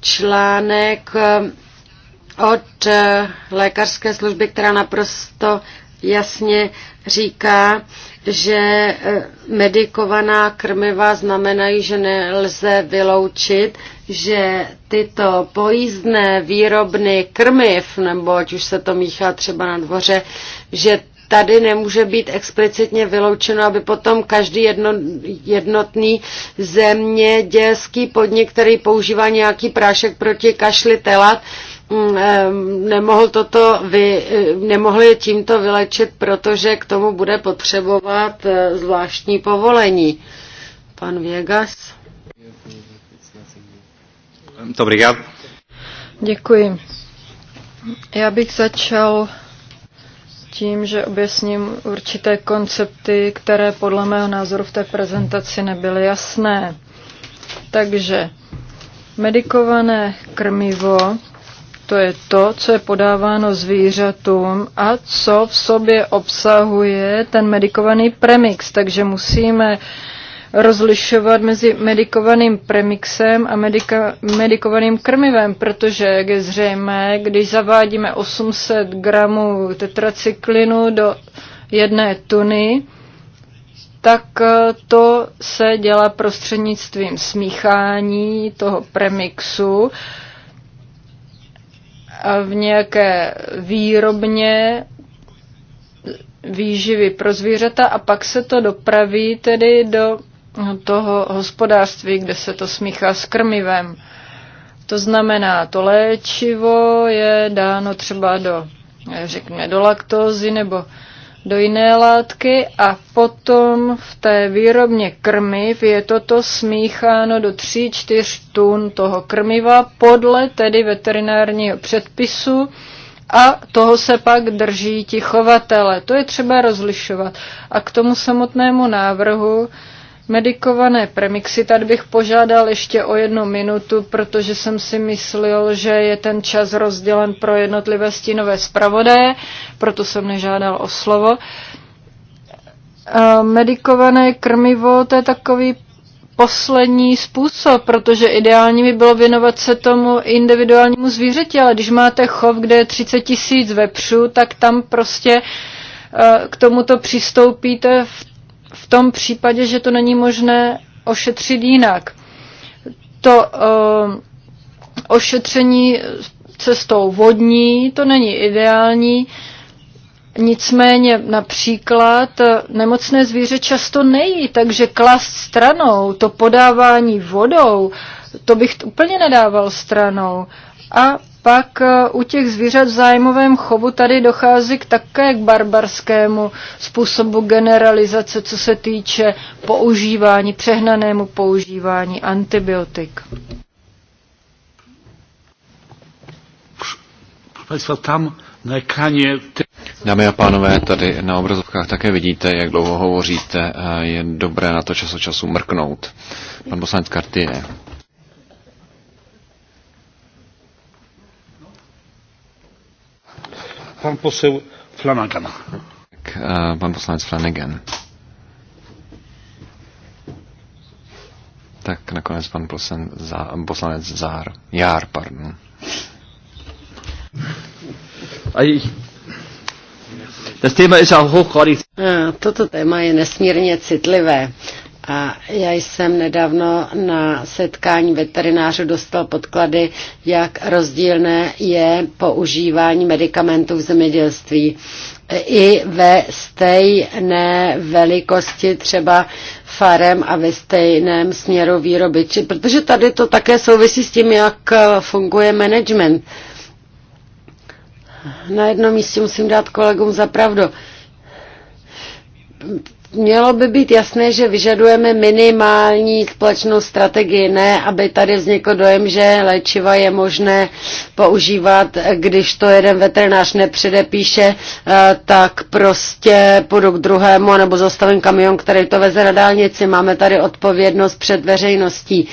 článek eh, od eh, lékařské služby, která naprosto jasně říká, že eh, medikovaná krmiva znamenají, že nelze vyloučit, že tyto pojízdné výrobny krmiv, nebo ať už se to míchá třeba na dvoře, že tady nemůže být explicitně vyloučeno, aby potom každý jedno, jednotný zemědělský podnik, který používá nějaký prášek proti kašli telat, mm, nemohl toto vy, eh, nemohli tímto vylečit, protože k tomu bude potřebovat eh, zvláštní povolení. Pan Vegas. Dobrý, já... Děkuji. Já bych začal tím, že objasním určité koncepty, které podle mého názoru v té prezentaci nebyly jasné. Takže medikované krmivo, to je to, co je podáváno zvířatům a co v sobě obsahuje ten medikovaný premix. Takže musíme uh, rozlišovat mezi medikovaným premixem a medika, medikovaným krmivem, protože, jak je zřejmé, když zavádíme 800 gramů tetracyklinu do jedné tuny, tak eh, to se dělá prostřednictvím smíchání toho premixu a v nějaké výrobně výživy pro zvířata a pak se to dopraví tedy do toho hospodářství, kde se to smíchá s krmivem. To znamená, to léčivo je dáno třeba do, řekněme, do laktózy nebo do jiné látky a potom v té výrobně krmiv je toto smícháno do 3-4 tun toho krmiva podle tedy veterinárního předpisu a toho se pak drží ti chovatele. To je třeba rozlišovat. A k tomu samotnému návrhu Medikované premixy, tady bych požádal ještě o jednu minutu, protože jsem si myslel, že je ten čas rozdělen pro jednotlivé stínové zpravodaje, proto jsem nežádal o slovo. Medikované krmivo, to je takový poslední způsob, protože ideální by bylo věnovat se tomu individuálnímu zvířeti, ale když máte chov, kde je 30 tisíc vepřů, tak tam prostě eh, k tomuto přistoupíte v v tom případě, že to není možné ošetřit jinak. To uh, ošetření cestou vodní, to není ideální, nicméně například eh, nemocné zvíře často nejí, takže klas stranou, to podávání vodou, to bych úplně nedával stranou. A pak eh, u těch zvířat v zájmovém chovu tady dochází k také k barbarskému způsobu generalizace, co se týče používání, přehnanému používání antibiotik. tam na ekraně... Dámy a pánové, tady na obrazovkách také vidíte, jak dlouho hovoříte. Eh, je dobré na to čas od času mrknout. Pan poslanec Kartier. pan poseł Flanagan. Tak, pan poslanec Flanagan. Tak nakonec pan poslanec, za, poslanec Zár. Jár, pardon. A Das Toto téma je nesmírně citlivé a já jsem nedávno na setkání veterinářů dostal podklady, jak rozdílné je používání medicamentů v zemědělství. I ve stejné velikosti třeba farem a ve stejném směru výroby. Protože tady to také souvisí s tím, jak eh, funguje management. Na jednom místě musím dát kolegům za pravdu mělo by být jasné, že vyžadujeme minimální společnou strategii, ne aby tady vznikl dojem, že léčiva je možné používat, když to jeden veterinář nepředepíše, eh, tak prostě půjdu k druhému nebo zastavím kamion, který to veze na dálnici. Máme tady odpovědnost před veřejností.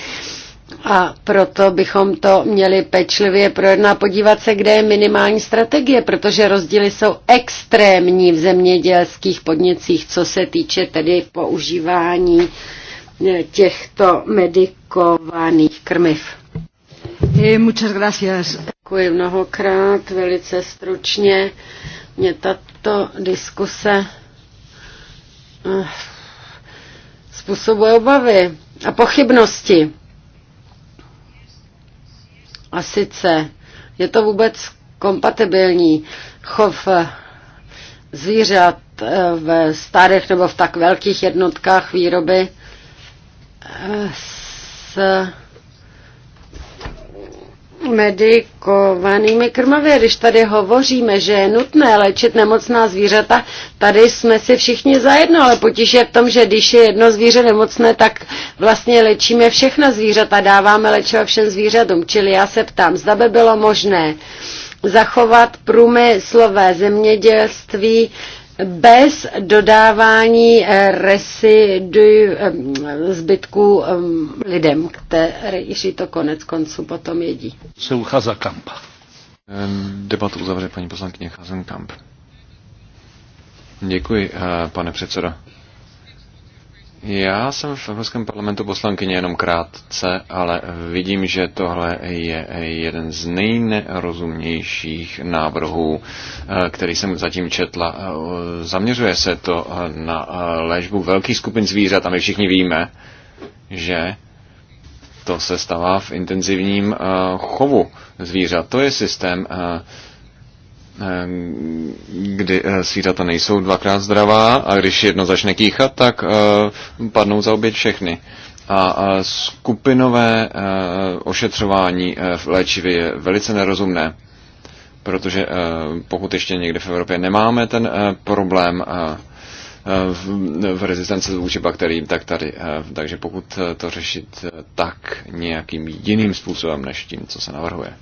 A proto bychom to měli pečlivě projednat, podívat se, kde je minimální strategie, protože rozdíly jsou extrémní v zemědělských podnicích, co se týče tedy používání eh, těchto medikovaných krmiv. Eh, muchas gracias. Děkuji mnohokrát, velice stručně. Mě tato diskuse eh, způsobuje obavy a pochybnosti. A sice je to vůbec kompatibilní chov eh, zvířat eh, v starých nebo v tak velkých jednotkách výroby eh, s medikovanými krmavě. Když tady hovoříme, že je nutné léčit nemocná zvířata, tady jsme si všichni zajedno, ale potíž je v tom, že když je jedno zvíře nemocné, tak vlastně léčíme všechna zvířata, dáváme léčiva všem zvířatům. Čili já se ptám, zda by bylo možné zachovat průmyslové zemědělství bez dodávání eh, residu eh, zbytků eh, lidem, kteří to konec konců potom jedí. Jsou uchází kampa. Debatu uzavře paní poslankyně Hazenkamp. Děkuji, pane předsedo. Já jsem v Evropském parlamentu poslankyně jenom krátce, ale vidím, že tohle je jeden z nejnerozumnějších návrhů, eh, který jsem zatím četla. Eh, zaměřuje se to eh, na léčbu velkých skupin zvířat a my všichni víme, že to se stává v intenzivním chovu zvířat. To je systém kdy eh, svířata nejsou dvakrát zdravá a když jedno začne kýchat, tak eh, padnou za oběť všechny. A skupinové eh, ošetřování v léčivě je velice nerozumné, protože pokud ještě někde v Evropě nemáme ten problém v rezistenci vůči bakteriím, tak tady. Takže pokud to řešit tak nějakým jiným způsobem než tím, co se navrhuje.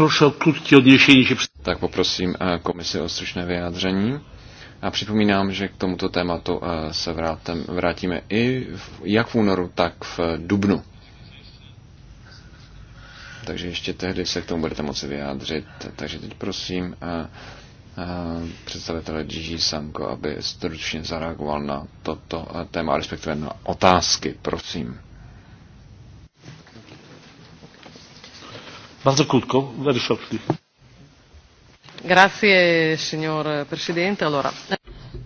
Proszę o krótkie odniesienie się. Tak poprosím eh, komisi o stručné vyjádření. A připomínám, že k tomuto tématu eh, se vrátem, vrátíme i v, jak v únoru, tak v dubnu. Takže ještě tehdy se k tomu budete moci vyjádřit. Takže teď prosím a, eh, a, představitele DG Sanko, aby stručně zareagoval na toto téma, respektive na otázky. Prosím. Bardzo krótko, very shortly. Grazie, signor presidente. Allora.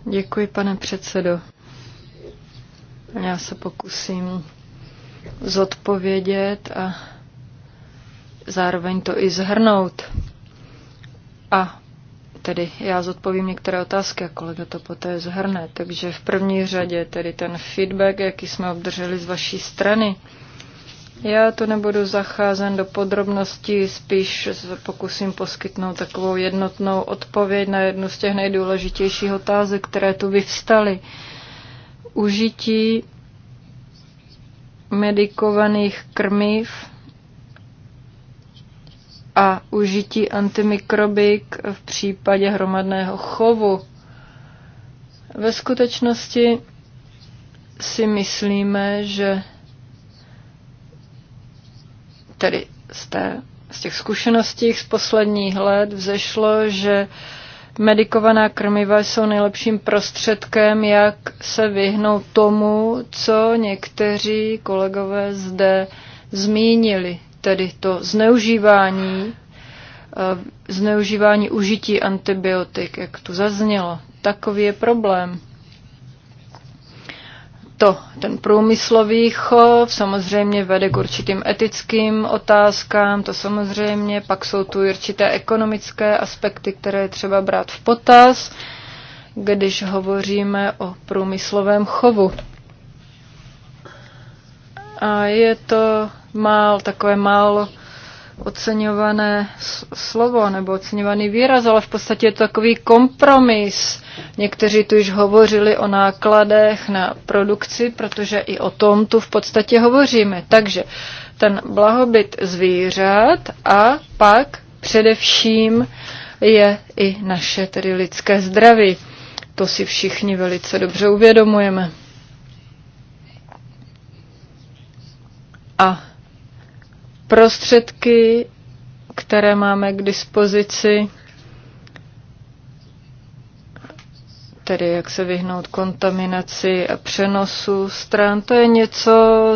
Děkuji, pane předsedo. Já se pokusím zodpovědět a zároveň to i zhrnout. A tedy já zodpovím některé otázky a kolega to poté zhrne. Takže v první řadě tedy ten feedback, jaký jsme obdrželi z vaší strany, já tu nebudu zacházen do podrobností, spíš pokusím poskytnout takovou jednotnou odpověď na jednu z těch nejdůležitějších otázek, které tu vyvstaly. Užití medikovaných krmiv a užití antimikrobik v případě hromadného chovu. Ve skutečnosti si myslíme, že tedy z, té, z těch zkušeností z posledních let vzešlo, že medikovaná krmiva jsou nejlepším prostředkem, jak se vyhnout tomu, co někteří kolegové zde zmínili, tedy to zneužívání, eh, zneužívání užití antibiotik, jak tu zaznělo. Takový je problém to, ten průmyslový chov samozřejmě vede k určitým etickým otázkám, to samozřejmě, pak jsou tu určité ekonomické aspekty, které je třeba brát v potaz, když hovoříme o průmyslovém chovu. A je to málo, takové málo oceňované slovo nebo oceňovaný výraz, ale v podstatě je to takový kompromis. Někteří tu již hovořili o nákladech na produkci, protože i o tom tu v podstatě hovoříme. Takže ten blahobyt zvířat a pak především je i naše, tedy lidské zdraví. To si všichni velice dobře uvědomujeme. A prostředky, které máme k dispozici, tedy jak se vyhnout kontaminaci a přenosu stran. To je něco,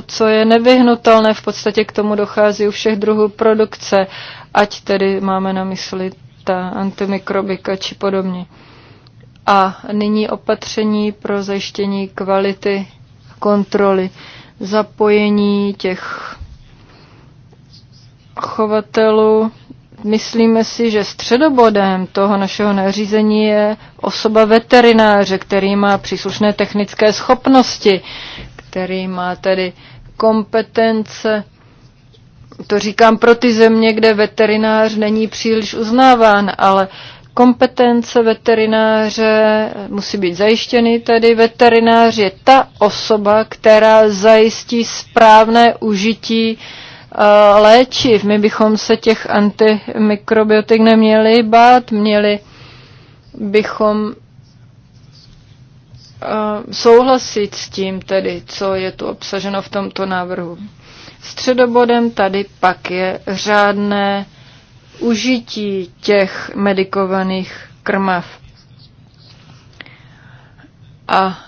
co je nevyhnutelné, v podstatě k tomu dochází u všech druhů produkce, ať tedy máme na mysli ta antimikrobika či podobně. A nyní opatření pro zajištění kvality kontroly, zapojení těch chovatelů. Myslíme si, že středobodem toho našeho nařízení je osoba veterináře, který má příslušné technické schopnosti, který má tedy kompetence. To říkám pro ty země, kde veterinář není příliš uznáván, ale kompetence veterináře musí být zajištěny, tedy veterinář je ta osoba, která zajistí správné užití uh, Eh, léčiv. My bychom se těch antimikrobiotik neměli bát, měli bychom eh, souhlasit s tím tedy, co je tu obsaženo v tomto návrhu. Středobodem tady pak je řádné užití těch medikovaných krmav. A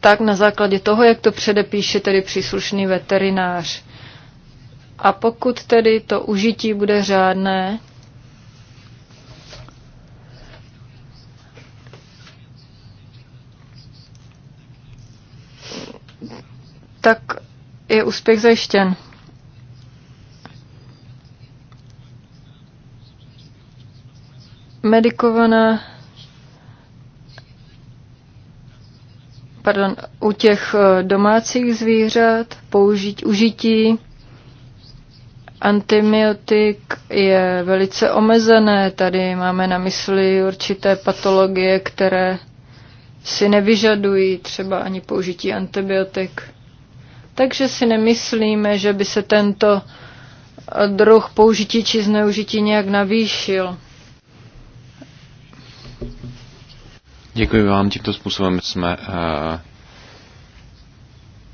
tak na základě toho, jak to předepíše tedy příslušný veterinář. A pokud tedy to užití bude řádné, tak je úspěch zajištěn. Medikovaná pardon, u těch eh, domácích zvířat použít, užití antibiotik je velice omezené. Tady máme na mysli určité patologie, které si nevyžadují třeba ani použití antibiotik. Takže si nemyslíme, že by se tento druh použití či zneužití nějak navýšil. Děkuji vám. Tímto způsobem jsme uh,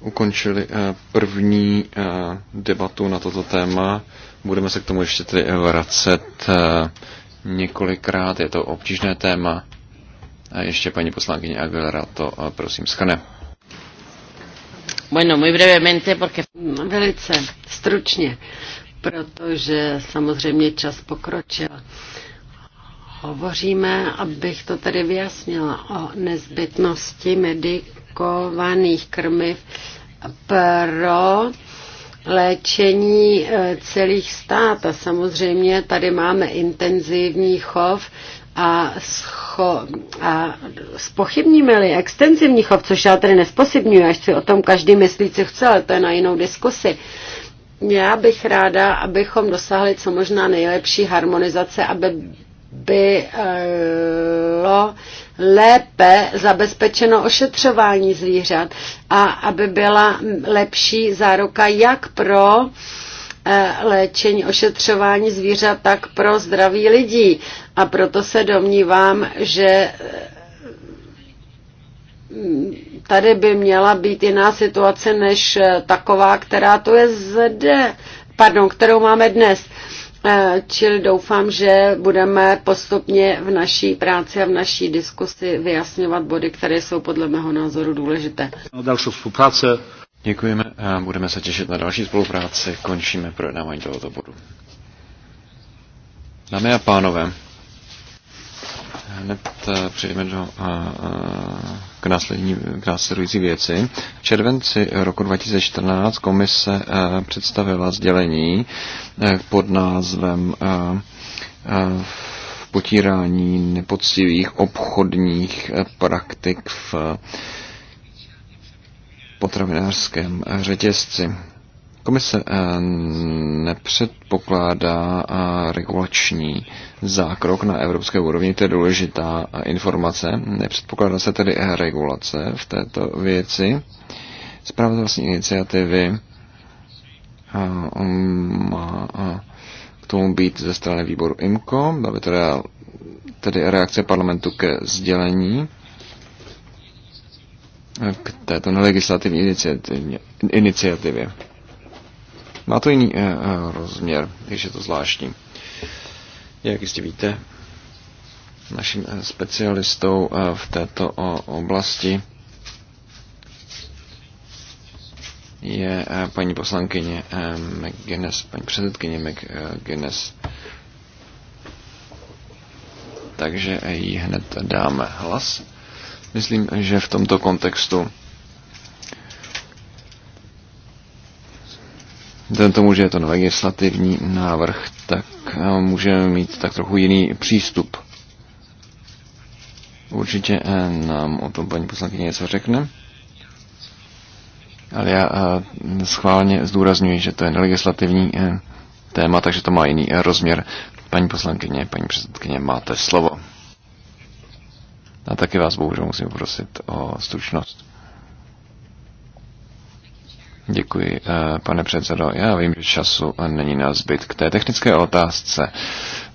ukončili uh, první uh, debatu na toto téma. Budeme se k tomu ještě tedy vracet uh, několikrát. Je to obtížné téma. A ještě paní poslankyně Aguilera to uh, prosím schane. Bueno, muy brevemente, porque... Velice stručně, protože samozřejmě čas pokročil. Hovoříme, abych to tedy vyjasnila, o nezbytnosti medikovaných krmiv pro léčení e, celých stát. A samozřejmě tady máme intenzivní chov a, scho- a spochybníme-li extenzivní chov, což já tady nespochybnuju, až si o tom každý myslí, co chce, ale to je na jinou diskusi. Já bych ráda, abychom dosáhli co možná nejlepší harmonizace, aby bylo eh, lépe zabezpečeno ošetřování zvířat a aby byla lepší záruka jak pro eh, léčení, ošetřování zvířat, tak pro zdraví lidí. A proto se domnívám, že eh, tady by měla být jiná situace než taková, která tu je zde, pardon, kterou máme dnes. Eh, čili doufám, že budeme postupně v naší práci a v naší diskusi vyjasňovat body, které jsou podle mého názoru důležité. další spolupráce. Děkujeme a budeme se těšit na další spolupráci. Končíme projednávání tohoto bodu. Dámy a pánové, hned eh, přejdeme do A, eh, a, k, následní, k následující věci. V červenci roku 2014 komise eh, představila sdělení eh, pod názvem eh, potírání nepoctivých obchodních praktik v potravinářském řetězci. Komise eh, nepředpokládá eh, regulační zákrok na evropské úrovni, to je důležitá eh, informace. Nepředpokládá se tedy regulace v této věci. Zpráva vlastní iniciativy má k tomu být ze strany výboru IMCO, aby tedy reakce parlamentu ke sdělení k této nelegislativní iniciativě. Má to jiný eh, eh, rozměr, když je to zvláštní. Jak jistě víte, naším eh, specialistou v této oblasti je paní poslankyně McGuinness, paní předsedkyně McGuinness. Takže jí hned dáme hlas. Myslím, že v tomto kontextu Vzhledem tomu, že je to legislativní návrh, tak eh, můžeme mít tak trochu jiný přístup. Určitě eh, nám o tom paní poslankyně něco řekne. Ale já eh, schválně zdůrazňuji, že to je nelegislativní téma, takže to má jiný rozměr. Paní poslankyně, paní předsedkyně, máte slovo. A taky vás bohužel musím prosit o stručnost. Děkuji, eh, pane předsedo. Já vím, že času není na zbyt. K té technické otázce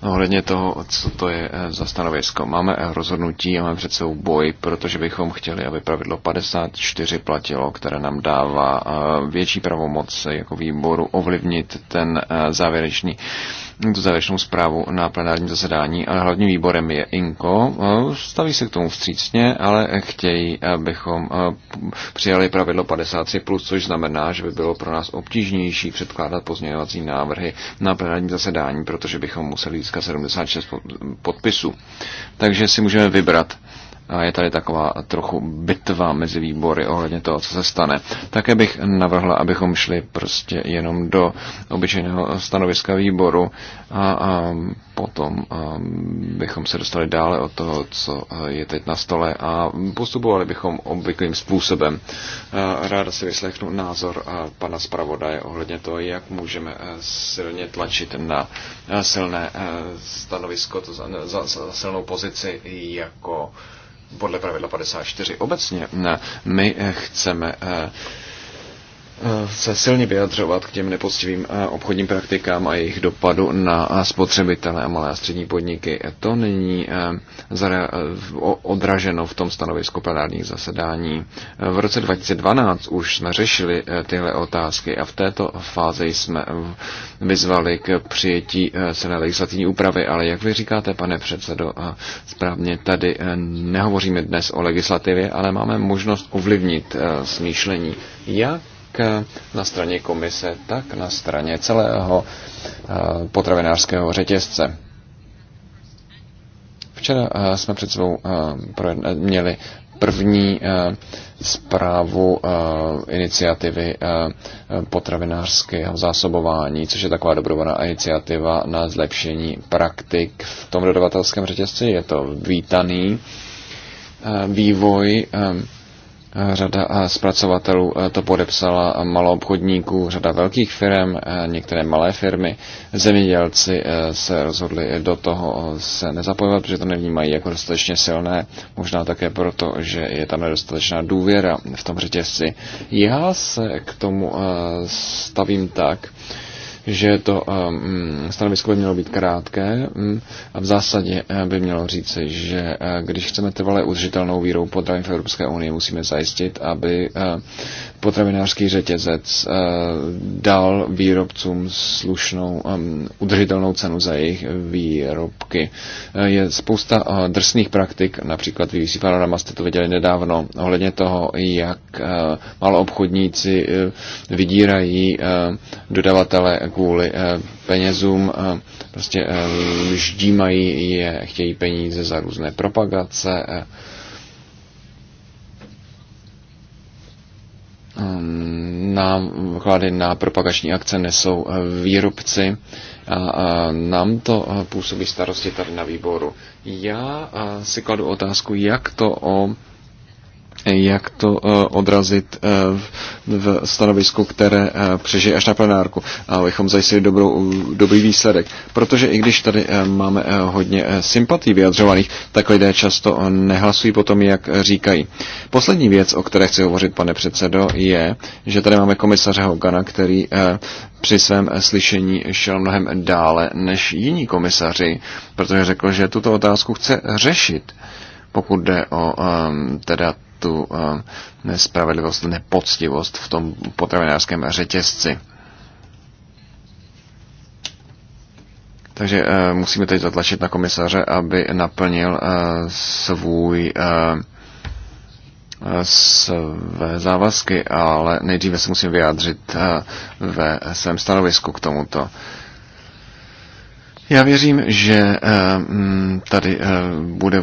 ohledně toho, co to je eh, za stanovisko. Máme eh, rozhodnutí a máme přece boj, protože bychom chtěli, aby pravidlo 54 platilo, které nám dává větší pravomoc jako výboru ovlivnit ten závěrečný tu závěrečnou zprávu na plenárním zasedání, a hlavním výborem je INKO. Eh, Staví se k tomu vstřícně, ale chtějí, abychom eh, přijali pravidlo 53+, plus, což znamená, že by bylo pro nás obtížnější předkládat pozměňovací návrhy na plenárním zasedání, protože bychom museli získat 76 podpisů. Takže si můžeme vybrat a je tady taková trochu bitva mezi výbory ohledně toho, co se stane. Také bych navrhla, abychom šli prostě jenom do obyčejného stanoviska výboru a, a potom a bychom se dostali dále od toho, co je teď na stole a postupovali bychom obvyklým způsobem. Ráda si vyslechnu názor pana zpravodaje ohledně toho, jak můžeme silně tlačit na silné stanovisko, to za, za, za silnou pozici jako uh, podle pravidla 54. Obecně my chceme eh, Eh, se silně vyjadřovat k těm nepoctivým eh, obchodním praktikám a jejich dopadu na eh, spotřebitele a malé a střední podniky. To není odraženo v tom stanovisku plenárních zasedání. V roce 2012 už jsme řešili tyhle otázky a v této fázi jsme vyzvali k přijetí celé legislativní úpravy, ale jak vy říkáte, pane předsedo, správně tady nehovoříme dnes o legislativě, ale máme možnost ovlivnit smýšlení. Jak na straně komise, tak na straně celého eh, potravinářského řetězce. Včera eh, jsme před sebou eh, měli první zprávu iniciativy potravinářského zásobování, což je taková dobrovolná iniciativa na zlepšení praktik v tom dodavatelském řetězci. Je to vítaný vývoj Řada zpracovatelů e, to podepsala, malou obchodníků, řada velkých firm, e, některé malé firmy, zemědělci e, se rozhodli do toho se nezapojovat, protože to nevnímají jako dostatečně silné, možná také proto, že je tam nedostatečná důvěra v tom řetězci. Já se k tomu stavím tak, že to um, stanovisko by mělo být krátké um, a v zásadě uh, by mělo říci, že uh, když chceme trvalé udržitelnou výrobu potravin v Evropské unii, musíme zajistit, aby uh, potravinářský řetězec dal výrobcům slušnou um, udržitelnou cenu za jejich výrobky. Je spousta drsných praktik, například BBC Panorama jste to viděli nedávno, ohledně toho, jak obchodníci vydírají dodavatele kvůli eh, penězům eh, prostě eh, ždímají je, chtějí peníze za různé propagace. Ehm, náklady na propagační akce nesou výrobci a nám to působí starosti tady na výboru. Já si kladu otázku, jak to o jak to eh, odrazit eh, v stanovisku, které eh, přežije až na plenárku, abychom zajistili dobrou, dobrý výsledek. Protože i když tady máme hodně sympatí vyjadřovaných, tak lidé často nehlasují po tom, jak říkají. Poslední věc, o které chci hovořit, pane předsedo, je, že tady máme komisaře Hogana, který při svém slyšení šel mnohem dále než jiní komisaři, protože řekl, že tuto otázku chce řešit pokud jde o um, teda tu eh, nespravedlivost, nepoctivost v tom potravinářském řetězci. Takže eh, musíme teď zatlačit na komisaře, aby naplnil eh, svůj své závazky, ale nejdříve se musím vyjádřit ve svém stanovisku k tomuto. Já věřím, že tady bude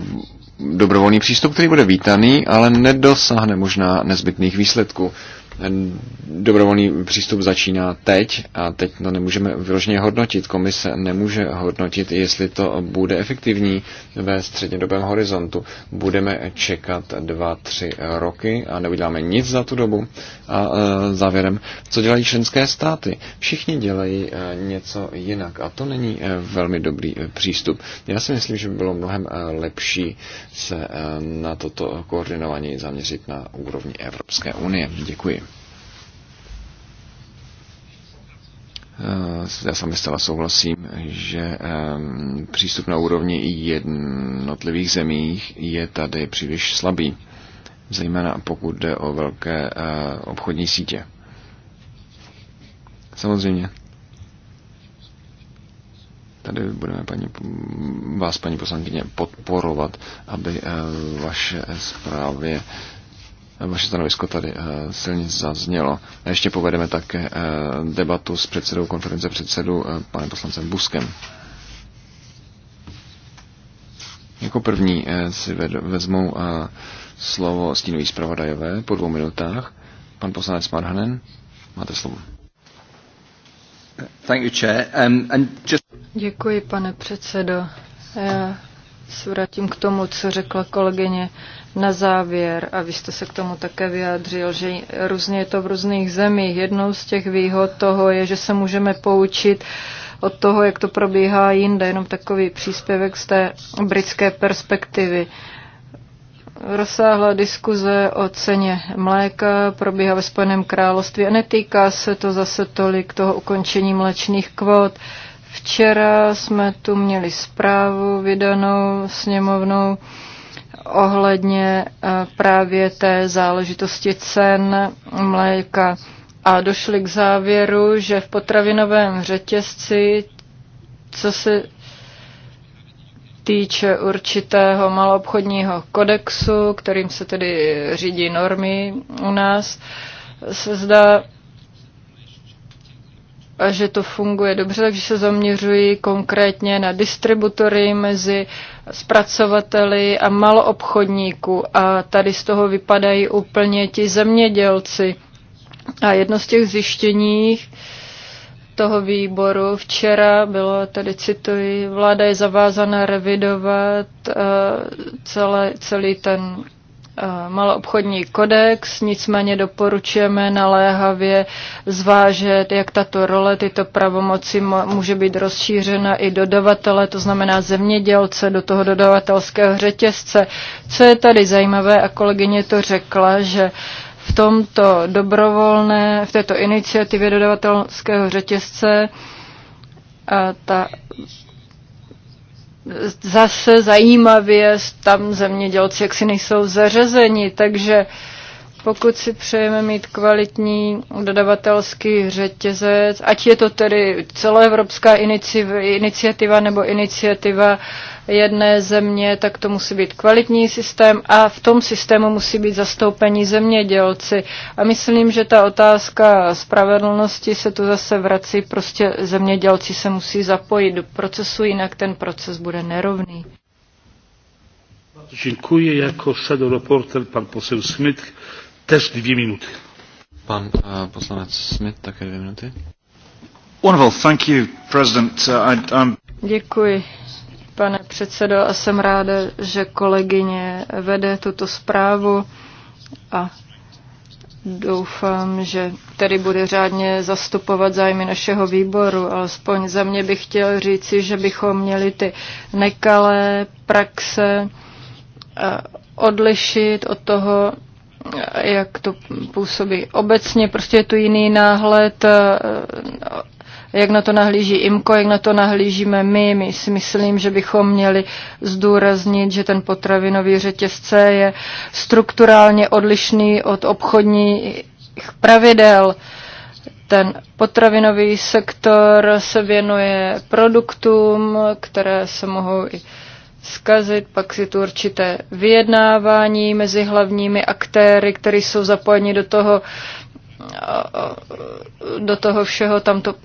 dobrovolný přístup, který bude vítaný, ale nedosáhne možná nezbytných výsledků dobrovolný přístup začíná teď a teď to nemůžeme vyloženě hodnotit. Komise nemůže hodnotit, jestli to bude efektivní ve střednědobém horizontu. Budeme čekat dva, tři roky a neuděláme nic za tu dobu. A e, závěrem, co dělají členské státy? Všichni dělají e, něco jinak a to není e, velmi dobrý přístup. Já si myslím, že by bylo mnohem lepší se na toto koordinování zaměřit na úrovni Evropské unie. Děkuji. já sami zcela souhlasím, že přístup na úrovni jednotlivých zemích je tady příliš slabý, zejména pokud jde o velké eh, obchodní sítě. Samozřejmě. Tady budeme paní, vás, paní poslankyně, podporovat, aby eh, vaše zprávě vaše stanovisko tady eh, silně zaznělo. A ještě povedeme také eh, debatu s předsedou konference předsedu eh, panem poslancem Buskem. Jako první si vezmou slovo stínový zpravodajové po dvou minutách. Pan poslanec Marhanen, máte slovo. Um, Děkuji, pane předsedo. Já se vrátím k tomu, co řekla kolegyně na závěr, a vy jste se k tomu také vyjádřil, že různě je to v různých zemích. Jednou z těch výhod toho je, že se můžeme poučit od toho, jak to probíhá jinde. Jenom takový příspěvek z té britské perspektivy. Rozsáhlá diskuze o ceně mléka probíhá ve Spojeném království a netýká se to zase tolik toho ukončení mléčných kvot. Včera jsme tu měli zprávu vydanou sněmovnou ohledně eh, právě té záležitosti cen mléka a došli k závěru, že v potravinovém řetězci, co se týče určitého maloobchodního kodexu, kterým se tedy řídí normy u nás, se zdá, že to funguje dobře, takže se zaměřují konkrétně na distributory mezi zpracovateli a maloobchodníků. A tady z toho vypadají úplně ti zemědělci. A jedno z těch zjištění toho výboru včera bylo, tady cituji, vláda je zavázána revidovat uh, celé, celý ten maloobchodní kodex, nicméně doporučujeme naléhavě zvážet, jak tato role, tyto pravomoci může být rozšířena i dodavatele, to znamená zemědělce do toho dodavatelského řetězce. Co je tady zajímavé, a kolegyně to řekla, že v tomto dobrovolné, v této iniciativě dodavatelského řetězce a ta zase zajímavě tam zemědělci jaksi nejsou zařazeni, takže pokud si přejeme mít kvalitní dodavatelský řetězec, ať je to tedy celoevropská iniciativa nebo iniciativa jedné země, tak to musí být kvalitní systém a v tom systému musí být zastoupení zemědělci. A myslím, že ta otázka spravedlnosti se tu zase vrací, prostě zemědělci se musí zapojit do procesu, jinak ten proces bude nerovný. Děkuji jako shadow reporter pan poseł Smith Tež dvě minuty. Pan uh, poslanec Smith, také dvě minuty. Wonderful, thank you, President. Uh, I, I'm... Děkuji, pane předsedo, a jsem ráda, že kolegyně vede tuto zprávu a Doufám, že tady bude řádně zastupovat zájmy našeho výboru. Alespoň za mě bych chtěl říci, že bychom měli ty nekalé praxe eh, odlišit od toho, jak to působí obecně, prostě je to jiný náhled, eh, jak na to nahlíží IMKO, jak na to nahlížíme my. My si myslím, že bychom měli zdůraznit, že ten potravinový řetězce je strukturálně odlišný od obchodních pravidel. Ten potravinový sektor se věnuje produktům, které se mohou i zkazit, pak si tu určité vyjednávání mezi hlavními aktéry, které jsou zapojeni do toho do toho všeho tam to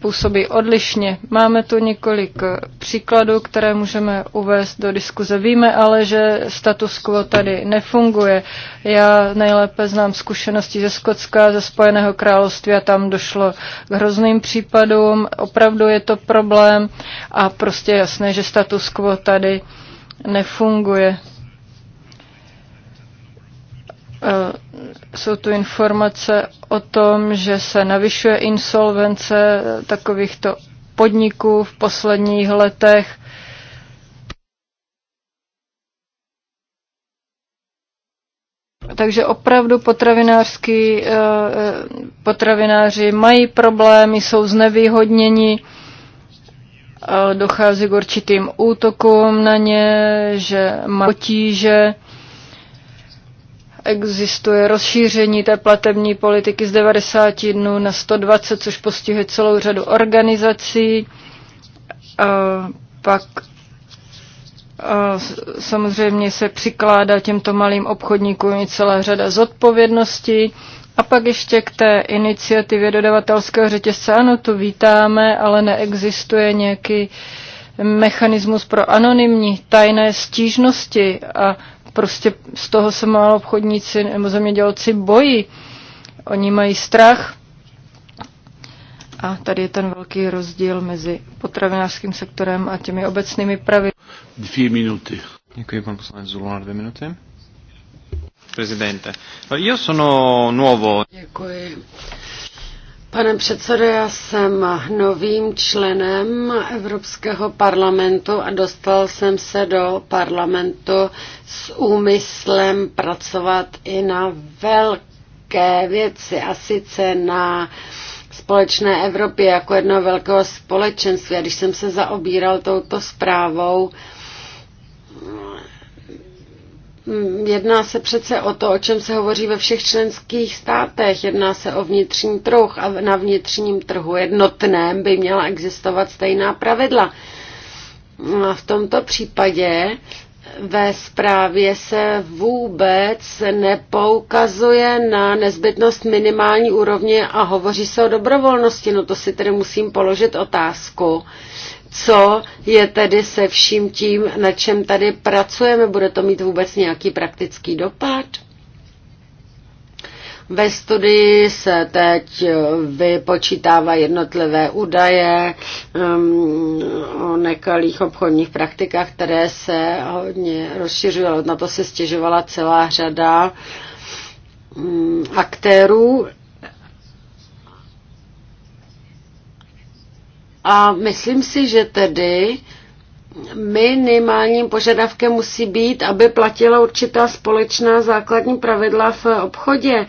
působí odlišně. Máme tu několik příkladů, které můžeme uvést do diskuze. Víme ale, že status quo tady nefunguje. Já nejlépe znám zkušenosti ze Skotska, ze Spojeného království a tam došlo k hrozným případům. Opravdu je to problém a prostě jasné, že status quo tady nefunguje. Eh, jsou tu informace o tom, že se navyšuje insolvence takovýchto podniků v posledních letech. Takže opravdu potravinářský, eh, potravináři mají problémy, jsou znevýhodněni, eh, dochází k určitým útokům na ně, že má potíže existuje rozšíření té platební politiky z 90 dnů na 120, což postihuje celou řadu organizací. A pak a samozřejmě se přikládá těmto malým obchodníkům i celá řada zodpovědností. A pak ještě k té iniciativě dodavatelského řetězce. Ano, to vítáme, ale neexistuje nějaký mechanismus pro anonymní tajné stížnosti a prostě z toho se málo obchodníci nebo zemědělci bojí. Oni mají strach. A tady je ten velký rozdíl mezi potravinářským sektorem a těmi obecnými pravidly. Dvě minuty. Děkuji, pan poslanec Zulu, na dvě minuty. Prezidente, no, já jsem nuovo. Děkuji. Pane předsedo, já jsem novým členem Evropského parlamentu a dostal jsem se do parlamentu s úmyslem pracovat i na velké věci, a sice na společné Evropě jako jedno velkého společenství. A když jsem se zaobíral touto zprávou, Jedná se přece o to, o čem se hovoří ve všech členských státech. Jedná se o vnitřní trh a na vnitřním trhu jednotném by měla existovat stejná pravidla. A v tomto případě ve zprávě se vůbec nepoukazuje na nezbytnost minimální úrovně a hovoří se o dobrovolnosti. No to si tedy musím položit otázku co je tedy se vším tím, na čem tady pracujeme? Bude to mít vůbec nějaký praktický dopad? Ve studii se teď vypočítává jednotlivé údaje um, o nekalých obchodních praktikách, které se hodně rozšiřují, na to se stěžovala celá řada um, aktérů A myslím si, že tedy minimálním požadavkem musí být, aby platila určitá společná základní pravidla v obchodě.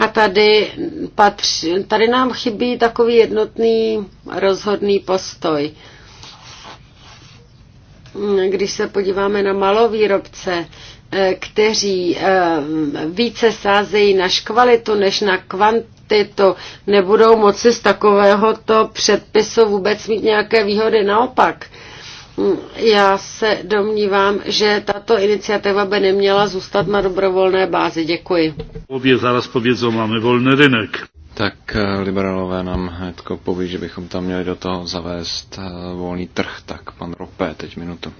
A tady, patří, tady nám chybí takový jednotný rozhodný postoj. Když se podíváme na malovýrobce, eh, kteří eh, více sázejí na kvalitu než na kvant, ty to nebudou moci z takovéhoto předpisu vůbec mít nějaké výhody. Naopak, mm, já se domnívám, že tato iniciativa by neměla zůstat na dobrovolné bázi. Děkuji. Obě zaraz povědzo máme volný rynek. Tak eh, liberálové nám hnedko poví, že bychom tam měli do toho zavést eh, volný trh. Tak pan Ropé, teď minutu.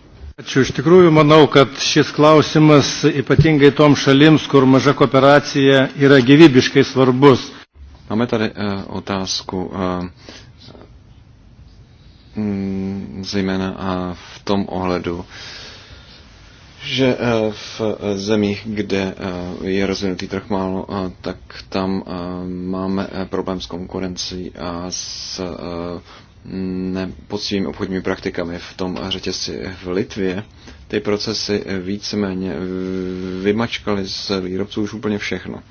Ačiū. Iš tikrųjų, manau, kad šis klausimas ypatingai tom šalims, kur maža kooperacija yra gyvybiškai svarbus. Máme tady eh, otázku eh, mm, zejména a v tom ohledu, že eh, v zemích, kde je rozvinutý trh málo, tak tam máme problém s konkurencí a s nepoctivými obchodními praktikami v tom řetězci v Litvě. Ty procesy víceméně vymačkaly z výrobců už úplně všechno.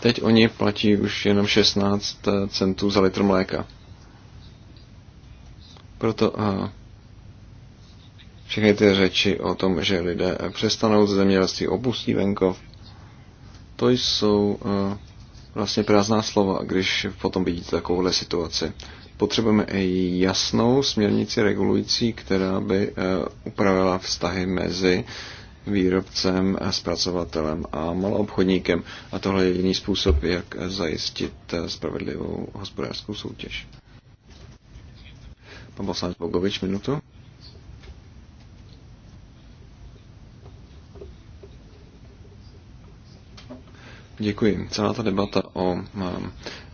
Teď oni platí už jenom 16 eh, centů za litr mléka. Proto eh, všechny ty řeči o tom, že lidé eh, přestanou ze zemědělství, opustí venkov, to jsou vlastně prázdná slova, když potom vidíte takovouhle situaci. Potřebujeme i jasnou směrnici regulující, která by upravila vztahy mezi uh, výrobcem, zpracovatelem a maloobchodníkem. A tohle je jediný způsob, jak zajistit spravedlivou hospodářskou soutěž. Pan poslanec Bogovič, minutu. Děkuji. Celá ta debata o um,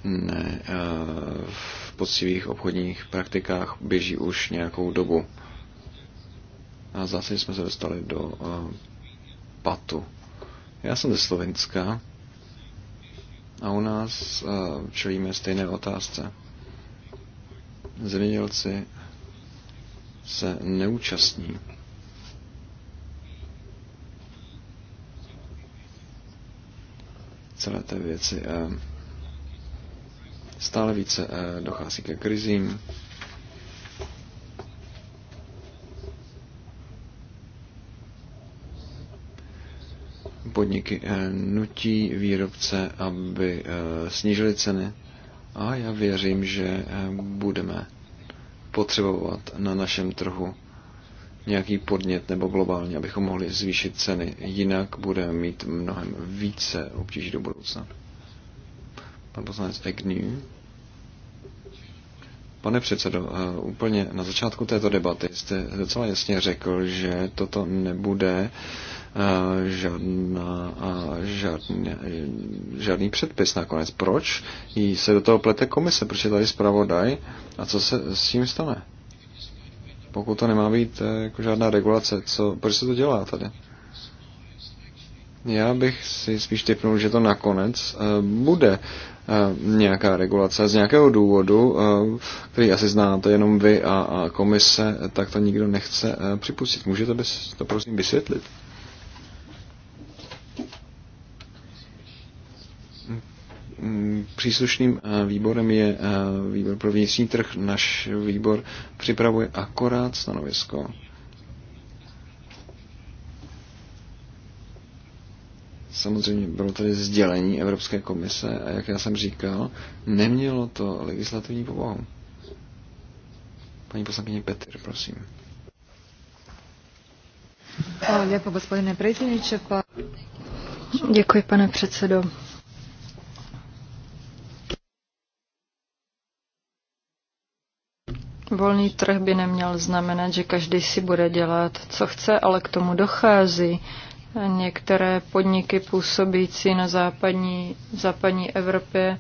ne, uh, v poctivých obchodních praktikách běží už nějakou dobu a zase jsme se dostali do patu. Já jsem ze Slovenska a u nás čelíme stejné otázce. Zemědělci se neúčastní celé té věci. Stále více dochází ke krizím, podniky eh, nutí výrobce, aby eh, snížili ceny a já věřím, že eh, budeme potřebovat na našem trhu nějaký podnět nebo globálně, abychom mohli zvýšit ceny. Jinak budeme mít mnohem více obtíží do budoucna. Pan poslanec Agnew. Pane předsedo, úplně na začátku této debaty jste docela jasně řekl, že toto nebude uh, žádná, žádný, žádný předpis nakonec. Proč jí se do toho plete komise? Proč je tady zpravodaj? A co se s tím stane? Pokud to nemá být eh, jako žádná regulace, co, proč se to dělá tady? Já bych si spíš typnul, že to nakonec eh, bude eh, nějaká regulace z nějakého důvodu, který asi znáte jenom vy a komise, tak to nikdo nechce připustit. Můžete to prosím vysvětlit? Mm, příslušným eh, výborem je eh, výbor pro vnitřní trh. Náš výbor připravuje akorát stanovisko. Samozřejmě bylo tady sdělení Evropské komise a jak já jsem říkal, nemělo to legislativní povahu. Paní poslankyně Petr, prosím. Děkuji, pane předsedo. Volný trh by neměl znamenat, že každý si bude dělat, co chce, ale k tomu dochází. Některé podniky působící na západní, západní Evropě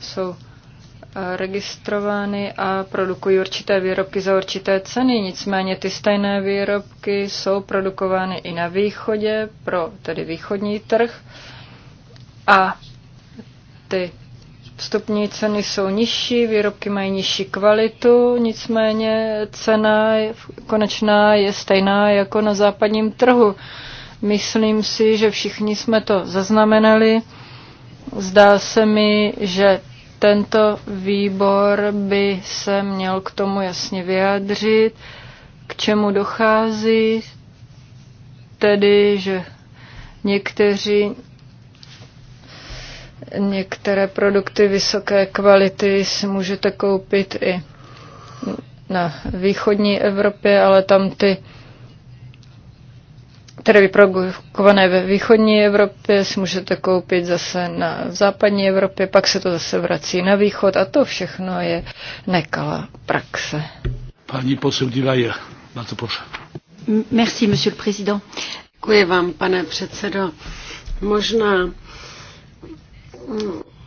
jsou eh, registrovány a produkují určité výrobky za určité ceny. Nicméně ty stejné výrobky jsou produkovány i na východě pro tedy východní trh a ty Vstupní ceny jsou nižší, výrobky mají nižší kvalitu, nicméně cena konečná je stejná jako na západním trhu. Myslím si, že všichni jsme to zaznamenali. Zdá se mi, že tento výbor by se měl k tomu jasně vyjádřit, k čemu dochází, tedy, že někteří Některé produkty vysoké kvality si můžete koupit i na východní Evropě, ale tam ty které vyprodukované ve východní Evropě si můžete koupit zase na v západní Evropě, pak se to zase vrací na východ a to všechno je nekala praxe. Paní posudila na to prosím. Merci, monsieur le président. Děkuji vám, pane předsedo. Možná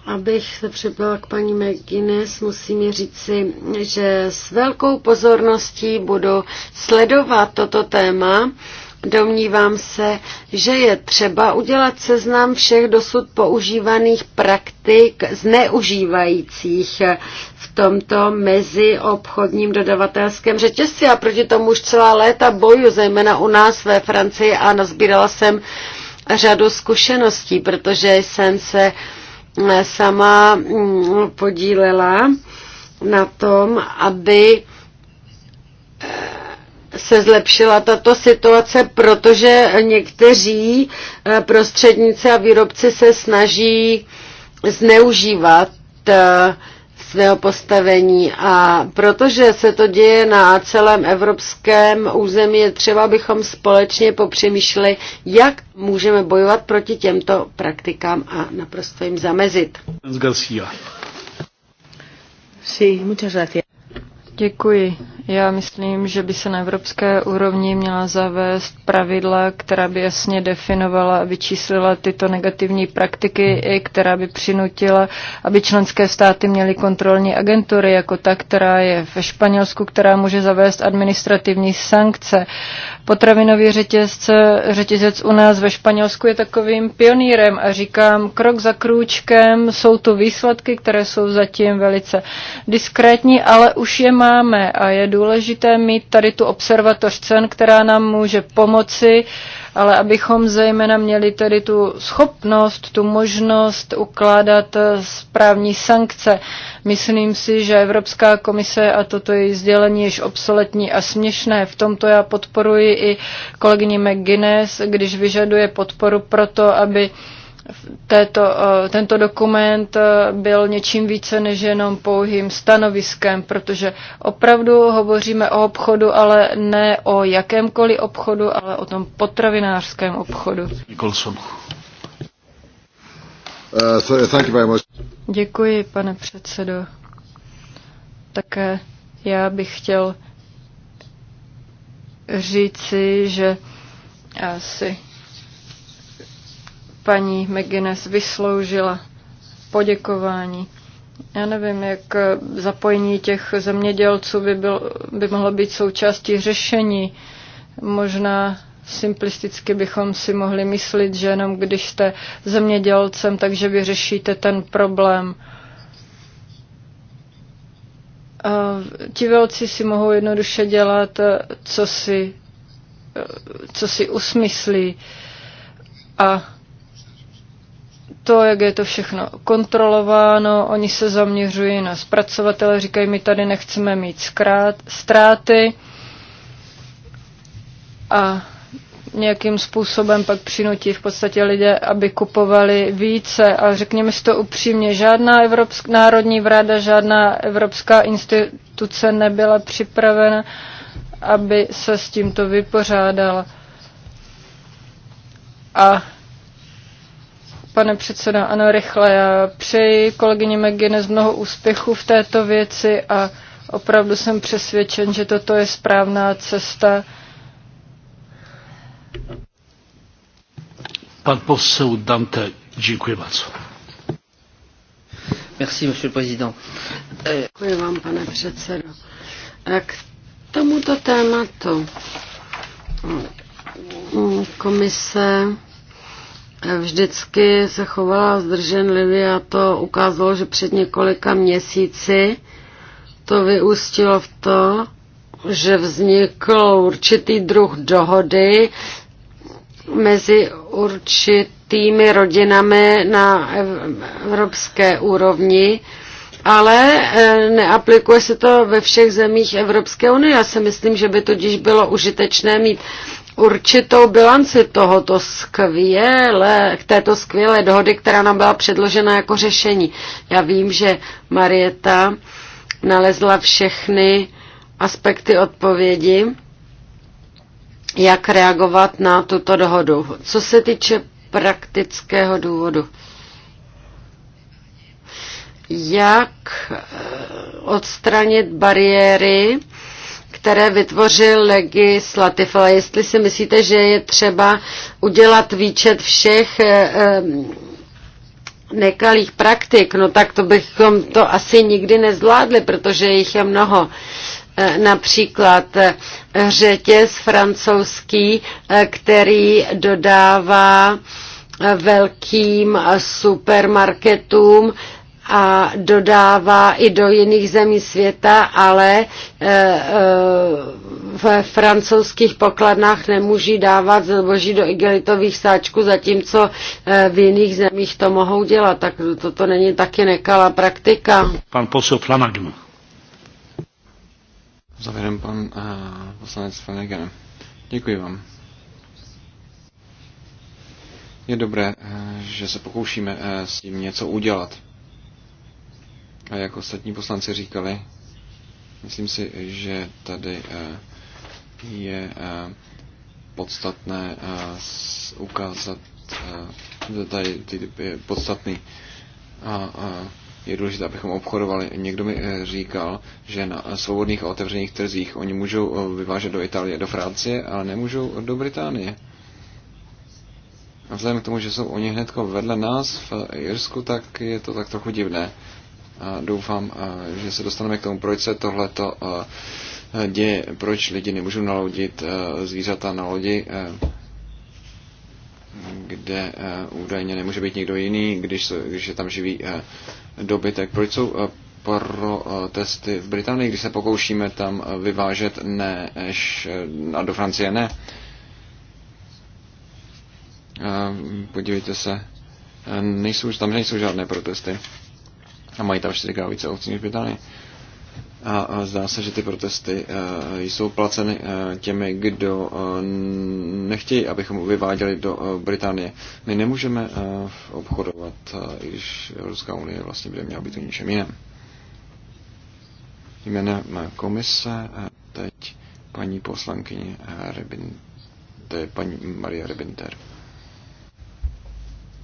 Abych se připojila k paní McGuinness, musím říci, že s velkou pozorností budu sledovat toto téma. Domnívám se, že je třeba udělat seznam všech dosud používaných praktik zneužívajících v tomto mezi obchodním dodavatelském řetězci. A proti tomu už celá léta boju, zejména u nás ve Francii a nazbírala jsem řadu zkušeností, protože jsem se uh, sama mm, podílela na tom, aby eh, se zlepšila tato situace, protože někteří eh, prostředníci a výrobci se snaží zneužívat eh, svého postavení. A protože se to děje na celém evropském území, třeba, bychom společně popřemýšleli, jak můžeme bojovat proti těmto praktikám a naprosto jim zamezit. Děkuji. Já myslím, že by se na evropské úrovni měla zavést pravidla, která by jasně definovala a vyčíslila tyto negativní praktiky, i která by přinutila, aby členské státy měly kontrolní agentury, jako ta, která je ve Španělsku, která může zavést administrativní sankce. Potravinový řetězce, řetězec u nás ve Španělsku je takovým pionýrem a říkám, krok za krůčkem jsou tu výsledky, které jsou zatím velice diskrétní, ale už je máme a je důležité mít tady tu observatoř cen, která nám může pomoci, ale abychom zejména měli tedy tu schopnost, tu možnost ukládat eh, správní sankce. Myslím si, že Evropská komise a toto její sdělení jež obsoletní a směšné. V tomto já podporuji i kolegyni McGuinness, když vyžaduje podporu pro to, aby této, eh, tento dokument eh, byl něčím více než jenom pouhým stanoviskem, protože opravdu hovoříme o obchodu, ale ne o jakémkoliv obchodu, ale o tom potravinářském obchodu. Eh, Děkuji, pane předsedo. Také já bych chtěl říci, že asi paní McGuinness vysloužila poděkování. Já nevím, jak zapojení těch zemědělců by, byl, by mohlo být součástí řešení. Možná simplisticky bychom si mohli myslet, že jenom když jste zemědělcem, takže vyřešíte ten problém. A ti velci si mohou jednoduše dělat, co si, co si usmyslí. A to, jak je to všechno kontrolováno, oni se zaměřují na zpracovatele, říkají, my tady nechceme mít ztráty a nějakým způsobem pak přinutí v podstatě lidé, aby kupovali více. A řekněme si to upřímně, žádná Evropsk, národní vrada, žádná evropská instituce nebyla připravena, aby se s tímto vypořádala. A pane předseda. Ano, rychle. Já přeji kolegyně McGuinness mnoho úspěchů v této věci a opravdu jsem přesvědčen, že toto je správná cesta. Pan poseł Dante, děkuji bardzo. Merci, monsieur le président. Eh, děkuji vám, pane předsedo. K tomuto tématu komise vždycky se chovala zdrženlivě a to ukázalo, že před několika měsíci to vyústilo v to, že vznikl určitý druh dohody mezi určitými rodinami na evropské úrovni, ale eh, neaplikuje se to ve všech zemích Evropské unie. Já si myslím, že by totiž bylo užitečné mít určitou bilanci tohoto skvělé, k této skvělé dohody, která nám byla předložena jako řešení. Já vím, že Marieta nalezla všechny aspekty odpovědi, jak reagovat na tuto dohodu. Co se týče praktického důvodu, jak eh, odstranit bariéry, které vytvořil legislativ. Ale jestli si myslíte, že je třeba udělat výčet všech eh, eh, nekalých praktik, no tak to bychom to asi nikdy nezvládli, protože jich je mnoho eh, například řetěz francouzský, který dodává velkým supermarketům a dodává i do jiných zemí světa, ale eh, eh, v francouzských pokladnách nemůží dávat zboží do igelitových sáčků, zatímco eh, v jiných zemích to mohou dělat. Tak toto není taky nekalá praktika. Pan posl Flanagan. Zavěrem pan uh, poslanec Flanagin. Děkuji vám. Je dobré, že se pokoušíme s tím něco udělat a jak ostatní poslanci říkali, myslím si, že tady eh, je eh, podstatné eh, ukázat, tady, tady je podstatný a je důležité, abychom obchodovali. Někdo mi říkal, že na svobodných a otevřených trzích oni můžou vyvážet do Itálie, do Francie, ale nemůžou do Británie. A vzhledem k tomu, že jsou oni hnedko vedle nás v Irsku, tak je to tak trochu divné. A doufám, že se dostaneme k tomu, proč se tohleto děje, proč lidi nemůžou nalodit zvířata na lodi, kde údajně nemůže být někdo jiný, když, když je tam živý dobytek. Proč jsou pro testy v Británii, když se pokoušíme tam vyvážet ne, a do Francie ne. Podívejte se, nejsou, tam nejsou žádné protesty a mají tam čtyřikrát více ovcí než v Británii. A zdá se, že ty protesty e, jsou placeny e, těmi, kdo e, nechtějí, abychom vyváděli do Británie. My nemůžeme obchodovat, i když Evropská unie vlastně by měla být o ničem jiném. Jménem komise teď paní poslankyně Rebin, to je paní Maria Rebinter.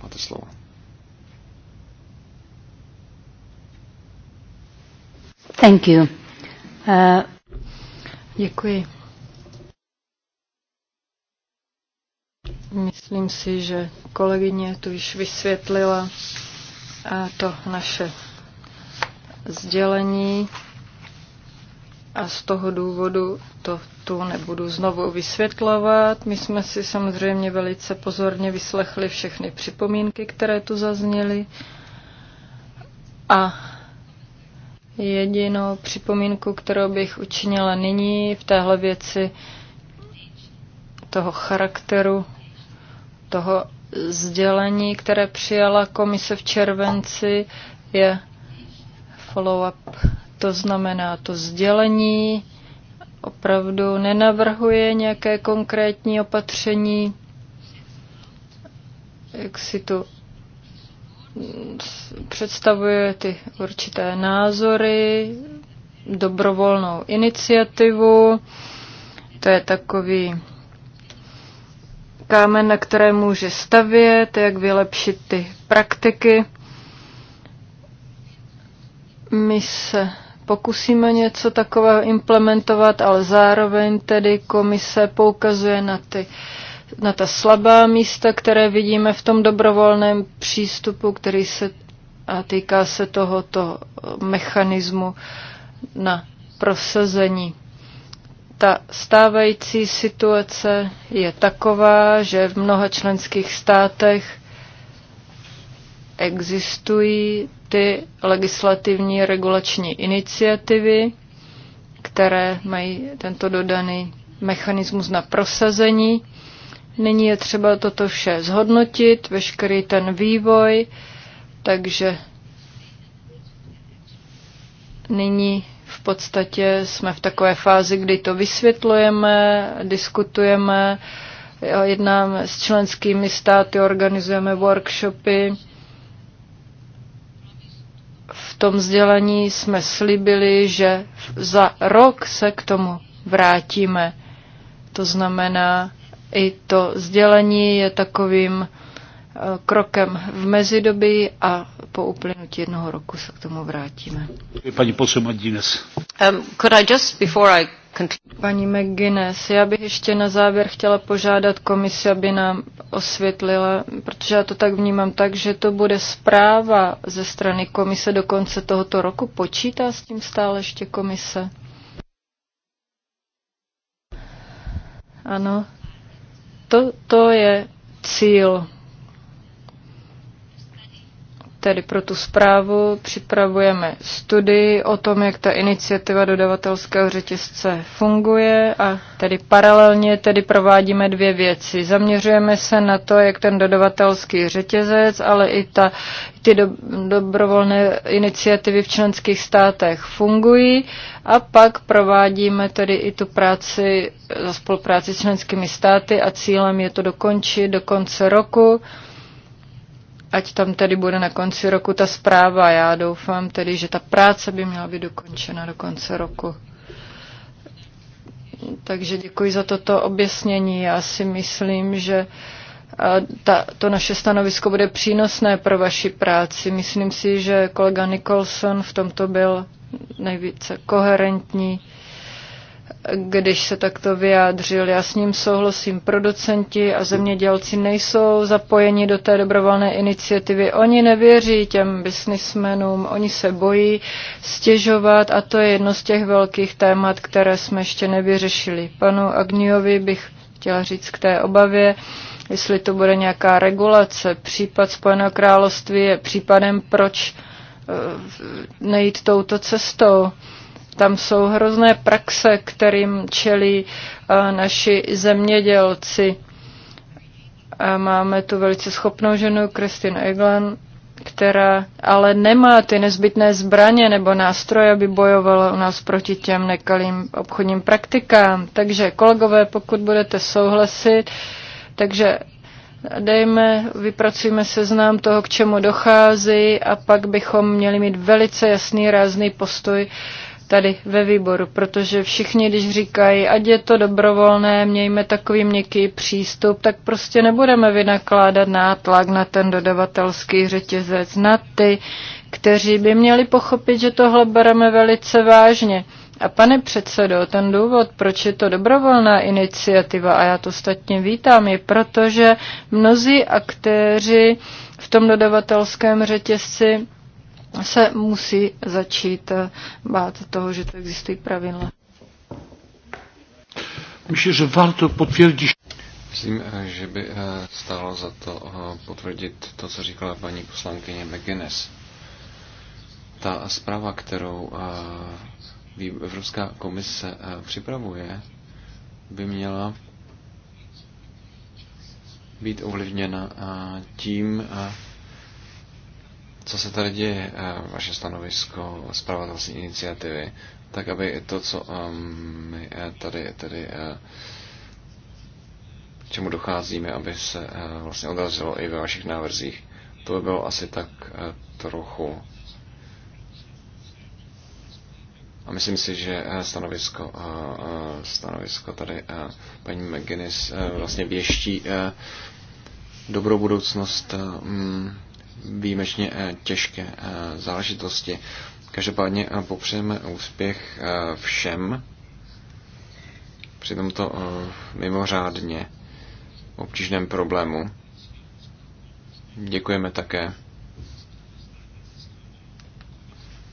Máte slovo. Thank you. Uh... Děkuji. Myslím si, že kolegyně tu již vysvětlila uh, to naše sdělení a z toho důvodu to tu nebudu znovu vysvětlovat. My jsme si samozřejmě velice pozorně vyslechli všechny připomínky, které tu zazněly a Jedinou připomínku, kterou bych učinila nyní v téhle věci toho charakteru, toho sdělení, které přijala komise v červenci, je follow-up. To znamená, to sdělení opravdu nenavrhuje nějaké konkrétní opatření, jak si tu představuje ty určité názory, dobrovolnou iniciativu. To je takový kámen, na které může stavět, jak vylepšit ty praktiky. My se pokusíme něco takového implementovat, ale zároveň tedy komise poukazuje na ty uh, na ta slabá místa, které vidíme v tom dobrovolném přístupu, který se a týká se tohoto eh, mechanismu na prosazení. Ta stávající situace je taková, že v mnoha členských státech existují ty legislativní regulační iniciativy, které mají tento dodaný mechanismus na prosazení Nyní je třeba toto vše zhodnotit, veškerý ten vývoj, takže nyní v podstatě jsme v takové fázi, kdy to vysvětlujeme, diskutujeme, jednáme s členskými státy, organizujeme workshopy. V tom sdělení jsme slibili, že za rok se k tomu vrátíme. To znamená, i to sdělení je takovým eh, krokem v mezidobí a po uplynutí jednoho roku se k tomu vrátíme. Paní poslema Dines. Um, Paní McGuinness, já bych ještě na závěr chtěla požádat komisi, aby nám osvětlila, protože já to tak vnímám tak, že to bude zpráva ze strany komise do konce tohoto roku. Počítá s tím stále ještě komise? Ano, to, to je cíl tedy pro tu zprávu připravujeme studii o tom, jak ta iniciativa dodavatelského řetězce funguje a tedy paralelně tedy provádíme dvě věci. Zaměřujeme se na to, jak ten dodavatelský řetězec, ale i ta, ty do, dobrovolné iniciativy v členských státech fungují a pak provádíme tedy i tu práci za spolupráci s členskými státy a cílem je to dokončit do konce roku ať tam tedy bude na konci roku ta zpráva. Já doufám tedy, že ta práce by měla být dokončena do konce roku. Takže děkuji za toto objasnění. Já si myslím, že eh, ta, to naše stanovisko bude přínosné pro vaši práci. Myslím si, že kolega Nicholson v tomto byl nejvíce koherentní když se takto vyjádřil. Já s ním souhlasím. Producenti a zemědělci nejsou zapojeni do té dobrovolné iniciativy. Oni nevěří těm biznismenům, oni se bojí stěžovat a to je jedno z těch velkých témat, které jsme ještě nevyřešili. Panu Agniovi bych chtěla říct k té obavě, jestli to bude nějaká regulace. Případ Spojeného království je případem, proč eh, nejít touto cestou. Tam jsou hrozné praxe, kterým čelí eh, naši zemědělci. A máme tu velice schopnou ženu Kristin Eglen, která ale nemá ty nezbytné zbraně nebo nástroje, aby bojovala u nás proti těm nekalým obchodním praktikám. Takže kolegové, pokud budete souhlasit, takže dejme, vypracujme seznam toho, k čemu dochází a pak bychom měli mít velice jasný, rázný postoj tady ve výboru, protože všichni, když říkají, ať je to dobrovolné, mějme takový měkký přístup, tak prostě nebudeme vynakládat nátlak na ten dodavatelský řetězec, na ty, kteří by měli pochopit, že tohle bereme velice vážně. A pane předsedo, ten důvod, proč je to dobrovolná iniciativa, a já to ostatně vítám, je proto, že mnozí aktéři v tom dodavatelském řetězci se musí začít bát toho, že to existují pravidla. Myslím, že varto potvrdit. Myslím, eh, že by eh, stálo za to eh, potvrdit to, co říkala paní poslankyně McGuinness. Ta zpráva, kterou Evropská komise připravuje, by měla být ovlivněna tím, co se tady děje, eh, vaše stanovisko zpráva iniciativy, tak aby to, co ehm, my eh, tady, tady eh, k čemu docházíme, aby se vlastně odrazilo i ve vašich návrzích. To by bylo asi tak trochu. A myslím si, že stanovisko, stanovisko tady paní McGinnis vlastně věští dobrou budoucnost mm, výjimečně eh, těžké eh, záležitosti. Každopádně eh, popřejeme úspěch všem při tomto mimořádně obtížném problému. Děkujeme také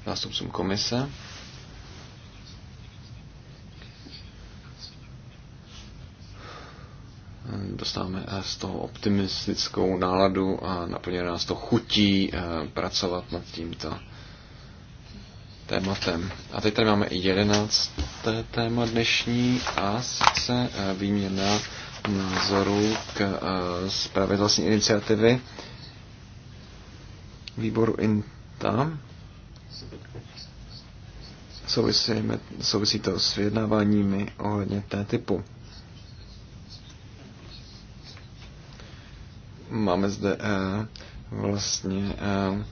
zástupcům komise. dostáváme eh, z toho optimistickou náladu a naplňuje nás to chutí eh, pracovat nad tímto tématem. A teď tady máme jedenácté téma dnešní a sice eh, výměna názoru k zprávě vlastní iniciativy výboru INTA. Souvisí, souvisí to s vyjednáváními ohledně té typu. máme zde eh, vlastně eh,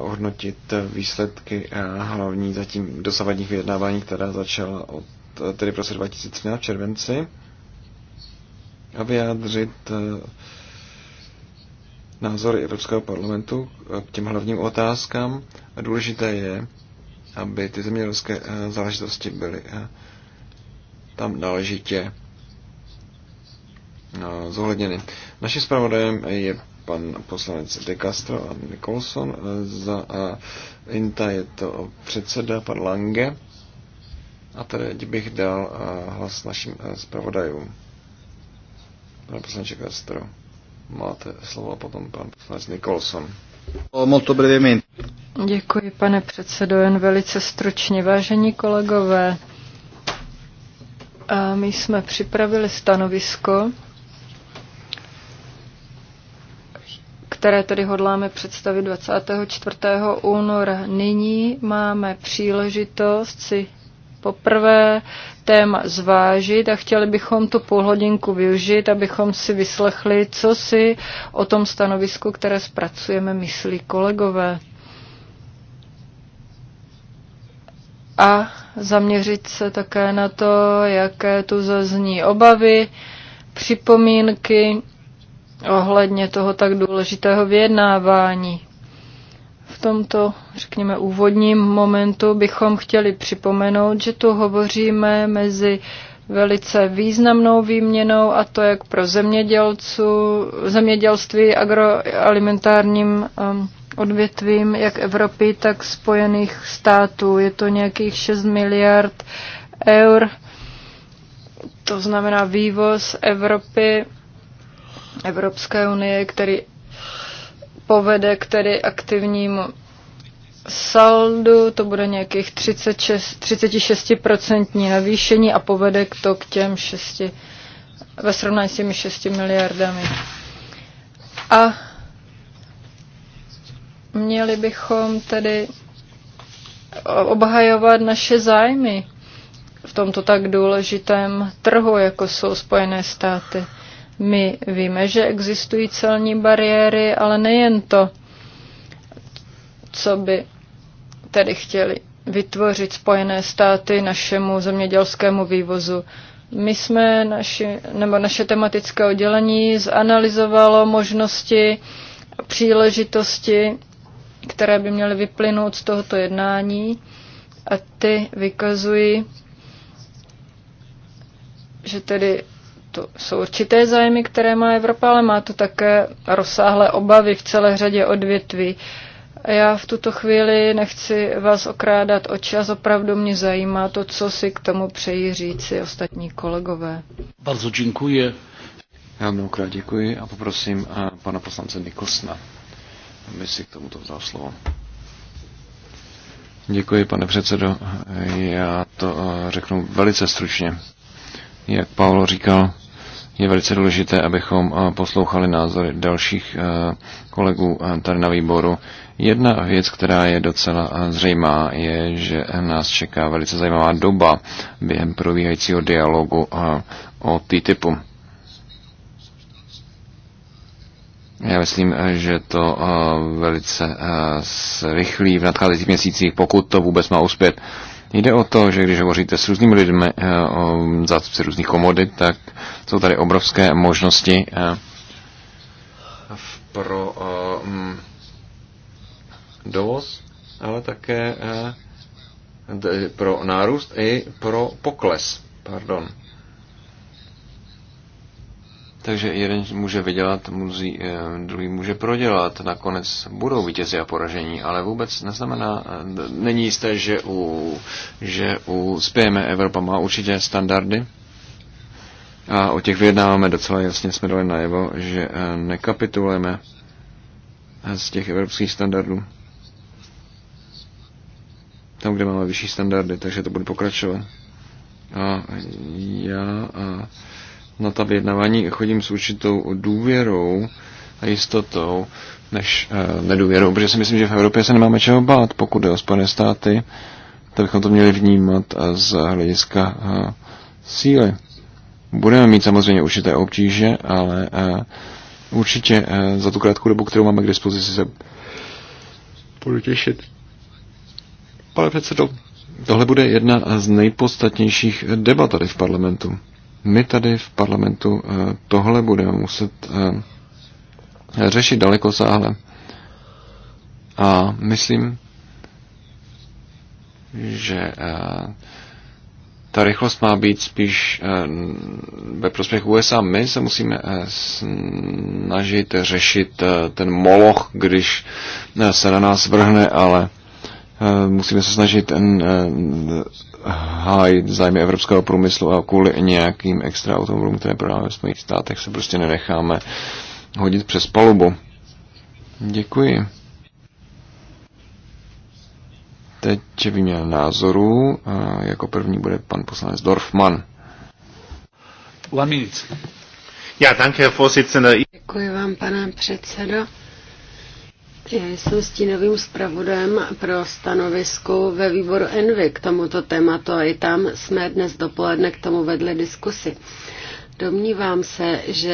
hodnotit výsledky eh, hlavní zatím dosavadních vyjednávání, která začala od tedy v 2013 v červenci a vyjádřit názory Evropského parlamentu k těm hlavním otázkám. A důležité je, aby ty zemědělské záležitosti byly tam náležitě No, zohledněny. Naším zpravodajem je pan poslanec De Castro a Nicholson. Za INTA je to předseda, pan Lange. A teď bych dal hlas našim zpravodajům. Pane poslanče Castro, máte slovo a potom pan poslanec Nicholson. Děkuji, pane předsedo, jen velice stručně. Vážení kolegové, a my jsme připravili stanovisko, které tedy hodláme představit 24. února. Nyní máme příležitost si poprvé téma zvážit a chtěli bychom tu půlhodinku využít, abychom si vyslechli, co si o tom stanovisku, které zpracujeme, myslí kolegové. A zaměřit se také na to, jaké tu zazní obavy, připomínky, ohledně toho tak důležitého vyjednávání. V tomto, řekněme, úvodním momentu bychom chtěli připomenout, že tu hovoříme mezi velice významnou výměnou a to jak pro zemědělců, zemědělství, agroalimentárním um, odvětvím jak Evropy, tak Spojených států. Je to nějakých 6 miliard eur, to znamená vývoz Evropy Evropské unie, který povede k tedy aktivnímu saldu, to bude nějakých 36, 36% navýšení a povede k to k těm 6, ve srovnání s těmi 6 miliardami. A měli bychom tedy obhajovat naše zájmy v tomto tak důležitém trhu, jako jsou Spojené státy. My víme, že existují celní bariéry, ale nejen to, co by tedy chtěli vytvořit Spojené státy našemu zemědělskému vývozu. My jsme, naši, nebo naše tematické oddělení zanalizovalo možnosti a příležitosti, které by měly vyplynout z tohoto jednání a ty vykazují, že tedy to jsou určité zájmy, které má Evropa, ale má to také rozsáhlé obavy v celé řadě odvětví. Já v tuto chvíli nechci vás okrádat o čas, opravdu mě zajímá to, co si k tomu přeji říci ostatní kolegové. Bardzo děkuji. Já mnohokrát děkuji a poprosím eh, pana poslance Nikosna, aby si k tomuto vzal slovo. Děkuji, pane předsedo. Já to eh, řeknu velice stručně. Jak Paolo říkal, je velice důležité, abychom eh, poslouchali názory dalších eh, kolegů eh, tady na výboru. Jedna věc, která je docela zřejmá, je, že nás čeká velice zajímavá doba během probíhajícího dialogu o TTIPu. Já myslím, že to velice zrychlí v nadcházejících měsících, pokud to vůbec má uspět. Jde o to, že když hovoříte s různými lidmi, eh, o zástupci různých komodit, tak jsou tady obrovské možnosti eh, pro eh, mm, dovoz, ale také pro nárůst i pro pokles. Pardon. Takže jeden může vydělat, muzí, eh, druhý může prodělat. Nakonec budou vítězi a poražení, ale vůbec neznamená, eh, není jisté, že u, že u spějeme Evropa má určitě standardy. A o těch vyjednáváme docela jasně, jsme dali najevo, že eh, nekapitulujeme z těch evropských standardů. Tam, kde máme vyšší standardy, takže to bude pokračovat. A já a na ta vyjednávání chodím s určitou důvěrou a jistotou, než uh, nedůvěrou, protože si myslím, že v Evropě se nemáme čeho bát, pokud je o Spojené státy, tak bychom to měli vnímat z hlediska uh, síly. Budeme mít samozřejmě určité obtíže, ale uh, určitě uh, za tu krátkou dobu, kterou máme k dispozici, se budu těšit. Pane předsedo, tohle bude jedna z nejpodstatnějších debat tady v parlamentu my tady v parlamentu eh, tohle budeme muset eh, řešit daleko sáhle. A myslím, že eh, ta rychlost má být spíš ve prospěch USA. My se musíme snažit řešit ten moloch, když se na nás vrhne, ale Eh, musíme se snažit eh, hájit zájmy evropského průmyslu a kvůli nějakým extra automobilům, které prodáváme v Spojených státech, se prostě nenecháme hodit přes palubu. Děkuji. Teď výměna názorů. Eh, jako první bude pan poslanec Dorfman. One minute. Ja, danke, Herr Vorsitzender. Děkuji vám, pane předsedo. Já jsem stínovým zpravodajem pro stanovisko ve výboru Envy k tomuto tématu a i tam jsme dnes dopoledne k tomu vedli diskusy. Domnívám se, že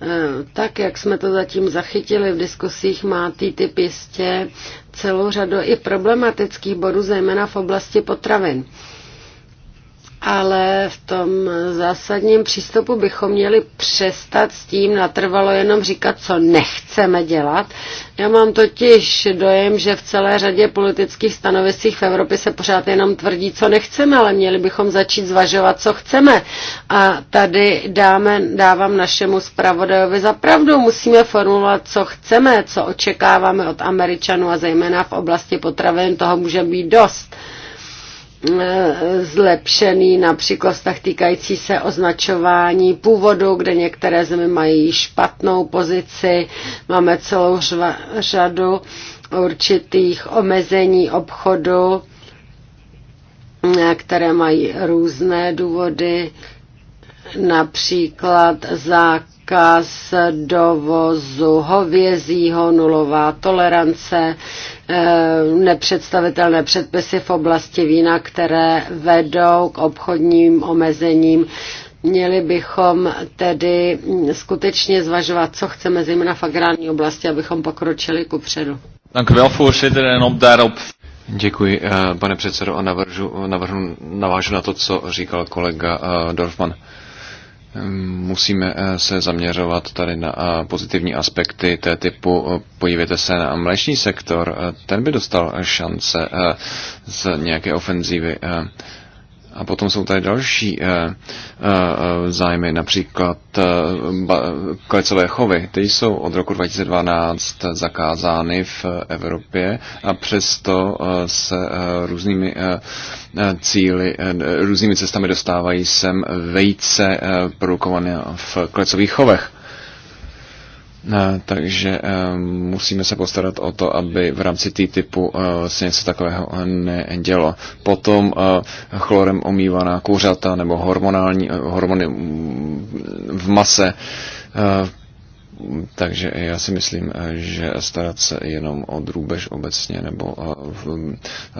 eh, tak, jak jsme to zatím zachytili v diskusích, má TTIP jistě celou řadu i problematických bodů, zejména v oblasti potravin ale v tom zásadním přístupu bychom měli přestat s tím natrvalo jenom říkat, co nechceme dělat. Já mám totiž dojem, že v celé řadě politických stanovisích v Evropě se pořád jenom tvrdí, co nechceme, ale měli bychom začít zvažovat, co chceme. A tady dáme, dávám našemu zpravodajovi za pravdu. Musíme formulovat, co chceme, co očekáváme od Američanů a zejména v oblasti potravin toho může být dost Eh, zlepšený například vztah týkající se označování původu, kde některé zemi mají špatnou pozici. Máme celou řva, řadu určitých omezení obchodu, eh, které mají různé důvody, například zákon zákaz dovozu hovězího, nulová tolerance, eh, nepředstavitelné předpisy v oblasti vína, které vedou k obchodním omezením. Měli bychom tedy skutečně zvažovat, co chceme zejména v agrární oblasti, abychom pokročili ku předu. Děkuji, eh, pane předsedo, a navrhu, navážu na to, co říkal kolega eh, Dorfman. Musíme eh, se zaměřovat tady na eh, pozitivní aspekty té typu, eh, podívejte se na mléčný sektor, ten by dostal šance z nějaké ofenzívy a potom jsou tady další eh, eh, zájmy, například eh, klecové chovy. Ty jsou od roku 2012 zakázány v Evropě a přesto se různými cíly, různými cestami dostávají sem vejce produkované v klecových chovech. Eh, takže eh, musíme se postarat o to, aby v rámci T-typu eh, se něco takového nedělo. Potom chlorem omývaná kuřata nebo hormonální hormony mm, v mase. Takže já si myslím, že starat se jenom o drůbež obecně nebo v,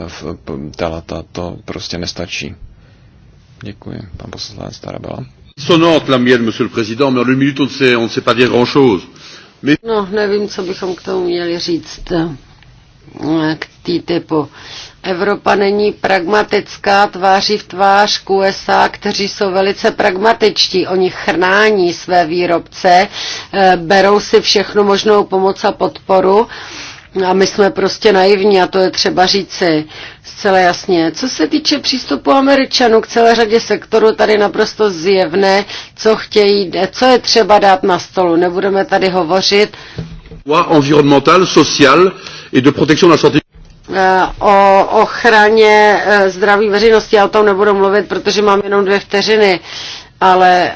v, talata to prostě nestačí. Děkuji, pan poslanec Tarabela. Sonante la mienne, monsieur le président, mais en une minute on on ne sait pas dire grand chose. My... No, nevím, co bychom k tomu měli říct. Eh, k typu. Evropa není pragmatická tváří v tvář k USA, kteří jsou velice pragmatičtí. Oni chrání své výrobce, eh, berou si všechno možnou pomoc a podporu a my jsme prostě naivní a to je třeba říci zcela jasně. Co se týče přístupu Američanů k celé řadě sektorů, tady naprosto zjevné, co chtějí, co je třeba dát na stolu. Nebudeme tady hovořit. et de protection la santé eh, o ochraně eh, zdraví veřejnosti. Já o tom nebudu mluvit, protože mám jenom dvě vteřiny, ale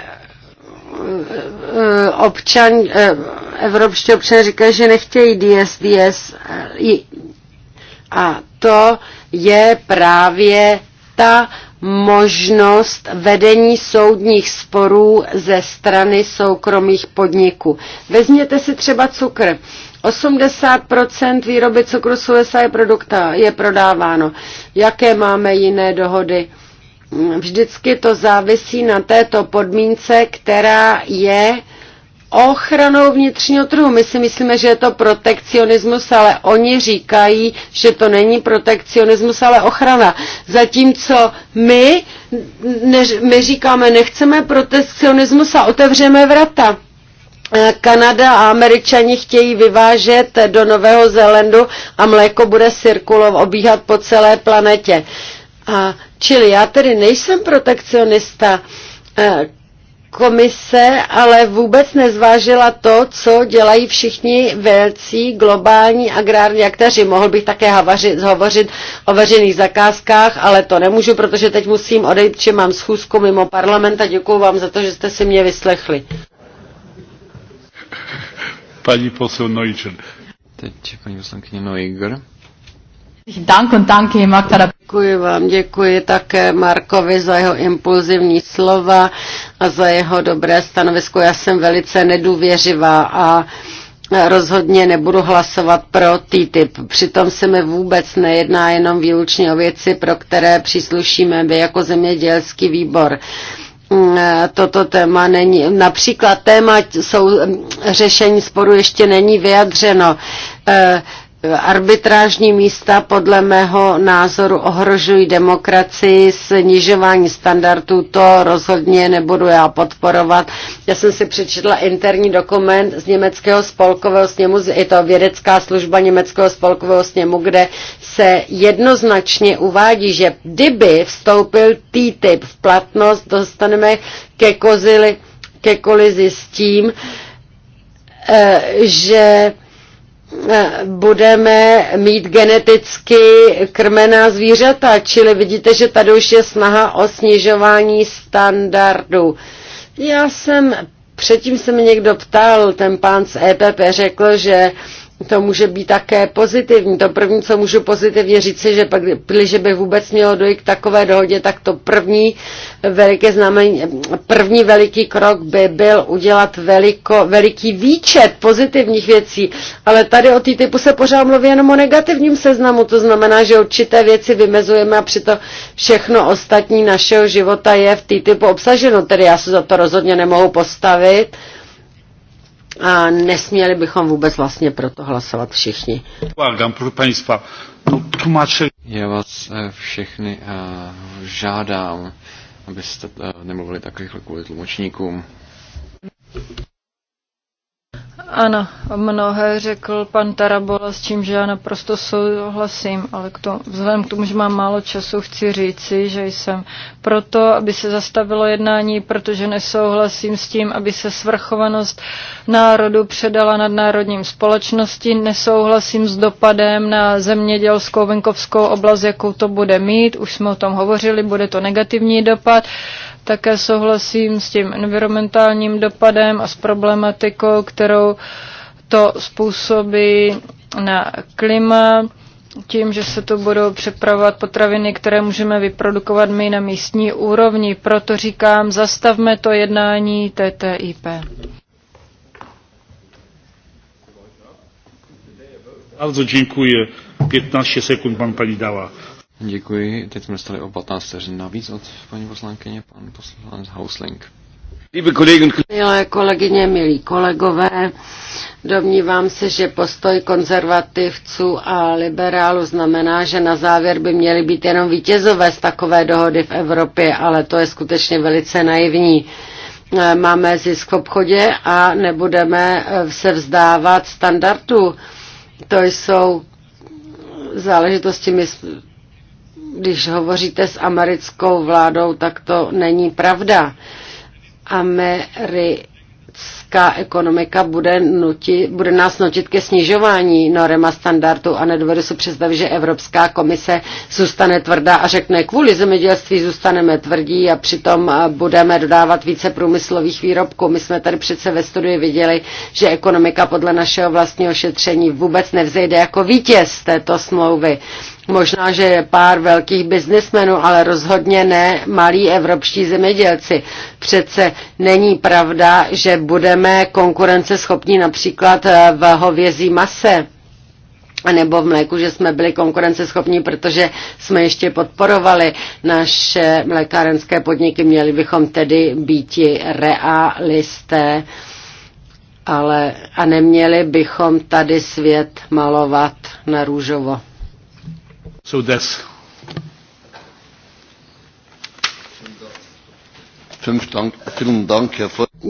Eh, občan, eh, evropští občané říkají, že nechtějí DSDS eh, a to je právě ta možnost vedení soudních sporů ze strany soukromých podniků. Vezměte si třeba cukr. 80% výroby cukru z USA je, produkta, je prodáváno. Jaké máme jiné dohody? Vždycky to závisí na této podmínce, která je ochranou vnitřního trhu. My si myslíme, že je to protekcionismus, ale oni říkají, že to není protekcionismus, ale ochrana. Zatímco my, než, my říkáme, nechceme protekcionismus a otevřeme vrata. Kanada a Američani chtějí vyvážet do Nového Zélandu a mléko bude cirkulov obíhat po celé planetě. A Čili já tedy nejsem protekcionista. Eh, komise ale vůbec nezvážila to, co dělají všichni velcí globální agrární aktéři. Mohl bych také havařit, hovořit o veřejných zakázkách, ale to nemůžu, protože teď musím odejít, že mám schůzku mimo parlament a děkuji vám za to, že jste si mě vyslechli. Paní posel Neuchel. Teď paní poslankyně Neuiger. Děkuji vám, děkuji také Markovi za jeho impulzivní slova a za jeho dobré stanovisko. Já jsem velice nedůvěřivá a rozhodně nebudu hlasovat pro TTIP. Přitom se mi vůbec nejedná jenom výlučně o věci, pro které příslušíme my jako zemědělský výbor mm, toto téma není. Například téma jsou, řešení sporu ještě není vyjadřeno. Eh, arbitrážní místa podle mého názoru ohrožují demokracii, snižování standardů, to rozhodně nebudu já podporovat. Já jsem si přečetla interní dokument z německého spolkového sněmu, je to vědecká služba německého spolkového sněmu, kde se jednoznačně uvádí, že kdyby vstoupil TTIP v platnost, dostaneme ke, kozili, ke kolizi s tím, eh, že budeme mít geneticky krmená zvířata, čili vidíte, že tady už je snaha o snižování standardů. Já jsem, předtím se mi někdo ptal, ten pán z EPP řekl, že to může být také pozitivní. To první, co můžu pozitivně říct, je, že pak, když by vůbec mělo dojít k takové dohodě, tak to první veliké znamení, první veliký krok by byl udělat veliko, veliký výčet pozitivních věcí. Ale tady o té typu se pořád mluví jenom o negativním seznamu. To znamená, že určité věci vymezujeme a přitom všechno ostatní našeho života je v té typu obsaženo. Tedy já se za to rozhodně nemohu postavit a nesměli bychom vůbec vlastně pro to hlasovat všichni. Já vás eh, všechny eh, žádám, abyste eh, nemluvili tak rychle kvůli tlumočníkům. Ano, mnohé řekl pan Tarabola, s že já naprosto souhlasím, ale k tomu, vzhledem k tomu, že mám málo času, chci říci, že jsem proto, aby se zastavilo jednání, protože nesouhlasím s tím, aby se svrchovanost národu předala nad národním společnosti, nesouhlasím s dopadem na zemědělskou venkovskou oblast, jakou to bude mít, už jsme o tom hovořili, bude to negativní dopad. Uh, také souhlasím s tím environmentálním dopadem a s problematikou, kterou to způsobí na klima, tím, že se to budou přepravovat potraviny, které můžeme vyprodukovat my na místní úrovni. Proto říkám, zastavme to jednání TTIP. Bardzo dziękuję. 15 sekund pan pani dała. Děkuji. Teď jsme dostali o 15 vteřin navíc od paní poslankyně, pan poslanec Hausling. Milé kolegyně, milí kolegové, domnívám se, že postoj konzervativců a liberálů znamená, že na závěr by měly být jenom vítězové z takové dohody v Evropě, ale to je skutečně velice naivní máme zisk v obchodě a nebudeme se vzdávat standardů. To jsou záležitosti, my když hovoříte s americkou vládou, tak to není pravda. Americká ekonomika bude, nuti, bude nás nutit ke snižování norem a a nedovedu si představit, že Evropská komise zůstane tvrdá a řekne, kvůli zemědělství zůstaneme tvrdí a přitom budeme dodávat více průmyslových výrobků. My jsme tady přece ve studii viděli, že ekonomika podle našeho vlastního šetření vůbec nevzejde jako vítěz této smlouvy Možná, že je pár velkých biznismenů, ale rozhodně ne malí evropští zemědělci. Přece není pravda, že budeme konkurenceschopní například eh, v hovězí mase nebo v mléku, že jsme byli konkurenceschopní, protože jsme ještě podporovali naše mlékárenské podniky. Měli bychom tedy být realisté ale, a neměli bychom tady svět malovat na růžovo. So das.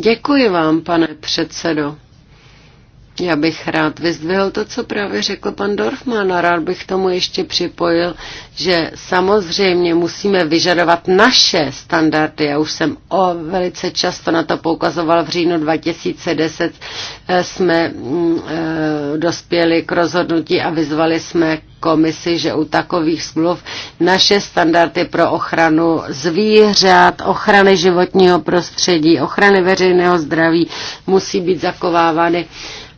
Děkuji vám, pane předsedo. Já bych rád vyzdvihl to, co právě řekl pan Dorfman a rád bych tomu ještě připojil, že samozřejmě musíme vyžadovat naše standardy. Já už jsem o, velice často na to poukazoval v říjnu 2010. Eh, jsme mm, eh, dospěli k rozhodnutí a vyzvali jsme komisi, že u takových smluv naše standardy pro ochranu zvířat, ochrany životního prostředí, ochrany veřejného zdraví musí být zakovávány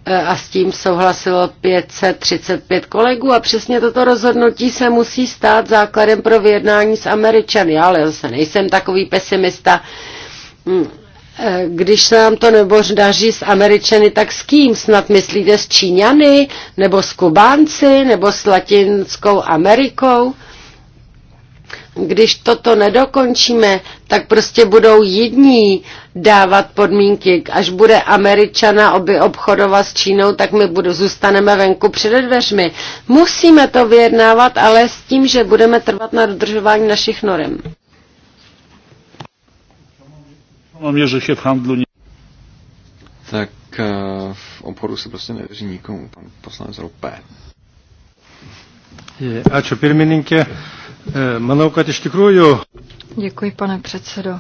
E, a s tím souhlasilo 535 kolegů a přesně toto rozhodnutí se musí stát základem pro vyjednání s Američany, ale zase nejsem takový pesimista. Hm, e, když se nám to nebo daří s Američany, tak s kým? Snad myslíte s Číňany, nebo s Kubánci, nebo s Latinskou Amerikou? když toto nedokončíme, tak prostě budou jední dávat podmínky. Až bude Američana oby obchodovat s Čínou, tak my budu, zůstaneme venku před dveřmi. Musíme to vyjednávat, ale s tím, že budeme trvat na dodržování našich norem. Tak eh, v obchodu se prostě nevěří nikomu, pan poslanec Rupé. Ačiū pirmininke. E, manau, kad iš tikrųjų. Děkuji, pane předsedo.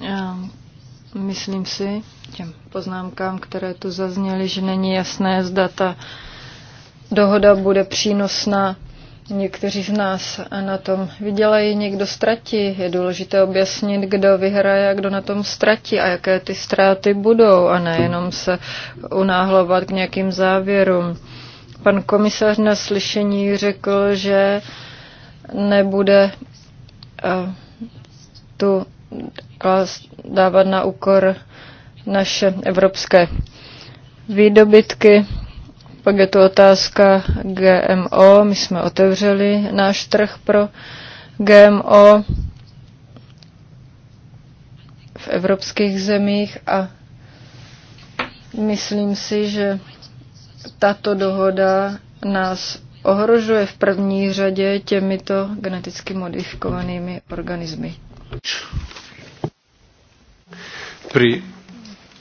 Já myslím si, těm poznámkám, které tu zazněly, že není jasné, zda ta dohoda bude přínosná. Někteří z nás na tom vydělají, někdo ztratí. Je důležité objasnit, kdo vyhraje a kdo na tom ztratí a jaké ty ztráty budou a nejenom se unáhlovat k nějakým závěrům. Pan komisař na slyšení řekl, že nebude eh, tu dávat na úkor naše evropské výdobytky. Pak je tu otázka GMO. My jsme otevřeli náš trh pro GMO v evropských zemích a myslím si, že tato dohoda nás ohrožuje v první řadě těmito geneticky modifikovanými organismy. Pri,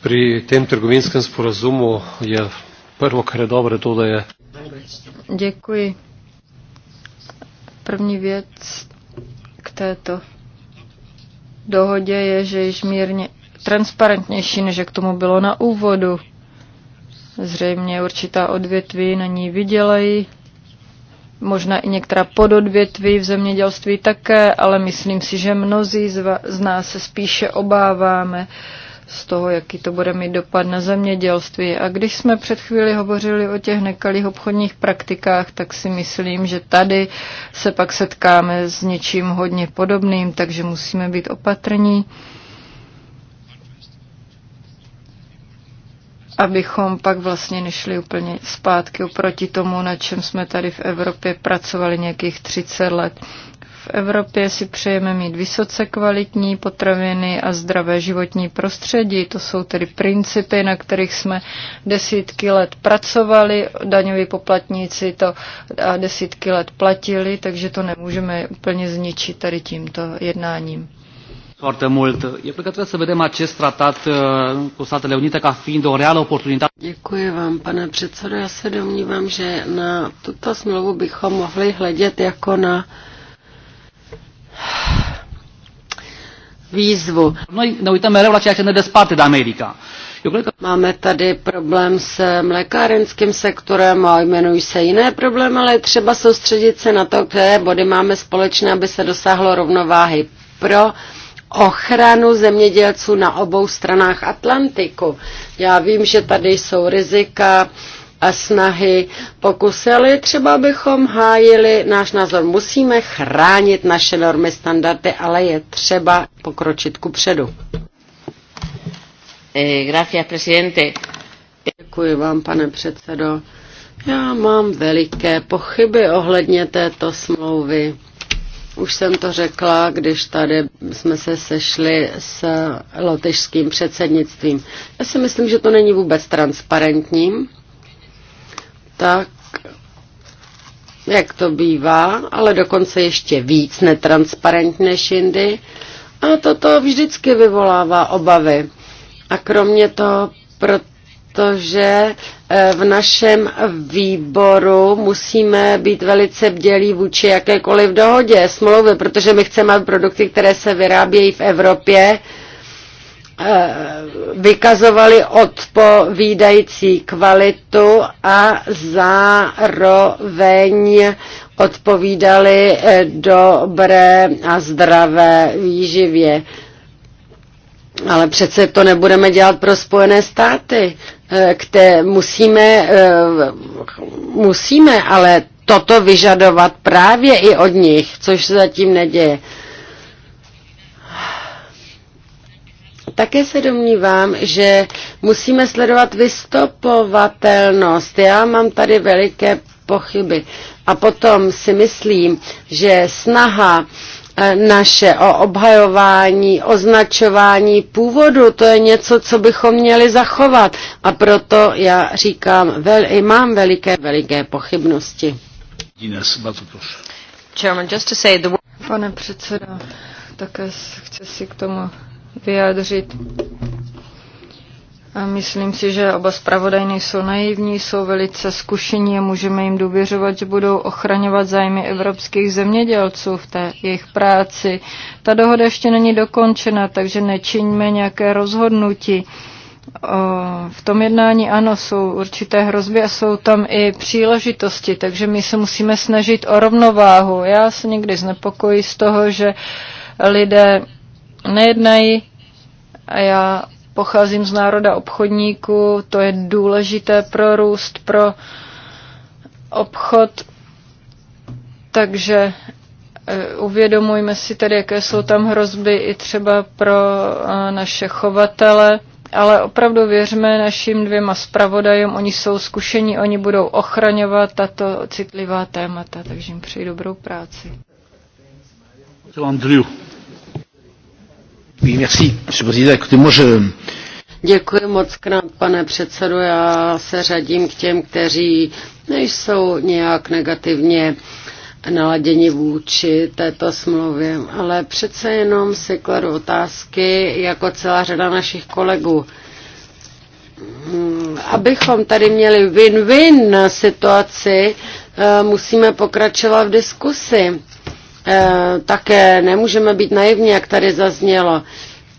pri tém trgovinském sporazumu je prvo, které je dobré, to, je. Děkuji. První věc k této dohodě je, že již mírně transparentnější, než jak tomu bylo na úvodu. Zřejmě určitá odvětví na ní vydělají, možná i některá pododvětví v zemědělství také, ale myslím si, že mnozí z nás se spíše obáváme z toho, jaký to bude mít dopad na zemědělství. A když jsme před chvíli hovořili o těch nekalých obchodních praktikách, tak si myslím, že tady se pak setkáme s něčím hodně podobným, takže musíme být opatrní. abychom pak vlastně nešli úplně zpátky oproti tomu, na čem jsme tady v Evropě pracovali nějakých 30 let. V Evropě si přejeme mít vysoce kvalitní potraviny a zdravé životní prostředí. To jsou tedy principy, na kterých jsme desítky let pracovali, daňoví poplatníci to a desítky let platili, takže to nemůžeme úplně zničit tady tímto jednáním. Foarte mult. Eu cred că trebuie să vedem acest tratat uh, cu Statele Unite ca fiind o reală oportunitate. Děkuji vám, pane předsedo. Já se domnívám, že na tuto smlouvu bychom mohli hledět jako na výzvu. Noi ne uităm mereu la ceea ce ne desparte de America. Eu cred că... Máme tady problém s mlékárenským sektorem a jmenují se jiné problémy, ale třeba soustředit se na to, které body máme společné, aby se dosáhlo rovnováhy pro ochranu zemědělců na obou stranách Atlantiku. Já vím, že tady jsou rizika a snahy pokusili, třeba bychom hájili náš názor. Musíme chránit naše normy, standardy, ale je třeba pokročit ku předu. Eh, Děkuji vám, pane předsedo. Já mám veliké pochyby ohledně této smlouvy. Už jsem to řekla, když tady jsme se sešli s lotyšským předsednictvím. Já si myslím, že to není vůbec transparentní. Tak jak to bývá, ale dokonce ještě víc netransparentní než jindy. A toto vždycky vyvolává obavy. A kromě toho, proto protože eh, v našem výboru musíme být velice bdělí vůči jakékoliv dohodě, smlouvy, protože my chceme, mít produkty, které se vyrábějí v Evropě, eh, vykazovali odpovídající kvalitu a zároveň odpovídali eh, dobré a zdravé výživě. Ale přece to nebudeme dělat pro Spojené státy. Eh, které musíme, eh, musíme ale toto vyžadovat právě i od nich, což se zatím neděje. Také se domnívám, že musíme sledovat vystopovatelnost. Já mám tady veliké pochyby. A potom si myslím, že snaha E, naše o obhajování, označování původu, to je něco, co bychom měli zachovat. A proto já říkám, vel, mám veliké, veliké pochybnosti. Pane předsedo, také chci si k tomu vyjádřit Myslím si, že oba zpravodaj nejsou naivní, jsou velice zkušení a můžeme jim důvěřovat, že budou ochraňovat zájmy evropských zemědělců v té jejich práci. Ta dohoda ještě není dokončena, takže nečiňme nějaké rozhodnutí. V tom jednání ano, jsou určité hrozby a jsou tam i příležitosti, takže my se musíme snažit o rovnováhu. Já se někdy znepokojí z toho, že lidé nejednají a já pocházím z národa obchodníků, to je důležité pro růst, pro obchod, takže e, uvědomujme si tedy, jaké jsou tam hrozby i třeba pro e, naše chovatele, ale opravdu věřme našim dvěma zpravodajům, oni jsou zkušení, oni budou ochraňovat tato citlivá témata, takže jim přeji dobrou práci. Andrew. Oui, merci, monsieur le président. Écoutez, moi, je, Děkuji moc krát, pane předsedo. Já se řadím k těm, kteří nejsou nějak negativně naladěni vůči této smlouvě, ale přece jenom si kladu otázky jako celá řada našich kolegů. Hmm, abychom tady měli win-win situaci, eh, musíme pokračovat v diskusi Eh, také nemůžeme být naivní, jak tady zaznělo.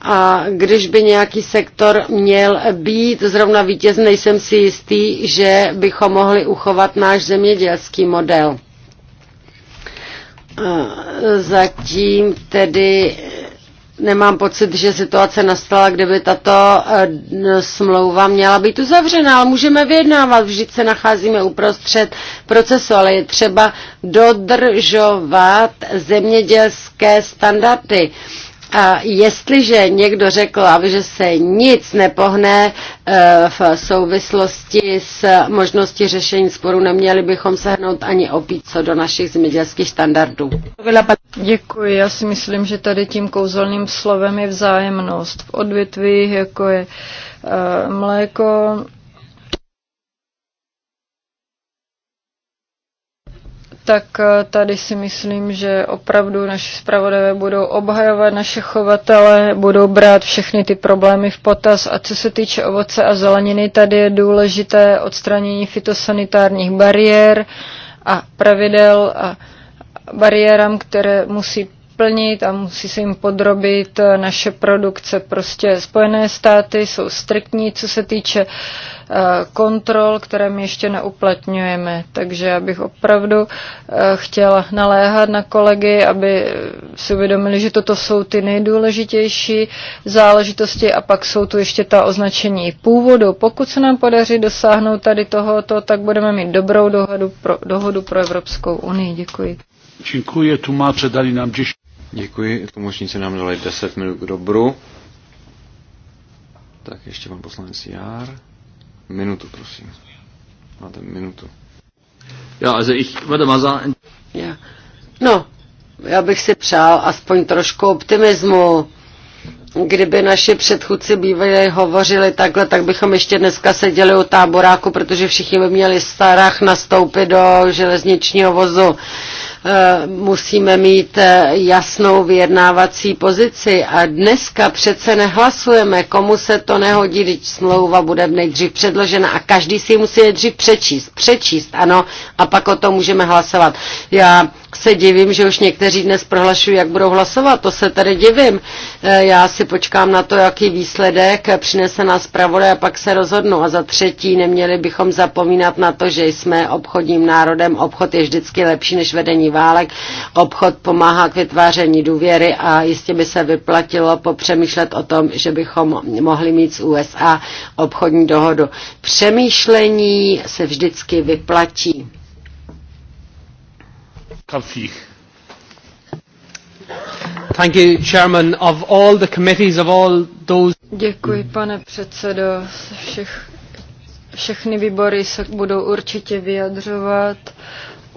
A když by nějaký sektor měl být zrovna vítěz, nejsem si jistý, že bychom mohli uchovat náš zemědělský model. Eh, zatím tedy Nemám pocit, že situace nastala, kde by tato eh, smlouva měla být uzavřena, ale můžeme vyjednávat. Vždyť se nacházíme uprostřed procesu, ale je třeba dodržovat zemědělské standardy. A jestliže někdo řekl, že se nic nepohne e, v souvislosti s možností řešení sporu, neměli bychom se hnout ani opít co do našich zemědělských standardů. Děkuji. Já si myslím, že tady tím kouzelným slovem je vzájemnost. V odvětvích, jako je e, mléko, tak eh, tady si myslím, že opravdu naši zpravodajové budou obhajovat naše chovatele, budou brát všechny ty problémy v potaz. A co se týče ovoce a zeleniny, tady je důležité odstranění fitosanitárních bariér a pravidel a bariéram, které musí splnit a musí se jim podrobit naše produkce. Prostě Spojené státy jsou striktní, co se týče eh, kontrol, které my ještě neuplatňujeme. Takže já bych opravdu eh, chtěla naléhat na kolegy, aby si uvědomili, že toto jsou ty nejdůležitější záležitosti a pak jsou tu ještě ta označení původu. Pokud se nám podaří dosáhnout tady tohoto, tak budeme mít dobrou dohodu pro, dohodu pro Evropskou unii. Děkuji. Děkuji, tlumáče dali nám 10. Děkuji. Tlumočníci nám dali 10 minut k dobru. Tak ještě pan poslanec Jár. Minutu, prosím. Máte minutu. Já, also ich würde mal sagen... Já. No, já bych si přál aspoň trošku optimismu. Kdyby naši předchůdci bývali hovořili takhle, tak bychom ještě dneska seděli u táboráku, protože všichni by měli starách nastoupit do železničního vozu. Eh, musíme mít eh, jasnou vyjednávací pozici a dneska přece nehlasujeme, komu se to nehodí, když smlouva bude nejdřív předložena a každý si ji musí nejdřív přečíst. Přečíst, ano, a pak o tom můžeme hlasovat. Já se divím, že už někteří dnes prohlašují, jak budou hlasovat, to se tady divím. Eh, já si počkám na to, jaký výsledek přinese nás pravodaj a pak se rozhodnu. A za třetí, neměli bychom zapomínat na to, že jsme obchodním národem, obchod je vždycky lepší než vedení válek. Obchod pomáhá k vytváření důvěry a jistě by se vyplatilo popřemýšlet o tom, že bychom mohli mít z USA obchodní dohodu. Přemýšlení se vždycky vyplatí. those. Děkuji, pane předsedo. Všech, všechny výbory se budou určitě vyjadřovat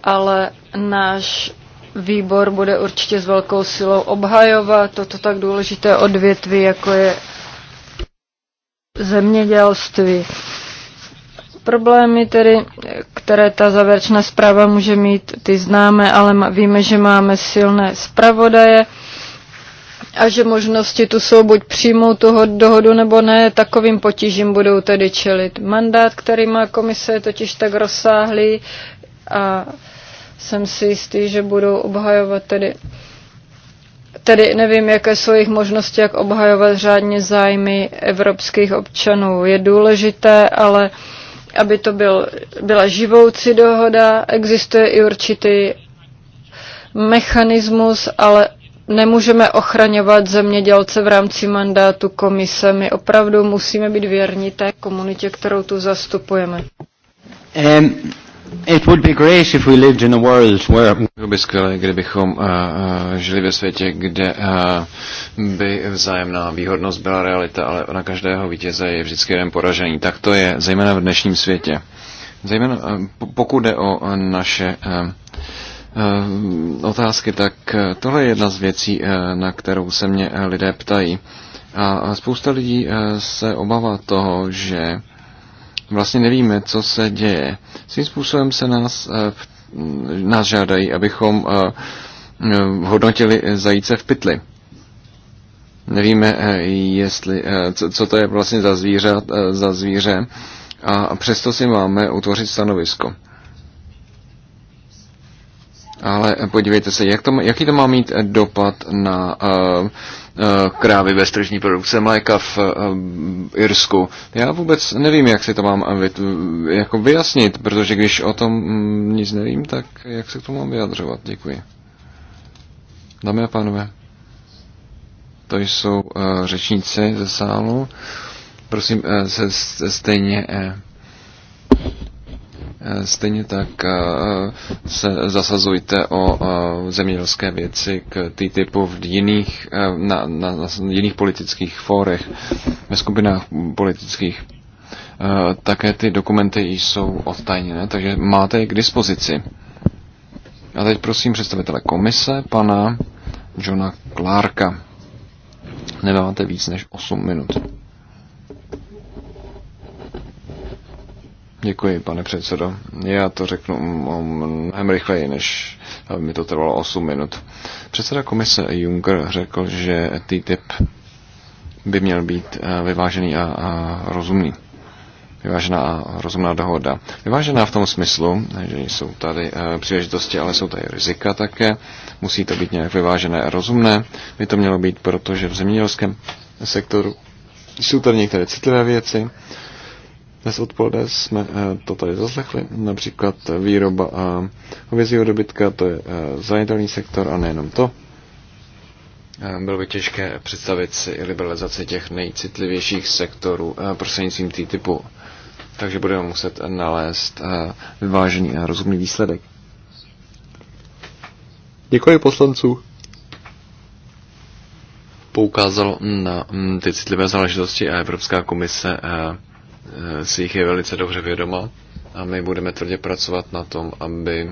ale náš výbor bude určitě s velkou silou obhajovat toto tak důležité odvětví, jako je zemědělství. Problémy tedy, které ta závěrečná zpráva může mít, ty známe, ale víme, že máme silné zpravodaje a že možnosti tu jsou buď přijmout toho dohodu nebo ne, takovým potížím budou tedy čelit. Mandát, který má komise, je totiž tak rozsáhlý a jsem si jistý, že budou obhajovat tedy Tedy nevím, jaké jsou jejich možnosti, jak obhajovat řádně zájmy evropských občanů. Je důležité, ale aby to byl, byla živoucí dohoda, existuje i určitý mechanismus, ale nemůžeme ochraňovat zemědělce v rámci mandátu komise. My opravdu musíme být věrní té komunitě, kterou tu zastupujeme. Um, It would be great if we lived in a world where... Bylo by skvělé, kdybychom uh, žili ve světě, kde uh, by vzájemná výhodnost byla realita, ale na každého vítěze je vždycky jeden poražený. Tak to je, zejména v dnešním světě. Zejména uh, pokud jde o naše uh, uh, otázky, tak uh, tohle je jedna z věcí, uh, na kterou se mě lidé ptají. A spousta lidí se obává toho, že vlastně nevíme, co se děje. Svým způsobem se nás, eh, nás žádají, abychom eh, eh, hodnotili zajíce v pytli. Nevíme, jestli, co to je vlastně za, zvířat, za zvíře a přesto si máme utvořit stanovisko. Ale podívejte se, jak to, jaký to má mít dopad na uh, Eh, krávy bez tržní produkce mléka eh, v Irsku. Já vůbec nevím, jak si to mám eh, jako vyjasnit, protože když o tom mm, nic nevím, tak jak se k tomu mám vyjadřovat? Děkuji. Dámy a pánové, to jsou řečníci ze sálu. Prosím, se stejně Eh, stejně tak eh, se zasazujte o eh, zemědělské věci k tý typu v jiných, na, na, na jiných politických fórech, ve skupinách politických. Také ty dokumenty jsou odtajněné, takže máte je k dispozici. A teď prosím představitele komise, pana Johna Clarka. Nemáte víc než 8 minut. Děkuji, pane předsedo. Já to řeknu mnohem rychleji, než aby mi to trvalo 8 minut. Předseda komise Juncker řekl, že TTIP by měl být eh, vyvážený a, a rozumný. Vyvážená a rozumná dohoda. Vyvážená v tom smyslu, že jsou tady eh, příležitosti, ale jsou tady rizika také. Musí to být nějak vyvážené a rozumné. By to mělo být, protože v zemědělském sektoru jsou tady některé citlivé věci dnes odpoledne jsme eh, to tady zaslechli, například výroba hovězího dobytka, to je eh, zranitelný sektor a nejenom to. Eh, bylo by těžké představit si liberalizaci těch nejcitlivějších sektorů prostřednictvím typu, takže budeme muset nalézt vyvážený a rozumný výsledek. Děkuji poslanců poukázal na mm, ty citlivé záležitosti a Evropská komise Eh, si jich je velice dobře vědoma a my budeme tvrdě pracovat na tom, aby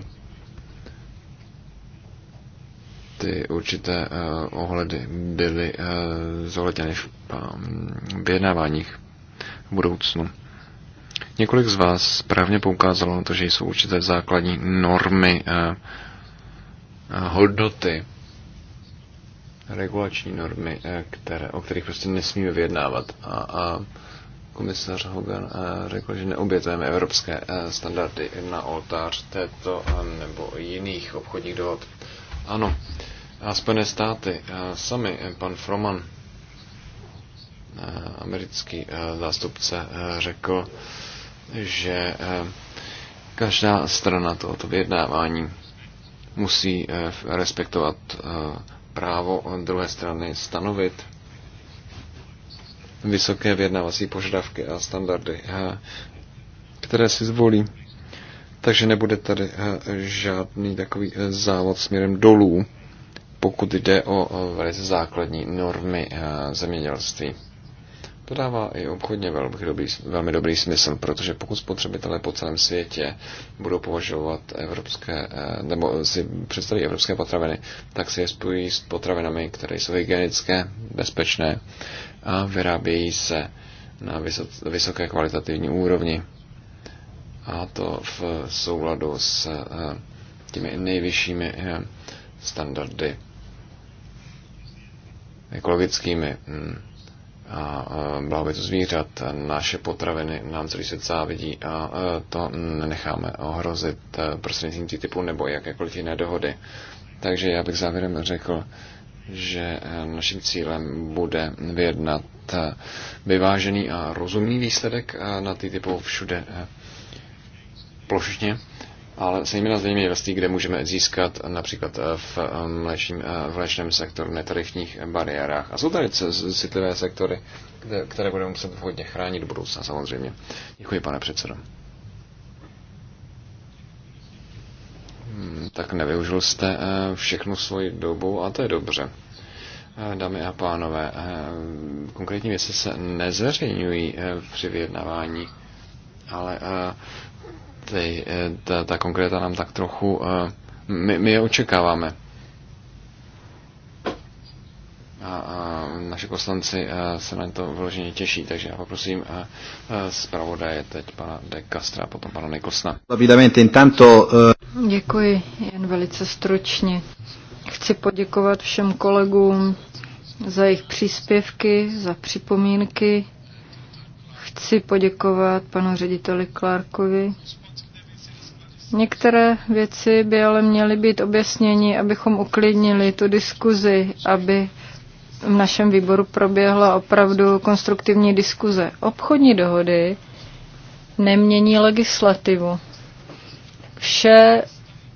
ty určité uh, ohledy byly uh, zohledněny v um, vyjednáváních v budoucnu. Několik z vás správně poukázalo na to, že jsou určité základní normy, uh, hodnoty, regulační normy, které, o kterých prostě nesmíme vyjednávat. A, a komisař Hogan eh, řekl, že neobětujeme evropské eh, standardy na oltář této eh, nebo jiných obchodních dohod. Ano, a Spojené státy sami, pan Froman, americký zástupce, řekl, že každá strana tohoto vyjednávání musí respektovat právo druhé strany stanovit vysoké vyjednávací požadavky a standardy, eh, které si zvolí. Takže nebude tady eh, žádný takový eh, závod směrem dolů, pokud jde o velice základní normy zemědělství. To dává i obchodně velmi dobrý, velmi dobrý smysl, protože pokud spotřebitelé po celém světě budou považovat evropské, eh, nebo si představí evropské potraviny, tak si je spojí s potravinami, které jsou hygienické, bezpečné a vyrábějí se na vysoké kvalitativní úrovni. A to v souladu s eh, těmi nejvyššími eh, standardy ekologickými hmm a blahobytu zvířat, naše potraviny nám celý svět závidí a to nenecháme ohrozit e, prostřednictvím TTIPu nebo jakékoliv jiné dohody. Takže já bych závěrem řekl, že e, naším cílem bude vyjednat e, vyvážený a rozumný výsledek na TTIPu všude plošně ale zejména v zemědělství, kde můžeme získat například eh, v, eh, mléčním, eh, v mléčném sektoru netarifních bariérách. A jsou tady citlivé sektory, kde, které budeme muset vhodně chránit do budoucna samozřejmě. Děkuji, pane předsedo. Hmm, tak nevyužil jste všechnu svoji dobu a to je dobře. Dámy a pánové, konkrétní věci se nezveřejňují při vyjednávání ale ty, eh, ta, ta konkréta nám tak trochu, eh, my, my je očekáváme. A, a naši poslanci a, eh, se na to vyloženě těší, takže já poprosím a, a zpravodaje teď pana De Castra a potom pana Nikosna. Děkuji, jen velice stručně. Chci poděkovat všem kolegům za jejich příspěvky, za připomínky. Chci poděkovat panu řediteli Clarkovi Některé věci by ale měly být objasnění, abychom uklidnili tu diskuzi, aby v našem výboru proběhla opravdu konstruktivní diskuze. Obchodní dohody nemění legislativu. Vše,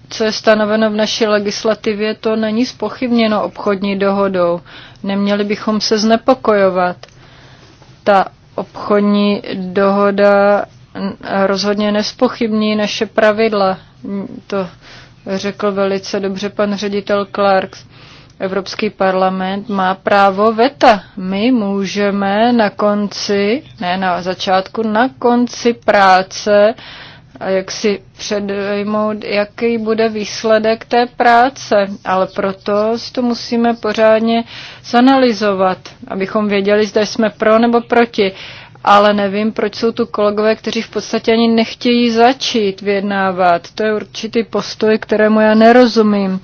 co je stanoveno v naší legislativě, to není spochybněno obchodní dohodou. Neměli bychom se znepokojovat. Ta obchodní dohoda rozhodně nespochybní naše pravidla. To řekl velice dobře pan ředitel Clark. Evropský parlament má právo veta. My můžeme na konci, ne na začátku, na konci práce a jak si předejmout, jaký bude výsledek té práce. Ale proto si to musíme pořádně zanalizovat, abychom věděli, zda jsme pro nebo proti ale nevím, proč jsou tu kolegové, kteří v podstatě ani nechtějí začít vyjednávat. To je určitý postoj, kterému já nerozumím.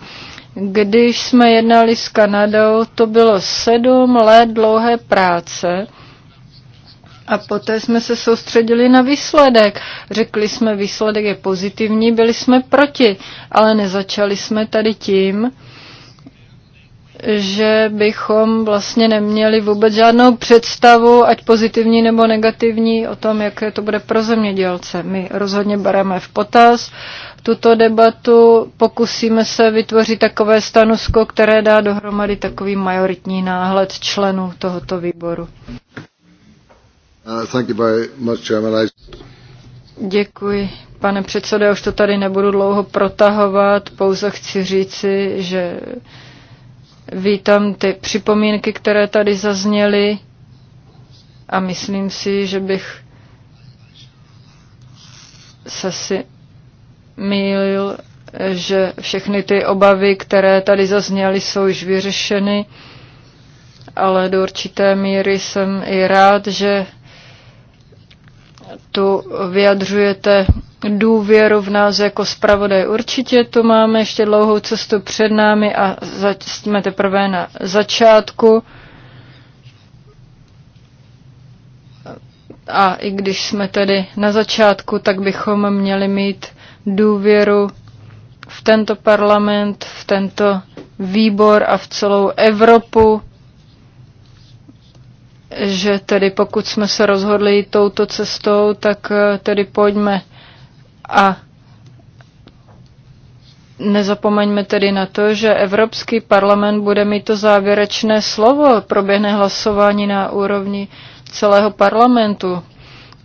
Když jsme jednali s Kanadou, to bylo sedm let dlouhé práce. A poté jsme se soustředili na výsledek. Řekli jsme, výsledek je pozitivní, byli jsme proti, ale nezačali jsme tady tím, že bychom vlastně neměli vůbec žádnou představu, ať pozitivní nebo negativní, o tom, jaké to bude pro zemědělce. My rozhodně bereme v potaz tuto debatu, pokusíme se vytvořit takové stanovisko, které dá dohromady takový majoritní náhled členů tohoto výboru. Uh, Děkuji, pane předsedo, já už to tady nebudu dlouho protahovat, pouze chci říci, že Vítám ty připomínky, které tady zazněly a myslím si, že bych se si mýlil, že všechny ty obavy, které tady zazněly, jsou již vyřešeny, ale do určité míry jsem i rád, že tu vyjadřujete důvěru v nás jako zpravodaj. Určitě tu máme ještě dlouhou cestu před námi a jsme teprve na začátku. A i když jsme tedy na začátku, tak bychom měli mít důvěru v tento parlament, v tento výbor a v celou Evropu že tedy pokud jsme se rozhodli touto cestou, tak eh, tedy pojďme a Nezapomeňme tedy na to, že Evropský parlament bude mít to závěrečné slovo, proběhne hlasování na úrovni celého parlamentu,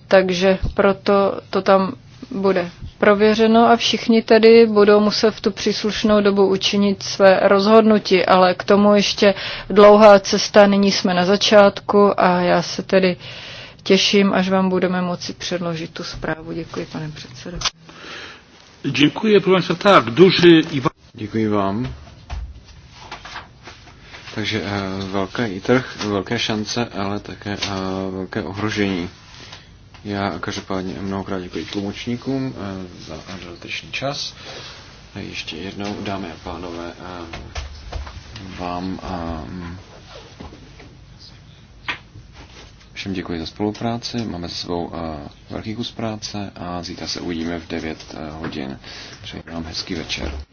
takže proto to tam bude prověřeno a všichni tedy budou muset v tu příslušnou dobu učinit své rozhodnutí, ale k tomu ještě dlouhá cesta, nyní jsme na začátku a já se tedy těším, až vám budeme moci předložit tu zprávu. Děkuji, pane předsedo. Děkuji, pane tak, duži Děkuji vám. Takže uh, e, velký trh, velké šance, ale také uh, e, velké ohrožení. Já každopádně mnohokrát děkuji tlumočníkům eh, za dodatečný čas. A Ještě jednou, dámy a pánové, eh, vám eh, všem děkuji za spolupráci. Máme svou sebou velký kus práce a zítra se uvidíme v 9 hodin. Přeji vám hezký večer.